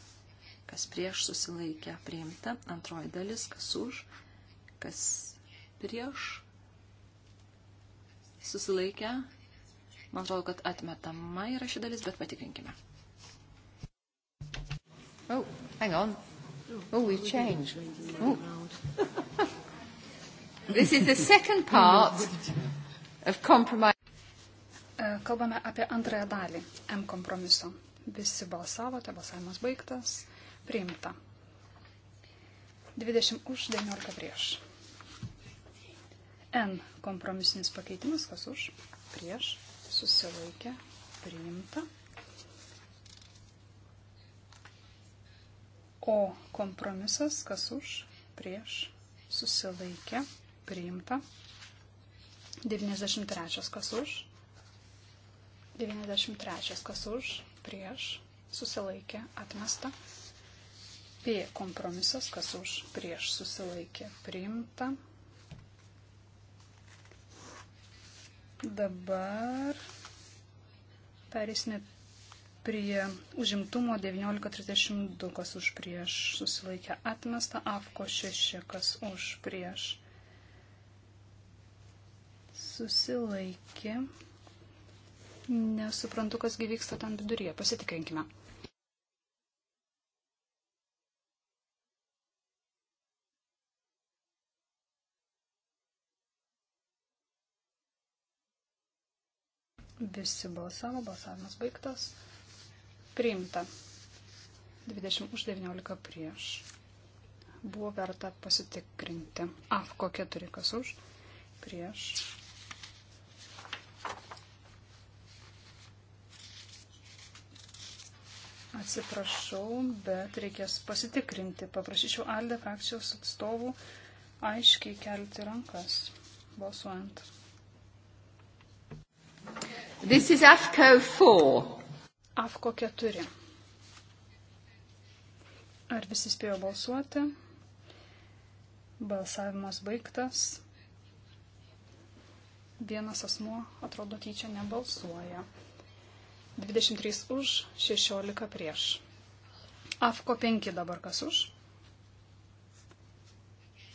kas prieš, susilaikę, priimta. Antroji dalis, kas už, kas prieš, susilaikę, Man atrodo, kad atmetama yra ši dalis, bet patikrinkime. Oh, hang on. Oh, we've changed. Oh. This is the second part of compromise. E, kalbame apie antrąją dalį M kompromiso. Visi balsavote, balsavimas baigtas, priimta. 20 už, 19 prieš. N kompromisinis pakeitimas, kas už, prieš, susilaikė, priimta. O kompromisas, kas už, prieš, susilaikė, priimta. 93 kas už, 93 kas už, prieš, susilaikė, atmesta. P kompromisas, kas už, prieš, susilaikė, priimta. Dabar perėsime prie užimtumo 19.32, kas už prieš susilaikė atmestą, AFKO 6, kas už prieš susilaikė. Nesuprantu, kas gyvyksta ten viduryje. Pasitikrinkime. Visi balsavo, balsavimas baigtas. Priimta. 20 už 19 prieš. Buvo verta pasitikrinti. AFKO 4 kas už. Prieš. Atsiprašau, bet reikės pasitikrinti. Paprašyčiau Alde frakcijos atstovų aiškiai kelti rankas balsuojant. This is AFCO 4. AFCO 4. Ar visi spėjo balsuoti? Balsavimas baigtas. Vienas asmuo, atrodo, tyčia nebalsuoja. 23 už, 16 prieš. AFCO 5 dabar kas už?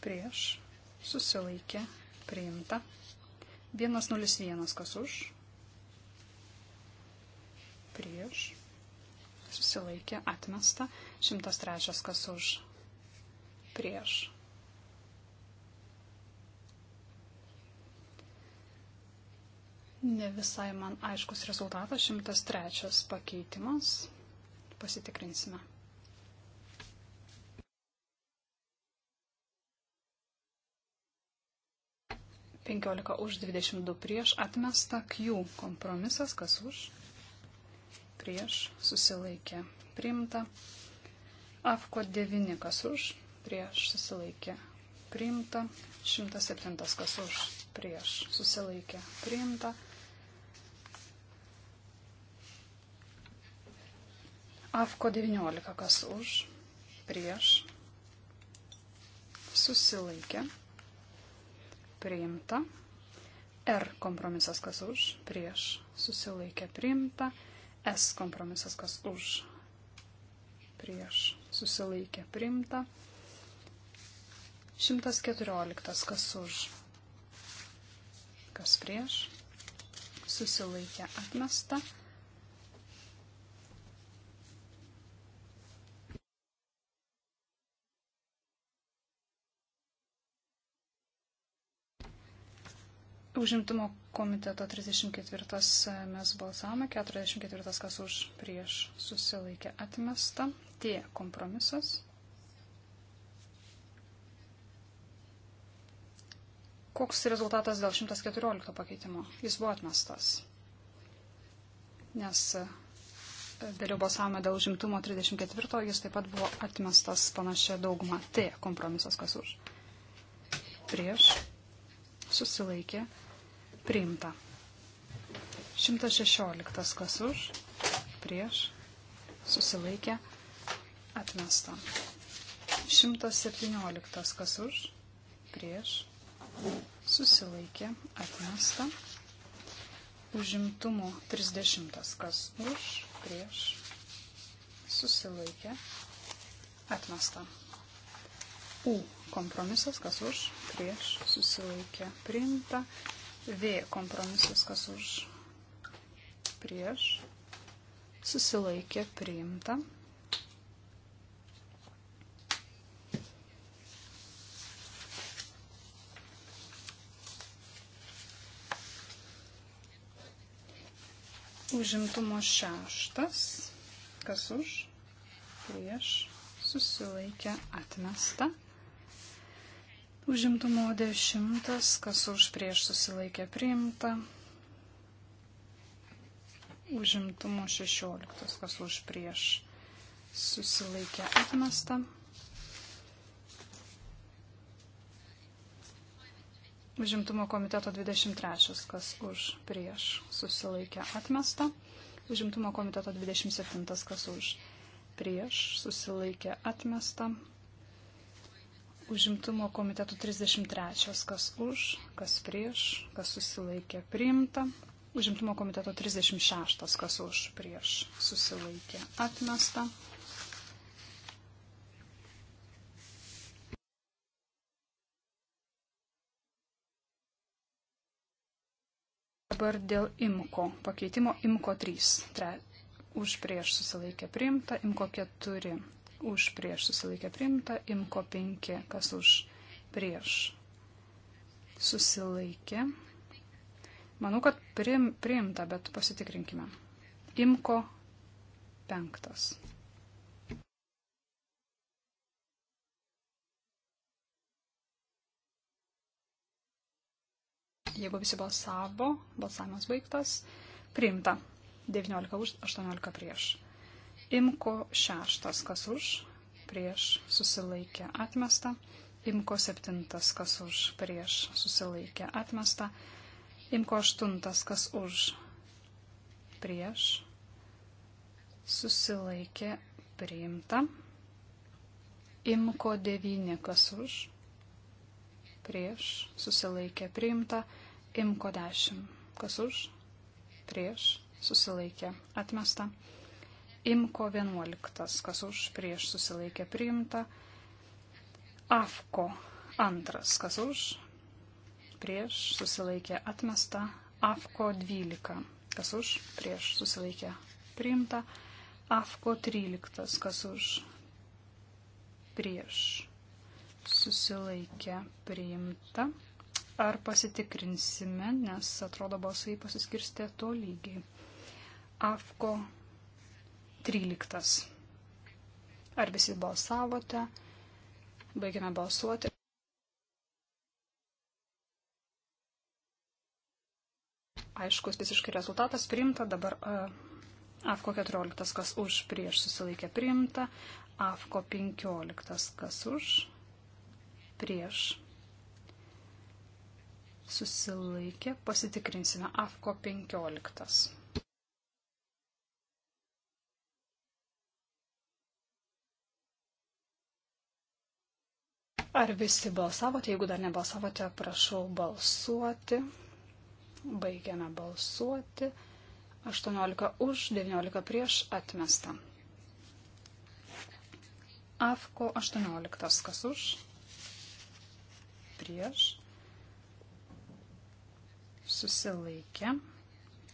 Prieš. Susilaikė. Priimta. 101 kas už? prieš, susilaikė, atmesta, 103 kas už, prieš. Ne visai man aiškus rezultatas, 103 pakeitimas, pasitikrinsime. Penkiolika už, dvidešimt du prieš, atmesta Q kompromisas, kas už? prieš susilaikė priimta. AFKO 9 kas už, prieš susilaikė priimta. 107 kas už, prieš susilaikė priimta. AFKO 19 kas už, prieš susilaikė priimta. R kompromisas kas už, prieš susilaikė priimta. S kompromisas, kas už, prieš, susilaikė, priimta. 114, kas už, kas prieš, susilaikė, atmesta. Užimtumo komiteto 34 e, mes balsavome, 44 kas už prieš susilaikė atmesta. T kompromisas. Koks rezultatas dėl 114 pakeitimo? Jis buvo atmestas. Nes e, vėliau balsavome dėl žimtumo 34, jis taip pat buvo atmestas panašia dauguma. T kompromisas kas už. Prieš susilaikė Priimta. 116. Kas už? Prieš. Susilaikė. Atmesta. 117. Kas už? Prieš. Susilaikė. Atmesta. Užimtumo 30. Kas už? Prieš. Susilaikė. Atmesta. U. Kompromisas, kas už, prieš, susilaikė, priimta. V kompromisas, kas už prieš, susilaikė priimta. Užimtumo šeštas, kas už, prieš, susilaikė atmesta. Užimtumo dešimtas, kas už prieš susilaikė priimta. Užimtumo šešioliktas, kas už prieš susilaikė atmesta. Užimtumo komiteto 23, kas už prieš susilaikė atmesta. Užimtumo komiteto 27, kas už prieš susilaikė atmesta užimtumo komitetų 33. Kas už, kas prieš, kas susilaikė priimta. Užimtumo komiteto 36. Kas už, prieš, susilaikė atmesta. Dabar dėl imko pakeitimo imko 3. Tre, už prieš susilaikė priimta, imko 4 už prieš susilaikė priimta, imko 5, kas už prieš susilaikė. Manau, kad prim, priimta, bet pasitikrinkime. Imko 5. Jeigu visi balsavo, balsavimas baigtas, priimta 19 už 18 prieš. Imko šeštas, kas už, prieš susilaikė atmesta. Imko septintas, kas už, prieš susilaikė atmesta. Imko aštuntas, kas už, prieš susilaikė priimta. Imko devyni, kas už, prieš susilaikė priimta. Imko dešimt, kas už, prieš susilaikė atmesta. Imko 11, kas už prieš susilaikė priimta. Afko 2, kas už prieš susilaikė atmesta. Afko 12, kas už prieš susilaikė priimta. Afko 13, kas už prieš susilaikė priimta ar pasitikrinsime, nes atrodo balsai pasiskirstė to lygiai. AFKO 13. Ar visi balsavote? Baigiame balsuoti. Aiškus visiškai rezultatas priimta. Dabar uh, AFKO 14, kas už, prieš susilaikė priimta. AFKO 15, kas už, prieš susilaikė. Pasitikrinsime AFKO 15. Ar visi balsavote? Jeigu dar nebalsavote, prašau balsuoti. Baigiame balsuoti. 18 už, 19 prieš atmestą. Afko 18 kas už, prieš, susilaikė.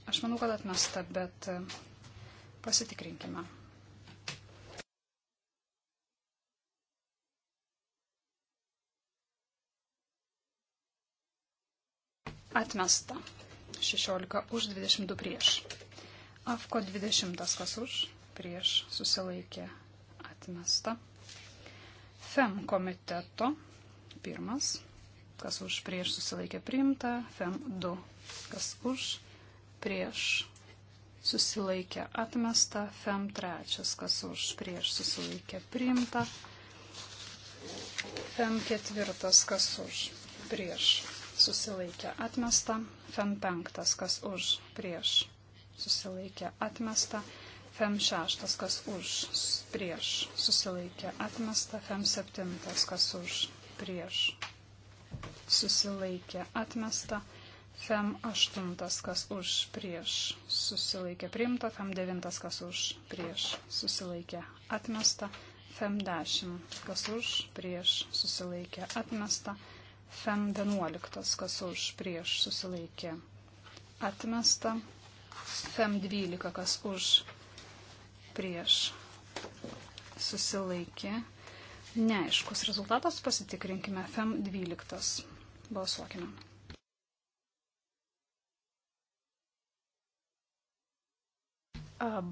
Aš manau, kad atmesta, bet e, pasitikrinkime. Atmesta. 16 už 22 prieš. Afko 20 kas už, prieš susilaikė atmesta. FEM komiteto pirmas, kas už prieš susilaikė priimta. FEM 2, kas už, prieš susilaikė atmesta. FEM 3, kas už, prieš susilaikė priimta. FEM 4, kas už, prieš susilaikė atmesta, fem penktas, kas už, prieš, susilaikė atmesta, fem šeštas, kas už, prieš, susilaikė atmesta, fem septintas, kas už, prieš, susilaikė atmesta, fem aštuntas, kas už, prieš, susilaikė priimta, fem devintas, kas už, prieš, susilaikė atmesta, fem dešimt, kas už, prieš, susilaikė atmesta, fem FEM 11, kas už prieš susilaikė atmesta. FEM 12, kas už prieš susilaikė. Neaiškus rezultatas, pasitikrinkime FEM 12. Balsuokime.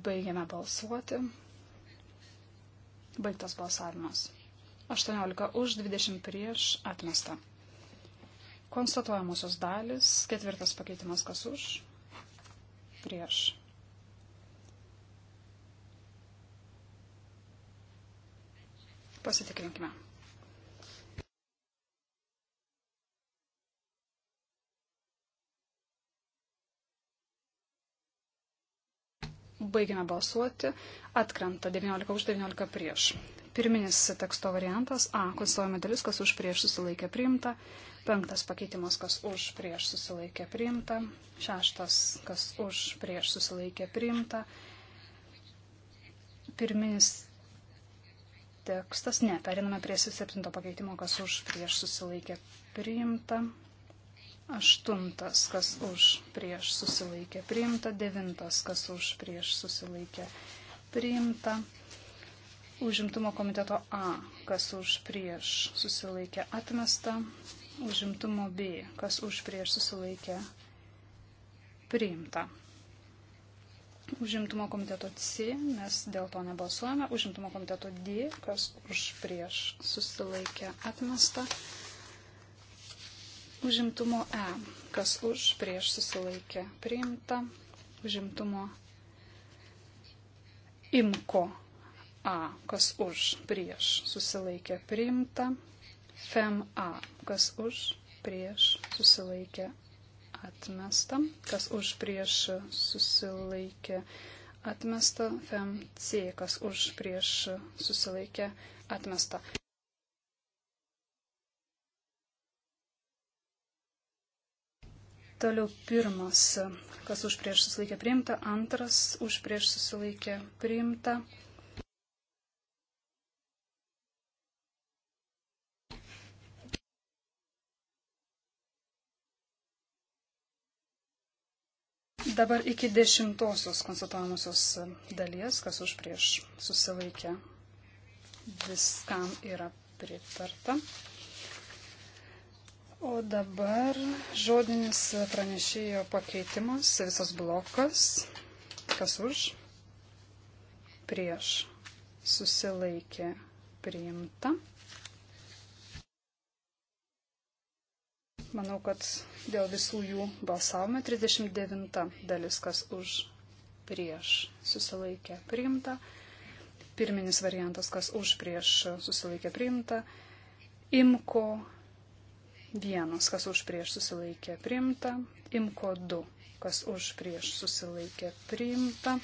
Baigiame balsuoti. Baigtas balsavimas. 18 už, 20 prieš, atmesta. Konstatuojamosios dalis, ketvirtas pakeitimas kas už, prieš. Pasitikrinkime. Baigiame balsuoti. Atkrenta 19 už 19 prieš. Pirminis teksto variantas A. Konstatuojama dalis, kas už prieš susilaikė priimta. Penktas pakeitimas, kas už prieš susilaikė priimta. Šeštas, kas už prieš susilaikė priimta. Pirminis tekstas. Ne, periname prie septinto pakeitimo, kas už prieš susilaikė priimta. Aštuntas, kas už prieš susilaikė priimta. Devintas, kas už prieš susilaikė priimta. Užimtumo komiteto A, kas už prieš susilaikė atmesta. Užimtumo B, kas už prieš susilaikė priimta. Užimtumo komiteto C, mes dėl to nebalsuojame. Užimtumo komiteto D, kas už prieš susilaikė atmesta. Užimtumo E, kas už prieš susilaikė priimta. Užimtumo imko A, kas už, prieš, susilaikė priimta. Fem A, kas už, prieš, susilaikė atmesta. Kas už, prieš, susilaikė atmesta. Fem C, kas už, prieš, susilaikė atmesta. Toliau pirmas, kas už prieš susilaikė priimta, antras už prieš susilaikė priimta, Dabar iki dešimtosios konstatuojamosios dalies, kas už prieš susilaikė, viskam yra pritarta. O dabar žodinis pranešėjo pakeitimas, visas blokas, kas už, prieš, susilaikė, priimta. Manau, kad dėl visų jų balsavome 39 dalis, kas už prieš susilaikė priimta. Pirminis variantas, kas už prieš susilaikė priimta. Imko vienas, kas už prieš susilaikė priimta. Imko du, kas už prieš susilaikė priimta.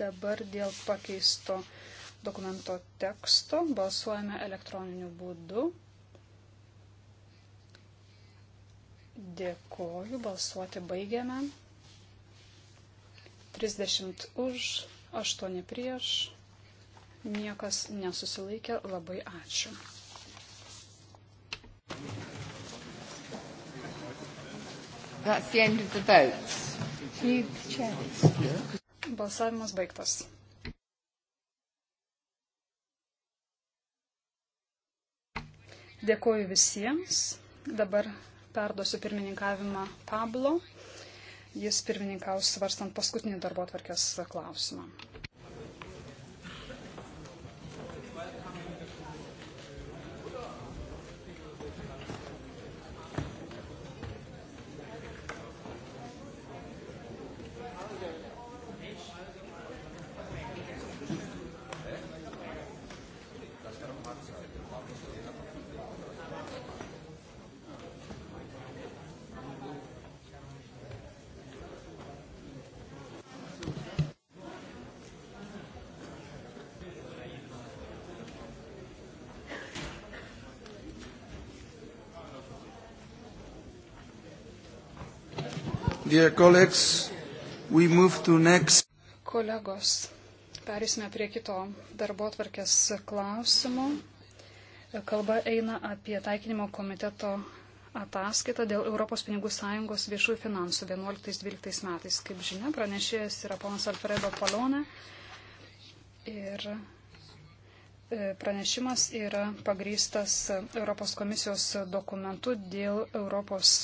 Dabar dėl pakeisto dokumento teksto balsuojame elektroniniu būdu. Dėkoju, balsuoti baigiame. 30 už, 8 prieš, niekas nesusilaikė, labai ačiū. That's the end of the votes. Few chairs. Balsavimas baigtas. Dėkoju visiems. Dabar perduosiu pirmininkavimą Pablo. Jis pirmininkaus svarstant paskutinį darbo atvarkės klausimą. Dear colleagues, we move to next. Kolegos, perėsime prie kito darbo atvarkės klausimo. Kalba eina apie taikinimo komiteto ataskaitą dėl Europos pinigų sąjungos viešųjų finansų 11-12 metais. Kaip žinia, pranešėjas yra ponas Alfredo Palone ir e, pranešimas yra pagrystas Europos komisijos dokumentu dėl Europos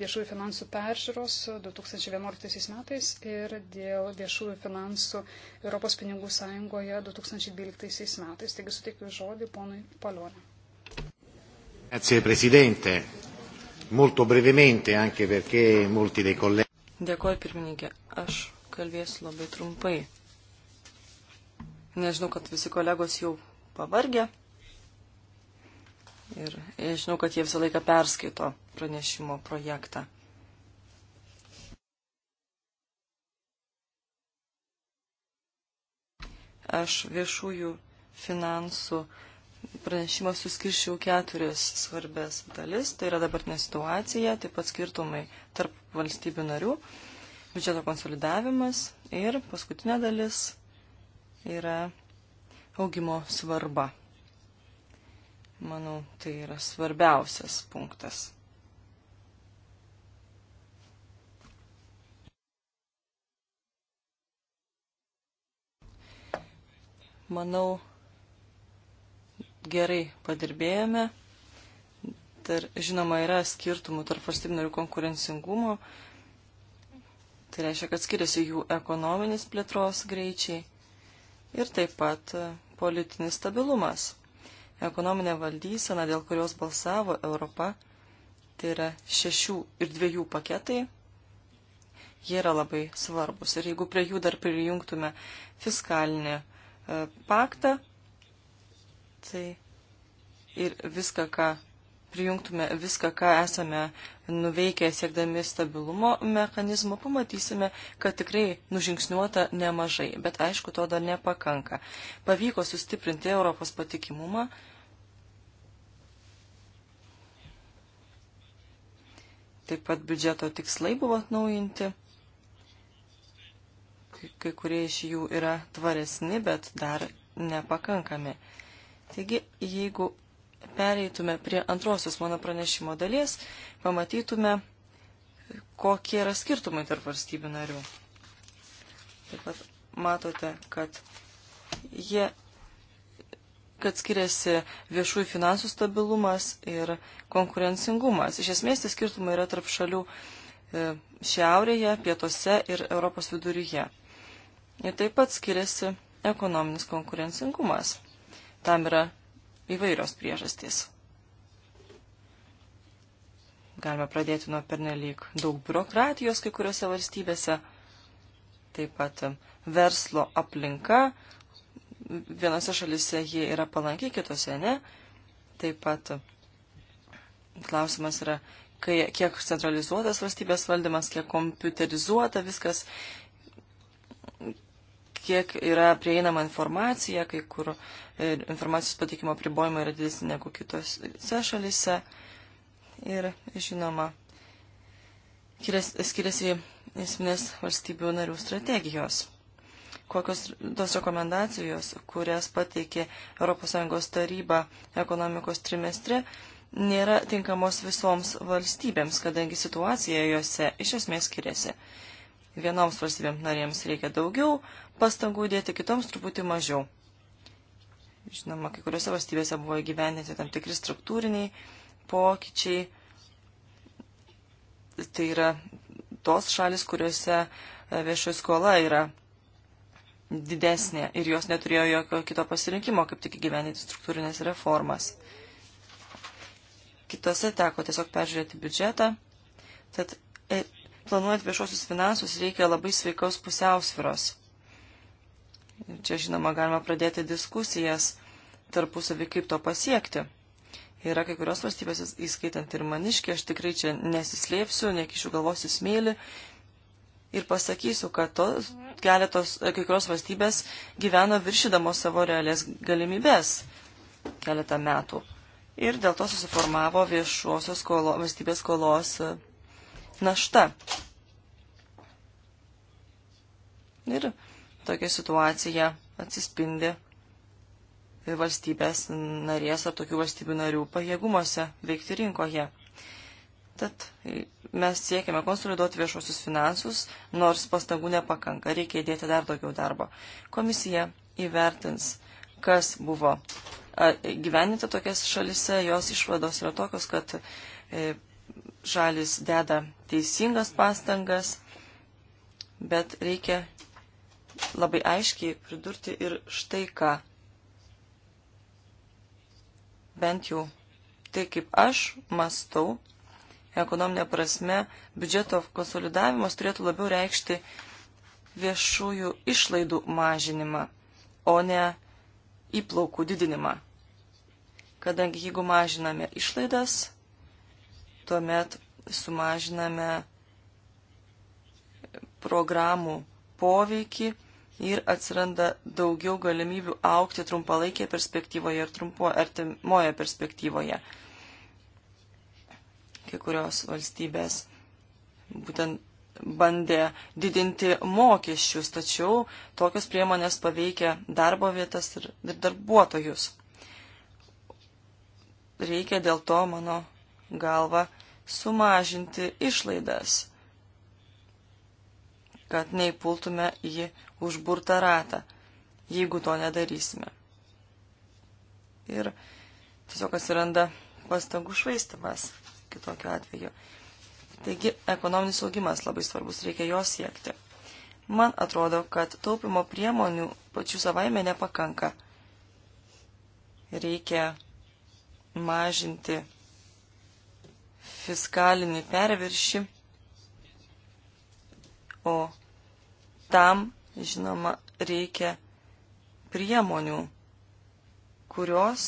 viešųjų finansų peržiūros 2011 metais ir dėl viešųjų finansų Europos pinigų sąjungoje 2012 metais. Taigi suteikiu žodį ponui Palionė. Grazie Presidente. Molto brevemente, anche perché molti dei colleghi. Dėkuoju pirmininkė, aš kalbėsiu labai trumpai. Nežinau, kad visi kolegos jau pavargė. Ir žinau, kad jie visą laiką perskaito pranešimo projektą. Aš viešųjų finansų pranešimą suskirščiau keturias svarbės dalis. Tai yra dabartinė situacija, taip pat skirtumai tarp valstybių narių, biudžeto konsolidavimas ir paskutinė dalis yra augimo svarba. Manau, tai yra svarbiausias punktas. Manau, gerai padirbėjome. Dar, žinoma, yra skirtumų tarp valstybių narių konkurencingumo. Tai reiškia, kad skiriasi jų ekonominis plėtros greičiai ir taip pat e, politinis stabilumas. Ekonominė valdysena, dėl kurios balsavo Europa, tai yra šešių ir dviejų paketai, jie yra labai svarbus. Ir jeigu prie jų dar prijungtume fiskalinį e, paktą, tai ir viską, ką prijungtume viską, ką esame nuveikę siekdami stabilumo mechanizmo, pamatysime, kad tikrai nužingsniuota nemažai, bet aišku, to dar nepakanka. Pavyko sustiprinti Europos patikimumą. Taip pat biudžeto tikslai buvo atnaujinti. Kai kurie iš jų yra tvaresni, bet dar nepakankami. Taigi, jeigu pereitume prie antrosios mano pranešimo dalies, pamatytume, kokie yra skirtumai tarp valstybių narių. Taip pat matote, kad jie kad skiriasi viešųjų finansų stabilumas ir konkurencingumas. Iš esmės, tie skirtumai yra tarp šalių e, šiaurėje, pietuose ir Europos viduryje. Ir taip pat skiriasi ekonominis konkurencingumas. Tam yra įvairios priežastys. Galime pradėti nuo pernelyg daug biurokratijos kai kuriuose valstybėse, taip pat um, verslo aplinka, vienose šalise jie yra palankiai, kitose ne. Taip pat um, klausimas yra, kai, kiek centralizuotas valstybės valdymas, kiek kompiuterizuota viskas kiek yra prieinama informacija, kai kur e, informacijos patikimo pribojimai yra didesni negu kitose šalise. Ir, žinoma, skiriasi esminės valstybių narių strategijos. Kokios tos rekomendacijos, kurias pateikė ES taryba ekonomikos trimestre, nėra tinkamos visoms valstybėms, kadangi situacija juose iš esmės skiriasi. Vienoms valstybėms narėms reikia daugiau pastangų dėti, kitoms truputį mažiau. Žinoma, kai kuriuose valstybėse buvo įgyvendinti tam tikri struktūriniai pokyčiai. Tai yra tos šalis, kuriuose e, viešoji skola yra didesnė ir jos neturėjo jokio kito pasirinkimo, kaip tik įgyvendinti struktūrinės reformas. Kitose teko tiesiog peržiūrėti biudžetą, tad e, planuojant viešosius finansus reikia labai sveikaus pusiausviros. Ir čia, žinoma, galima pradėti diskusijas tarpusavį, kaip to pasiekti. Yra kai kurios valstybės, įskaitant ir maniškį, aš tikrai čia nesislėpsiu, nekišiu galvos į smėlį ir pasakysiu, kad tos keletos, kai kurios valstybės gyveno viršydamos savo realias galimybės keletą metų. Ir dėl to susiformavo viešosios skolo, valstybės skolos našta. Ir tokia situacija atsispindi valstybės narės ar tokių valstybių narių pajėgumuose veikti rinkoje. Tad mes siekiame konsoliduoti viešuosius finansus, nors pastangų nepakanka, reikia įdėti dar daugiau darbo. Komisija įvertins, kas buvo gyveninta tokias šalise, jos išvados yra tokios, kad e, šalis deda teisingas pastangas, bet reikia labai aiškiai pridurti ir štai ką. Bent jau tai, kaip aš mastau, ekonominė prasme, biudžeto konsolidavimas turėtų labiau reikšti viešųjų išlaidų mažinimą, o ne įplaukų didinimą. Kadangi jeigu mažiname išlaidas, tuomet sumažiname programų poveikį ir atsiranda daugiau galimybių aukti trumpalaikėje perspektyvoje ir trumpo artimoje perspektyvoje. Kai kurios valstybės būtent bandė didinti mokesčius, tačiau tokios priemonės paveikia darbo vietas ir, ir darbuotojus. Reikia dėl to, mano galva sumažinti išlaidas, kad neįpultume į užburtą ratą, jeigu to nedarysime. Ir tiesiog atsiranda pastangų švaistimas kitokiu atveju. Taigi ekonominis augimas labai svarbus, reikia jo siekti. Man atrodo, kad taupimo priemonių pačių savaime nepakanka. Reikia mažinti fiskalinį perviršį, o tam, žinoma, reikia priemonių, kurios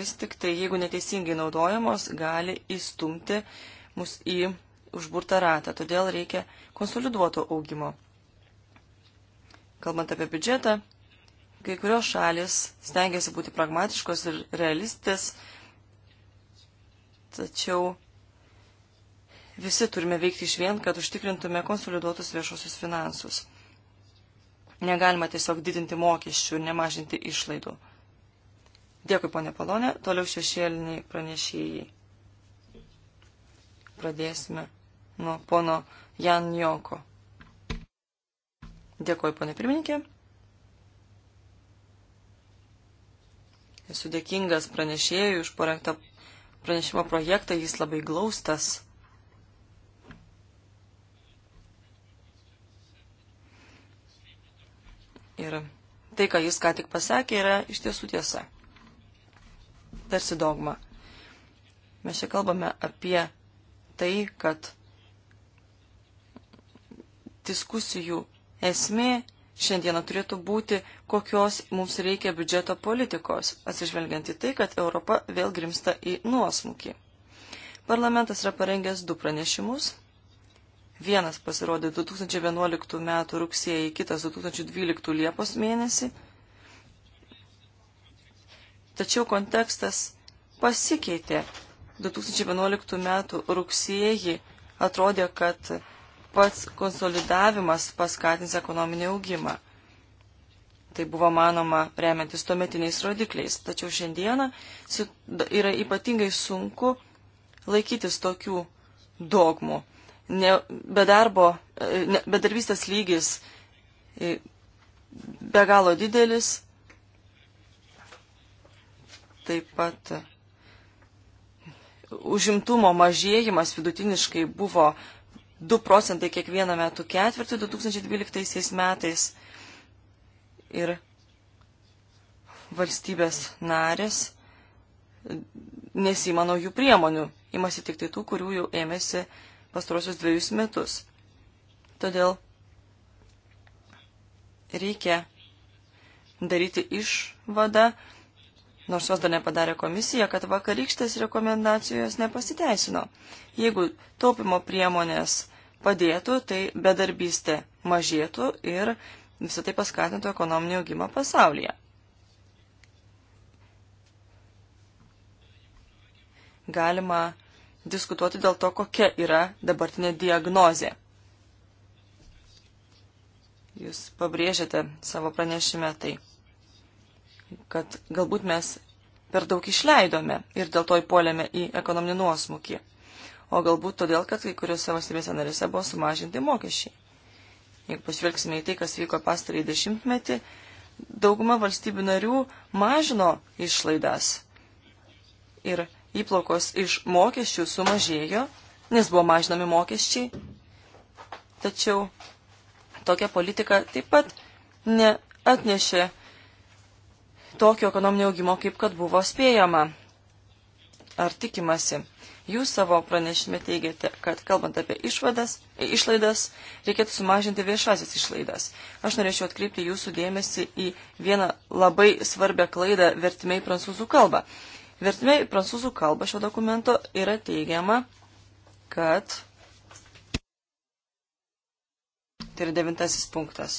vis tik tai, jeigu neteisingai naudojamos, gali įstumti mus į užburtą ratą. Todėl reikia konsoliduoto augimo. Kalbant apie biudžetą, kai kurios šalis stengiasi būti pragmatiškos ir realistės, tačiau Visi turime veikti iš vien, kad užtikrintume konsoliduotus viešosius finansus. Negalima tiesiog didinti mokesčių ir nemažinti išlaidų. Dėkui, ponė Palonė. Toliau šešėliniai pranešėjai. Pradėsime nuo pono Jan Joko. Dėkoju, ponė pirmininkė. Esu dėkingas pranešėjui už parengtą pranešimo projektą, jis labai glaustas. Ir tai, ką jis ką tik pasakė, yra iš tiesų tiesa. Tarsi dogma. Mes čia kalbame apie tai, kad diskusijų esmė šiandieną turėtų būti, kokios mums reikia biudžeto politikos, atsižvelgiant į tai, kad Europa vėl grimsta į nuosmukį. Parlamentas yra parengęs du pranešimus Vienas pasirodė 2011 m. rugsėjai, kitas 2012 liepos mėnesį. Tačiau kontekstas pasikeitė. 2011 m. rugsėjai atrodė, kad pats konsolidavimas paskatins ekonominį augimą. Tai buvo manoma remiantis tuometiniais rodikliais. Tačiau šiandieną yra ypatingai sunku laikytis tokių dogmų ne, bedarbo, e, ne, bedarbystės lygis e, be galo didelis. Taip pat e, užimtumo mažėjimas vidutiniškai buvo 2 procentai kiekvieną metų ketvirtį 2012 metais. Ir valstybės narės nesima naujų priemonių, imasi tik tai tų, kurių jau ėmėsi pastarosius dviejus metus. Todėl reikia daryti išvadą, nors jos dar nepadarė komisija, kad vakarykštės rekomendacijos nepasiteisino. Jeigu taupimo priemonės padėtų, tai bedarbystė mažėtų ir visą tai paskatintų ekonominį augimą pasaulyje. Galima diskutuoti dėl to, kokia yra dabartinė diagnozė. Jūs pabrėžiate savo pranešime tai, kad galbūt mes per daug išleidome ir dėl to įpuolėme į ekonominį nuosmukį, o galbūt todėl, kad kai kuriuose valstybėse narėse buvo sumažinti mokesčiai. Jeigu pažvelgsime į tai, kas vyko pastarąjį dešimtmetį, dauguma valstybių narių mažino išlaidas. Ir įplaukos iš mokesčių sumažėjo, nes buvo mažinami mokesčiai. Tačiau tokia politika taip pat neatnešė tokio ekonominio augimo, kaip kad buvo spėjama ar tikimasi. Jūs savo pranešime teigiate, kad kalbant apie išvadas, išlaidas, reikėtų sumažinti viešasis išlaidas. Aš norėčiau atkreipti jūsų dėmesį į vieną labai svarbę klaidą vertimai prancūzų kalbą. Vertime į prancūzų kalbą šio dokumento yra teigiama, kad. Tai yra devintasis punktas.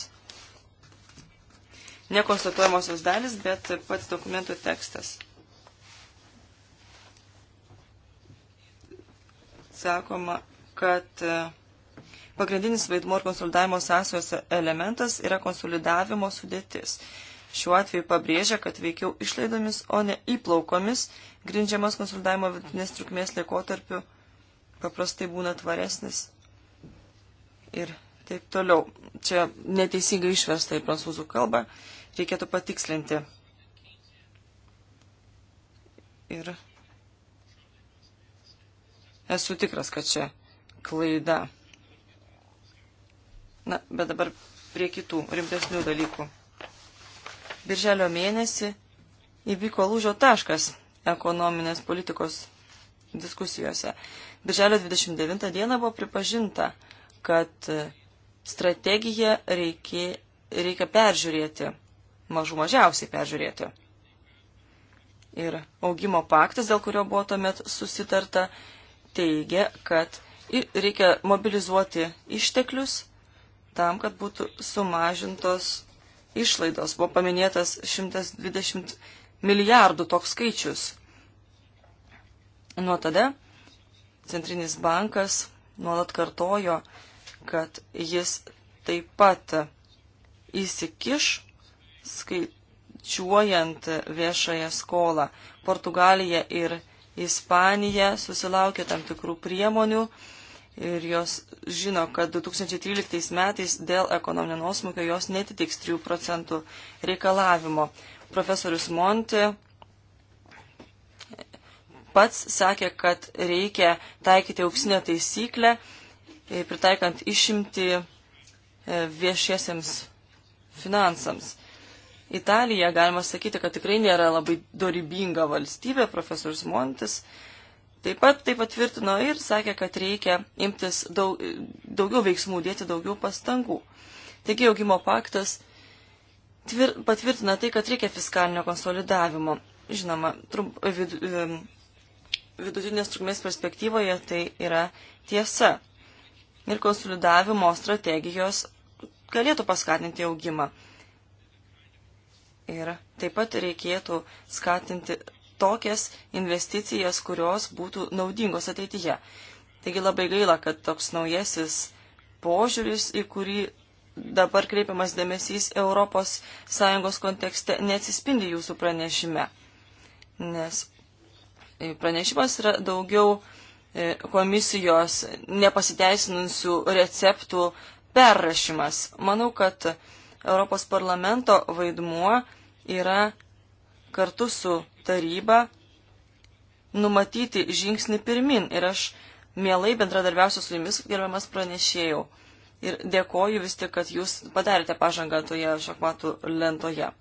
Nekonstatuojamosios dalis, bet pats dokumentų tekstas. sakoma, kad e, pagrindinis vaidmuo ir konsolidavimo sąsajos elementas yra konsolidavimo sudėtis šiuo atveju pabrėžia, kad veikiau išlaidomis, o ne įplaukomis, grindžiamas konsultavimo vidutinės trukmės laikotarpiu paprastai būna tvaresnis. Ir taip toliau. Čia neteisingai išversta į prancūzų kalbą, reikėtų patikslinti. Ir esu tikras, kad čia klaida. Na, bet dabar prie kitų rimtesnių dalykų birželio mėnesį įvyko lūžio taškas ekonominės politikos diskusijose. Birželio 29 dieną buvo pripažinta, kad strategiją reikia, reikia peržiūrėti, mažų mažiausiai peržiūrėti. Ir augimo paktas, dėl kurio buvo tuomet susitarta, teigia, kad reikia mobilizuoti išteklius tam, kad būtų sumažintos išlaidos. Buvo paminėtas 120 milijardų toks skaičius. Nuo tada Centrinis bankas nuolat kartojo, kad jis taip pat įsikiš skaičiuojant viešąją skolą. Portugalija ir Ispanija susilaukė tam tikrų priemonių, ir jos žino, kad 2013 metais dėl ekonominio nuosmukio jos netitiks 3 procentų reikalavimo. Profesorius Monti pats sakė, kad reikia taikyti auksinę taisyklę, e, pritaikant išimti e, viešiesiems finansams. Italija, galima sakyti, kad tikrai nėra labai dorybinga valstybė, profesorius Montis Taip pat tai patvirtino ir sakė, kad reikia imtis daug, daugiau veiksmų, dėti daugiau pastangų. Taigi augimo paktas tvir, patvirtina tai, kad reikia fiskalinio konsolidavimo. Žinoma, trump, vid, vidutinės trukmės perspektyvoje tai yra tiesa. Ir konsolidavimo strategijos galėtų paskatinti augimą. Ir taip pat reikėtų skatinti tokias investicijas, kurios būtų naudingos ateityje. Taigi labai gaila, kad toks naujasis požiūris, į kurį dabar kreipiamas dėmesys ES kontekste, neatsispindi jūsų pranešime. Nes e, pranešimas yra daugiau e, komisijos nepasiteisinusių receptų perrašymas. Manau, kad Europos parlamento vaidmuo yra kartu su taryba numatyti žingsnį pirmin ir aš mielai bendradarbiausiu su jumis, gerbiamas pranešėjau. Ir dėkoju vis tik, kad jūs padarėte pažangą toje šachmatų lentoje.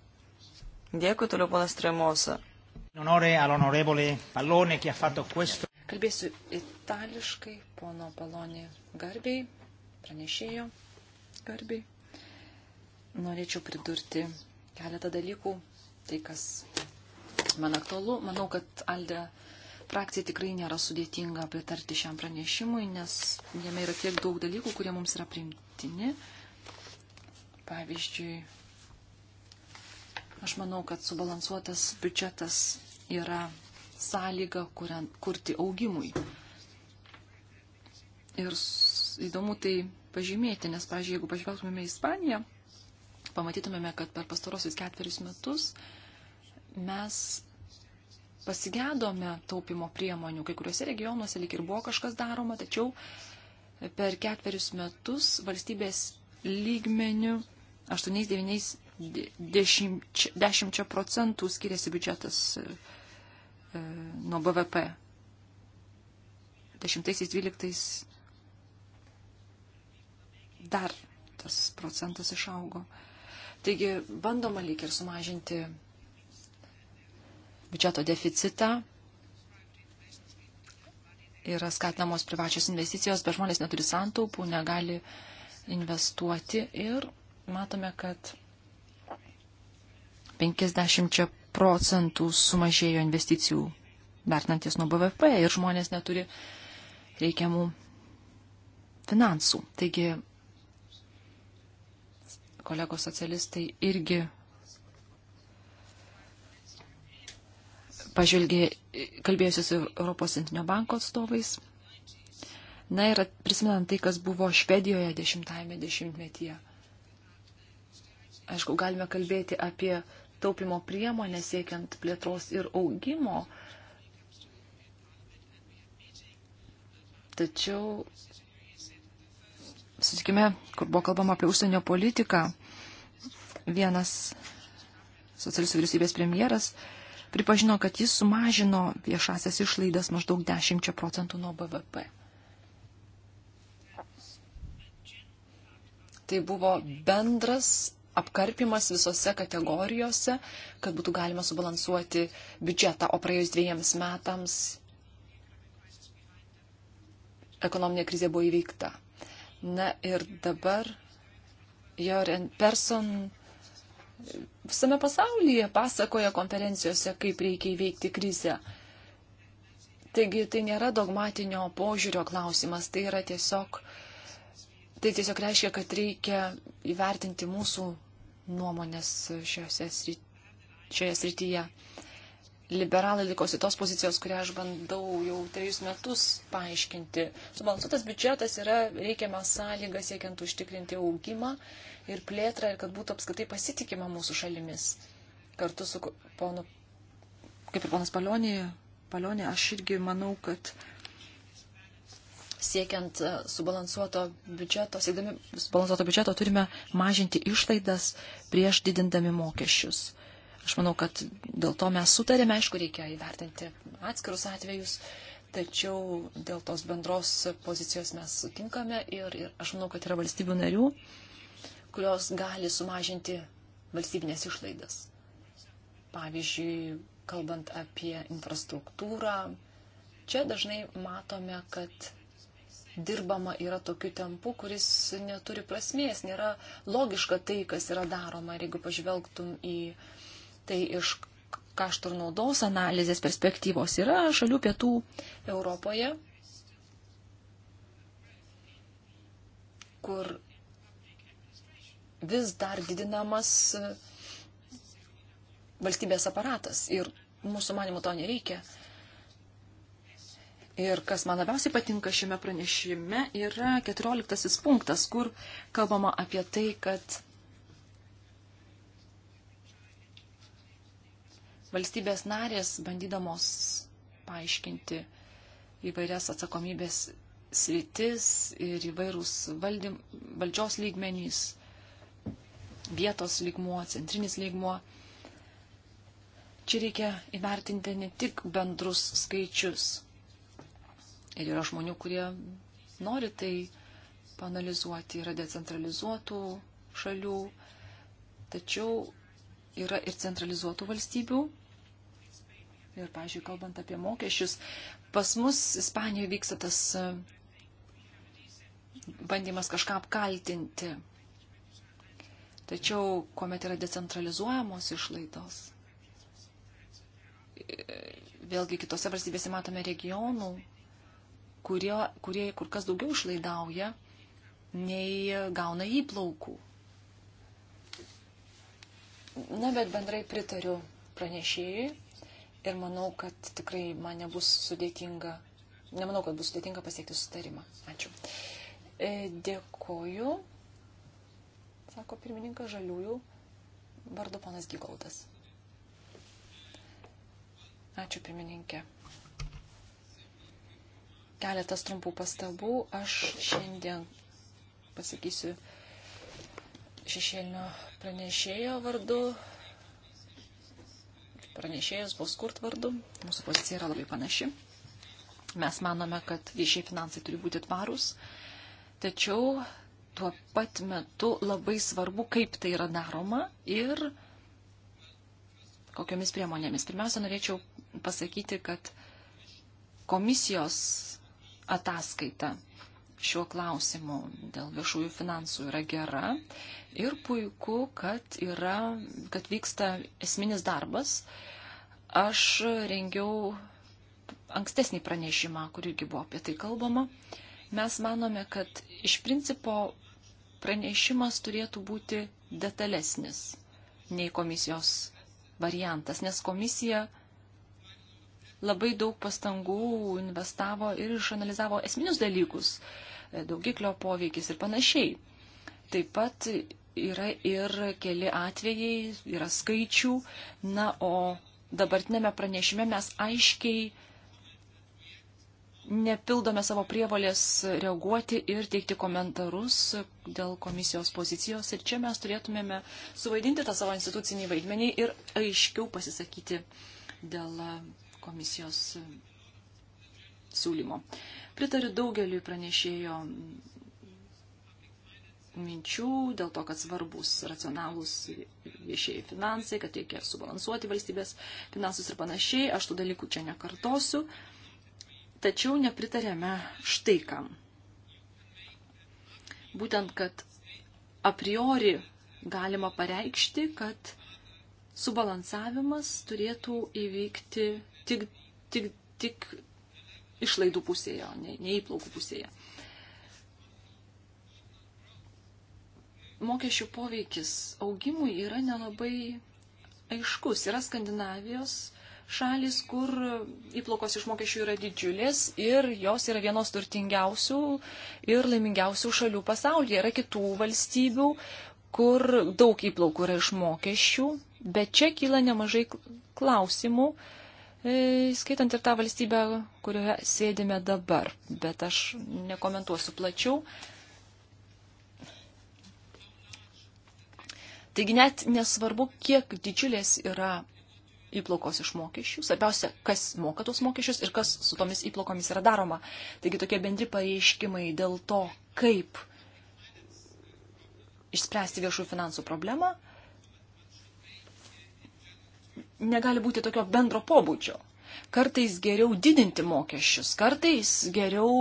Dėkui toliau, ponas Tremosa. Kalbėsiu itališkai, pono Balonė garbiai, pranešėjo garbiai. Norėčiau pridurti keletą dalykų tai, kas man aktualu. Manau, kad Alde frakcijai tikrai nėra sudėtinga pritarti šiam pranešimui, nes jame yra tiek daug dalykų, kurie mums yra primtini. Pavyzdžiui, aš manau, kad subalansuotas biudžetas yra sąlyga kuriant, kurti augimui. Ir įdomu tai pažymėti, nes, pažiūrėjau, jeigu pažvelgtumėme į Ispaniją, pamatytumėme, kad per pastarosius ketverius metus mes pasigėdome taupimo priemonių. Kai kuriuose regionuose lik ir buvo kažkas daroma, tačiau per ketverius metus valstybės lygmenių 8-9-10 procentų skiriasi biudžetas e, e, nuo BVP. 10-12 dar tas procentas išaugo. Taigi bandoma lyg ir sumažinti biudžeto deficitą. Yra skatinamos privačios investicijos, bet žmonės neturi santaupų, negali investuoti ir matome, kad 50 procentų sumažėjo investicijų vertinantis nuo BVP ir žmonės neturi reikiamų finansų. Taigi kolegos socialistai irgi pažvelgė, kalbėjusi su Europos Centrinio banko atstovais. Na ir prisimenant tai, kas buvo Švedijoje dešimtajame dešimtmetyje. Aišku, galime kalbėti apie taupimo priemonę siekiant plėtros ir augimo. Tačiau susitikime, kur buvo kalbama apie užsienio politiką, vienas socialistų vyriausybės premjeras pripažino, kad jis sumažino viešasias išlaidas maždaug 10 procentų nuo BVP. Tai buvo bendras apkarpimas visose kategorijose, kad būtų galima subalansuoti biudžetą, o praėjus dviejams metams ekonominė krizė buvo įveikta. Na ir dabar Joren Person visame pasaulyje pasakoja konferencijose, kaip reikia įveikti krizę. Taigi tai nėra dogmatinio požiūrio klausimas, tai yra tiesiog, tai tiesiog reiškia, kad reikia įvertinti mūsų nuomonės šioje srityje liberalai likosi tos pozicijos, kurią aš bandau jau trejus metus paaiškinti. Subalansuotas biudžetas yra reikiama sąlyga siekiant užtikrinti augimą ir plėtrą ir kad būtų apskaitai pasitikima mūsų šalimis. Kartu su ponu, kaip ir ponas Palionė, Palionė, aš irgi manau, kad siekiant e, subalansuoto biudžeto, siekdami subalansuoto biudžeto turime mažinti išlaidas prieš didindami mokesčius Aš manau, kad dėl to mes sutarėme, aišku, reikia įvertinti atskirus atvejus, tačiau dėl tos bendros pozicijos mes sutinkame ir, ir aš manau, kad yra valstybių narių, kurios gali sumažinti valstybinės išlaidas. Pavyzdžiui, kalbant apie infrastruktūrą, čia dažnai matome, kad dirbama yra tokiu tempu, kuris neturi prasmės, nėra logiška tai, kas yra daroma. Ir jeigu pažvelgtum į uh, Tai iš kaštų ir naudos analizės perspektyvos yra šalių pietų Europoje, kur vis dar didinamas valstybės aparatas ir mūsų manimo to nereikia. Ir kas man labiausiai patinka šiame pranešime yra 14 punktas, kur kalbama apie tai, kad Valstybės narės, bandydamos paaiškinti įvairias atsakomybės sritis ir įvairūs valdym, valdžios lygmenys, vietos lygmuo, centrinis lygmuo. Čia reikia įvertinti ne tik bendrus skaičius. Ir yra žmonių, kurie nori tai panalizuoti, yra decentralizuotų šalių, tačiau yra ir centralizuotų valstybių, Ir, pažiūrėjau, kalbant apie mokesčius, pas mus Ispanijoje vyksta tas e, bandymas kažką apkaltinti. Tačiau, kuomet yra decentralizuojamos išlaidos, e, vėlgi kitose valstybėse matome regionų, kurie, kurie kur kas daugiau išlaidauja, nei gauna įplaukų. Na, bet bendrai pritariu pranešėjai ir manau, kad tikrai man nebus sudėtinga, nemanau, kad bus sudėtinga pasiekti sustarimą. Ačiū. E, dėkoju, sako pirmininkas Žaliųjų, vardu panas Gygaudas. Ačiū pirmininkė. Keletas trumpų pastabų. Aš šiandien pasakysiu šešėlinio pranešėjo vardu, pranešėjas Boskurt vardu. Mūsų pozicija yra labai panaši. Mes manome, kad viešiai finansai turi būti tvarūs, tačiau tuo pat metu labai svarbu, kaip tai yra daroma ir kokiomis priemonėmis. Pirmiausia, norėčiau pasakyti, kad komisijos ataskaita šiuo klausimu dėl viešųjų finansų yra gera. Ir puiku, kad, yra, kad vyksta esminis darbas. Aš rengiau ankstesnį pranešimą, kur irgi buvo apie tai kalbama. Mes manome, kad iš principo pranešimas turėtų būti detalesnis nei komisijos variantas, nes komisija labai daug pastangų investavo ir išanalizavo esminius dalykus, daugiklio poveikis ir panašiai. Taip pat yra ir keli atvejai, yra skaičių. Na, o dabartinėme pranešime mes aiškiai nepildome savo prievalės reaguoti ir teikti komentarus dėl komisijos pozicijos. Ir čia mes turėtumėme suvaidinti tą savo institucinį vaidmenį ir aiškiau pasisakyti dėl komisijos siūlymo. Pritariu daugeliu pranešėjo minčių dėl to, kad svarbus racionalūs viešieji finansai, kad reikia subalansuoti valstybės finansus ir panašiai. Aš tų dalykų čia nekartosiu. Tačiau nepritarėme štai kam. Būtent, kad a priori galima pareikšti, kad subalansavimas turėtų įvykti tik, tik, tik išlaidų pusėje, ne, ne įplaukų pusėje. Uh, mokesčių poveikis augimui yra nelabai aiškus. Yra Skandinavijos šalis, kur įplaukos iš mokesčių yra didžiulės ir jos yra vienos turtingiausių ir laimingiausių šalių pasaulyje. Yra kitų valstybių, kur daug įplaukų yra iš mokesčių, bet čia kyla nemažai klausimų, e, skaitant ir tą valstybę, kurioje sėdime dabar. Bet aš nekomentuosiu plačiau. Taigi net nesvarbu, kiek didžiulės yra įplaukos iš mokesčių, svarbiausia, kas moka tos mokesčius ir kas su tomis įplaukomis yra daroma. Taigi tokie bendri pareiškimai dėl to, kaip išspręsti viešų finansų problemą, negali būti tokio bendro pobūdžio. Kartais geriau didinti mokesčius, kartais geriau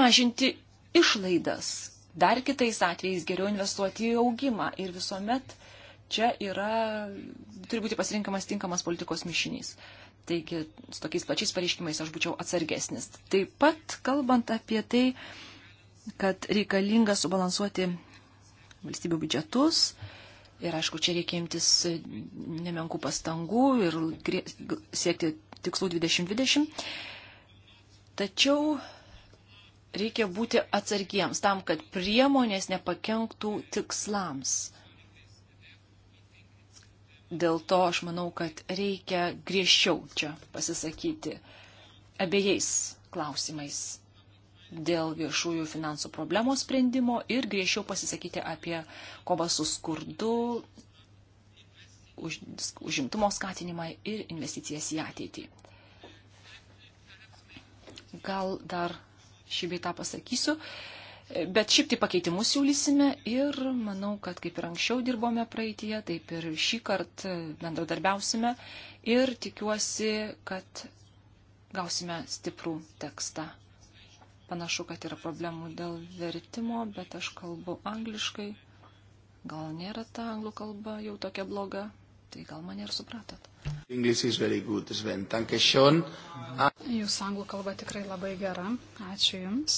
mažinti išlaidas, dar kitais atvejais geriau investuoti į augimą. Ir visuomet čia yra, turi būti pasirinkamas tinkamas politikos mišinys. Taigi, su tokiais plačiais pareiškimais aš būčiau atsargesnis. Taip pat, kalbant apie tai, kad reikalinga subalansuoti valstybių biudžetus, Ir aišku, čia reikia imtis nemenkų pastangų ir siekti tikslų 2020. Tačiau reikia būti atsargiems tam, kad priemonės nepakenktų tikslams. Dėl to aš manau, kad reikia griežčiau čia pasisakyti abiejais klausimais dėl viešųjų finansų problemos sprendimo ir griežčiau pasisakyti apie kovą su skurdu, už, užimtumo skatinimą ir investicijas į ateitį. Gal dar šį beitą pasakysiu. Bet šiaip tai pakeitimus siūlysime ir manau, kad kaip ir anksčiau dirbome praeitie, taip ir šį kartą e, bendradarbiausime ir tikiuosi, kad gausime stiprų tekstą. Panašu, kad yra problemų dėl vertimo, bet aš kalbu angliškai. Gal nėra ta anglų kalba jau tokia bloga, Tai gal mane ir supratot. English is very good, Sven. Danke schon. Ah. Jūsų anglų kalba tikrai labai gera. Ačiū Jums.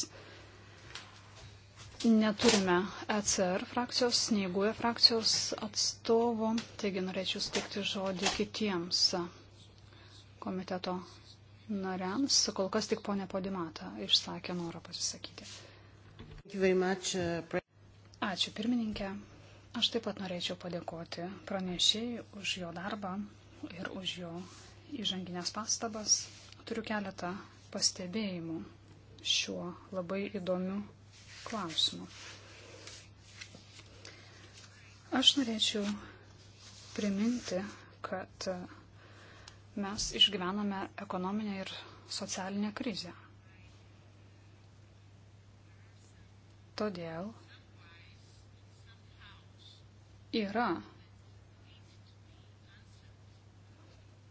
Neturime ECR frakcijos, nei GUE frakcijos atstovų, taigi norėčiau steikti žodį kitiems komiteto nariams. Kol kas tik ponė Podimata išsakė norą pasisakyti. Uh, Ačiū pirmininkė. Aš taip pat norėčiau padėkoti pranešėjai už jo darbą ir už jo įžanginės pastabas. Turiu keletą pastebėjimų šiuo labai įdomiu klausimu. Aš norėčiau priminti, kad mes išgyvename ekonominę ir socialinę krizę. Todėl yra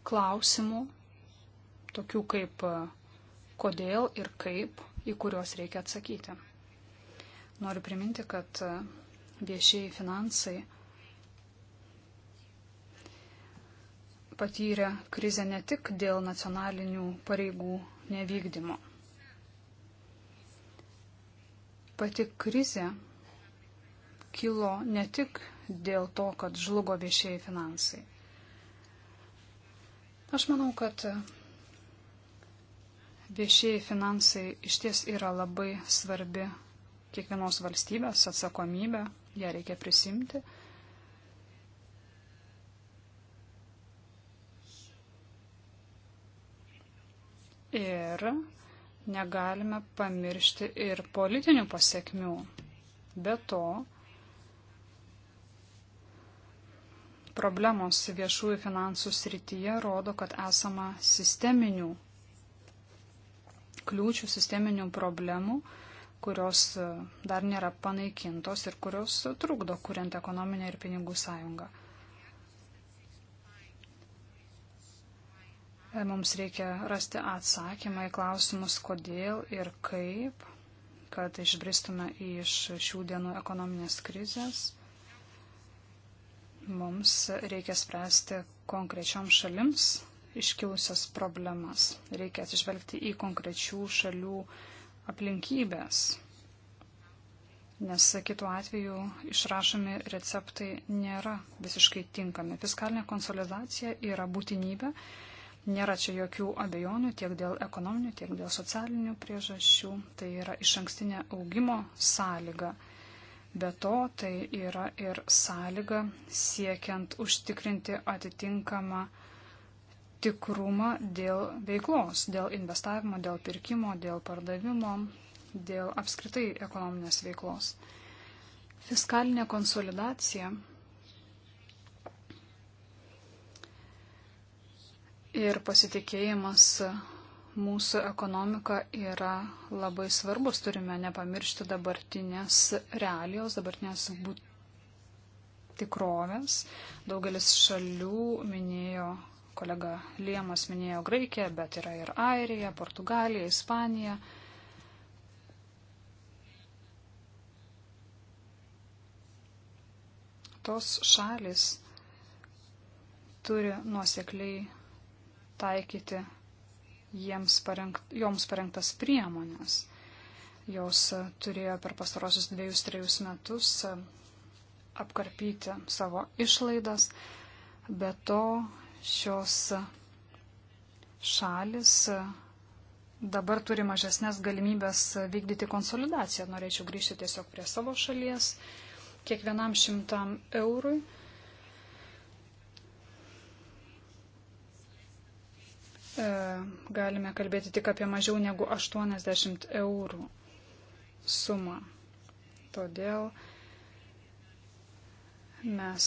klausimų, tokių kaip e, kodėl ir kaip, į kuriuos reikia atsakyti. Noriu priminti, kad e, viešieji finansai patyrė krizę ne tik dėl nacionalinių pareigų nevykdymo. Pati krizė kilo ne tik dėl to, kad žlugo viešieji finansai. Aš manau, kad viešieji finansai iš ties yra labai svarbi kiekvienos valstybės atsakomybė, ją reikia prisimti. Ir negalime pamiršti ir politinių pasiekmių. Be to, problemos viešųjų finansų srityje rodo, kad esama sisteminių kliūčių, sisteminių problemų, kurios e, dar nėra panaikintos ir kurios trukdo kuriant ekonominę ir pinigų sąjungą. E, mums reikia rasti atsakymą į klausimus, kodėl ir kaip, kad išbristume iš šių dienų ekonominės krizės. Mums reikia spręsti konkrečiom šalims iškilusias problemas. Reikia atsižvelgti į konkrečių šalių aplinkybės, nes kitu atveju išrašomi receptai nėra visiškai tinkami. Fiskalinė konsolidacija yra būtinybė. Nėra čia jokių abejonių tiek dėl ekonominių, tiek dėl socialinių priežasčių. Tai yra iš ankstinė augimo sąlyga. Be to, tai yra ir sąlyga siekiant užtikrinti atitinkamą tikrumą dėl veiklos, dėl investavimo, dėl pirkimo, dėl pardavimo, dėl apskritai ekonominės veiklos. Fiskalinė konsolidacija ir pasitikėjimas mūsų ekonomika yra labai svarbus. Turime nepamiršti dabartinės realijos, dabartinės būt tikrovės. Daugelis šalių minėjo, kolega Liemas minėjo Graikiją, bet yra ir Airija, Portugalija, Ispanija. Tos šalis turi nuosekliai taikyti jiems parengt, joms parengtas priemonės. Jos e, turėjo per pastarosius dviejus, trejus metus e, apkarpyti savo išlaidas, bet to šios e, šalis dabar turi mažesnės galimybės vykdyti konsolidaciją. Norėčiau grįžti tiesiog prie savo šalies. Kiekvienam šimtam eurui E, galime kalbėti tik apie mažiau negu 80 eurų sumą. Todėl mes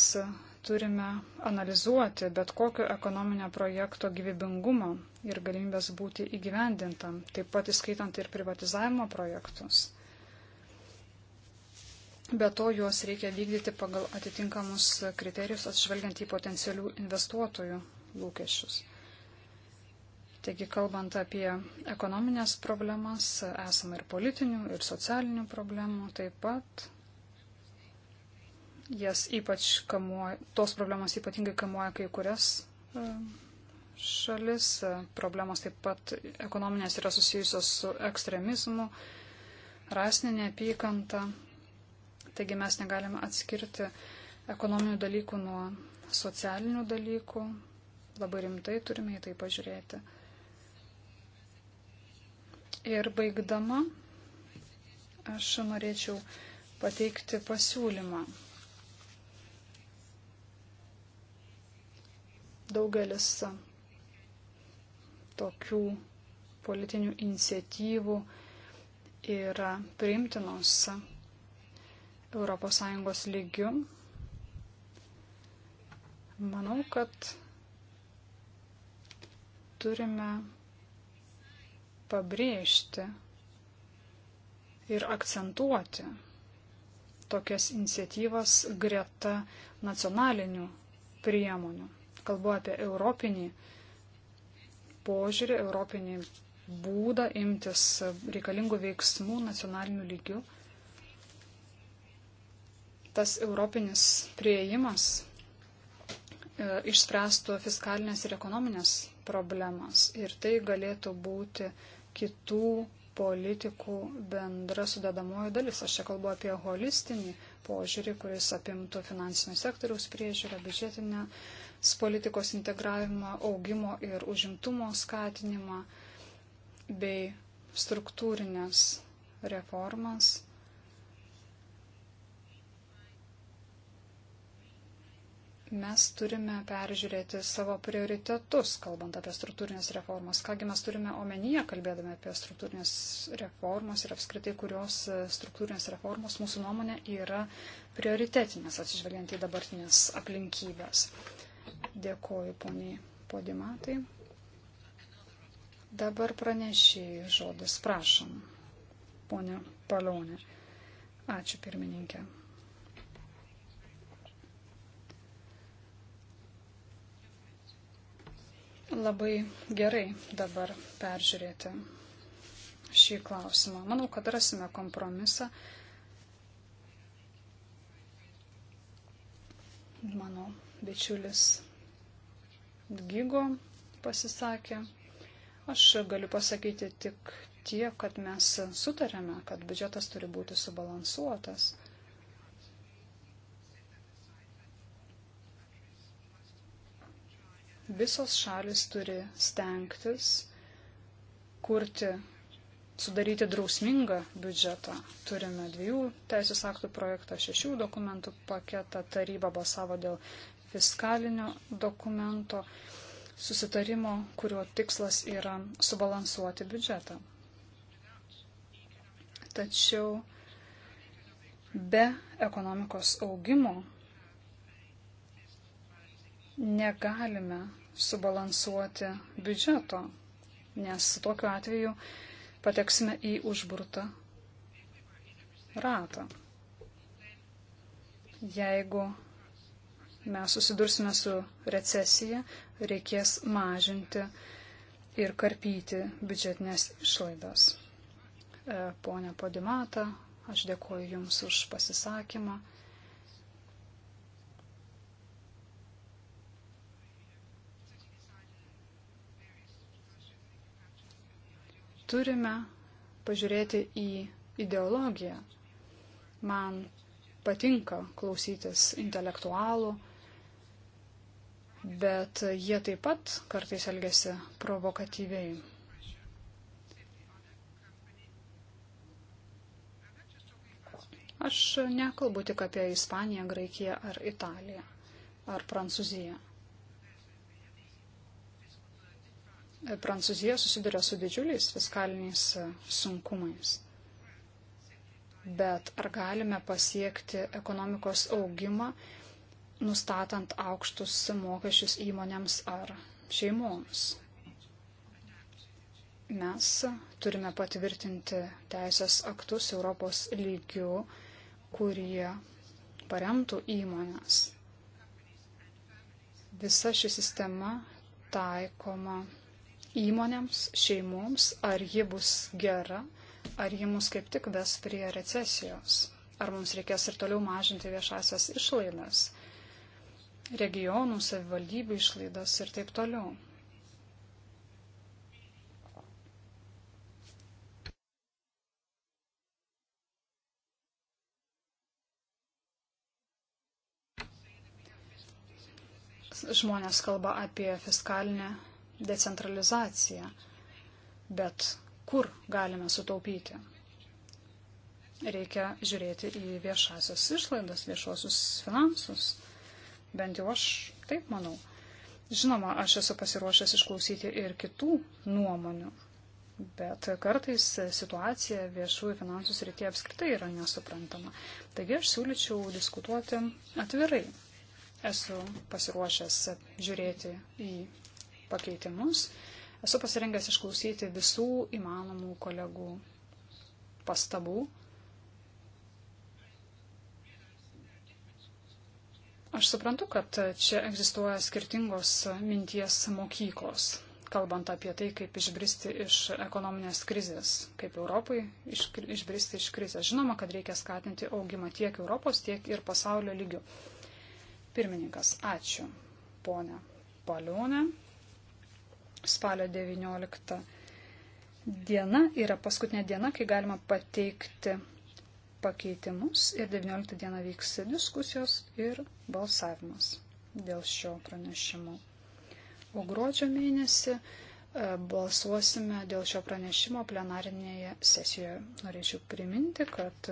turime analizuoti bet kokio ekonominio projekto gyvybingumo ir galimybės būti įgyvendintam, taip pat įskaitant ir privatizavimo projektus. Be to, juos reikia vykdyti pagal atitinkamus kriterijus, atžvelgiant į potencialių investuotojų lūkesčius. Taigi, kalbant apie ekonominės problemas, esame ir politinių, ir socialinių problemų taip pat. Jas ypač kamuoja, tos problemos ypatingai kamuoja kai kurias e, šalis. Problemos taip pat ekonominės yra susijusios su ekstremizmu, rasinė neapykanta. Taigi mes negalime atskirti ekonominių dalykų nuo socialinių dalykų. Labai rimtai turime į tai pažiūrėti. Ir baigdama, aš norėčiau pateikti pasiūlymą. Daugelis tokių politinių iniciatyvų yra priimtinos ES lygių. Manau, kad turime pabrėžti ir akcentuoti tokias iniciatyvas greta nacionalinių priemonių. Kalbu apie europinį požiūrį, europinį būdą imtis reikalingų veiksmų nacionaliniu lygiu. Tas europinis prieimas e, išspręstų fiskalinės ir ekonominės problemas ir tai galėtų būti e, kitų politikų bendra sudedamoji dalis. Aš čia kalbu apie holistinį požiūrį, kuris apimtų finansinio sektoriaus priežiūrą, biudžetinės politikos integravimą, augimo ir užimtumo skatinimą bei struktūrinės reformas mes turime peržiūrėti savo prioritetus, kalbant apie struktūrinės reformas. Kągi mes turime omenyje, kalbėdami apie struktūrinės reformas ir apskritai, kurios e, struktūrinės reformos mūsų nuomonė yra prioritetinės, atsižvelgiant į dabartinės aplinkybės. Dėkoju poniai podimatai. Dabar pranešiai žodis, prašom, ponė Palonė. Ačiū pirmininkė. labai gerai dabar peržiūrėti šį klausimą. Manau, kad rasime kompromisą. Mano bičiulis Gygo pasisakė. Aš galiu pasakyti tik tiek, kad mes sutarėme, kad biudžetas turi būti subalansuotas. Visos šalis turi stengtis kurti, sudaryti drausmingą biudžetą. Turime dviejų teisės aktų projektą, šešių dokumentų paketą, taryba balsavo dėl fiskalinio dokumento susitarimo, kurio tikslas yra subalansuoti biudžetą. Tačiau be ekonomikos augimo negalime subalansuoti biudžeto, nes tokiu atveju pateksime į užburtą ratą. Jeigu mes susidursime su recesija, reikės mažinti ir karpyti biudžetinės išlaidas. E, Pone Podimata, aš dėkuoju Jums už pasisakymą. Turime pažiūrėti į ideologiją. Man patinka klausytis intelektualų, bet jie taip pat kartais elgesi provokatyviai. Aš nekalbu tik apie Ispaniją, Graikiją ar Italiją ar Prancūziją. Prancūzija susiduria su didžiuliais fiskaliniais e, sunkumais. Bet ar galime pasiekti ekonomikos augimą, nustatant aukštus mokesčius įmonėms ar šeimoms? Mes turime patvirtinti teisės aktus Europos lygių, kurie paremtų įmonės. Visa ši sistema taikoma įmonėms, šeimoms, ar ji bus gera, ar ji mus kaip tik ves prie recesijos, ar mums reikės ir toliau mažinti viešasias išlaidas, regionų, savivaldybių išlaidas ir taip toliau. Žmonės kalba apie fiskalinę decentralizacija. Bet kur galime sutaupyti? Reikia žiūrėti į viešasias išlaidas, viešuosius finansus. Bent jau aš taip manau. Žinoma, aš esu pasiruošęs išklausyti ir kitų nuomonių, bet kartais situacija viešųjų finansų srityje apskritai yra nesuprantama. Taigi aš siūlyčiau diskutuoti atvirai. Esu pasiruošęs žiūrėti į pakeitimus. Esu pasirengęs išklausyti visų įmanomų kolegų pastabų. Aš suprantu, kad čia egzistuoja skirtingos minties mokyklos, kalbant apie tai, kaip išbristi iš ekonominės krizės, kaip Europai iš, išbristi iš krizės. Žinoma, kad reikia skatinti augimą tiek Europos, tiek ir pasaulio lygių. Pirmininkas, ačiū, ponė Palionė. Spalio 19 diena yra paskutinė diena, kai galima pateikti pakeitimus ir 19 dieną vyks diskusijos ir balsavimas dėl šio pranešimo. O gruodžio mėnesį e, balsuosime dėl šio pranešimo plenarinėje sesijoje. Norėčiau priminti, kad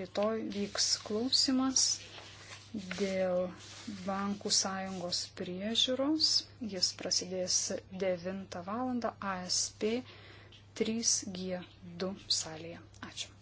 rytoj vyks klausimas dėl bankų sąjungos priežiūros. Jis prasidės 9 val. ASP 3G2 salėje. Ačiū.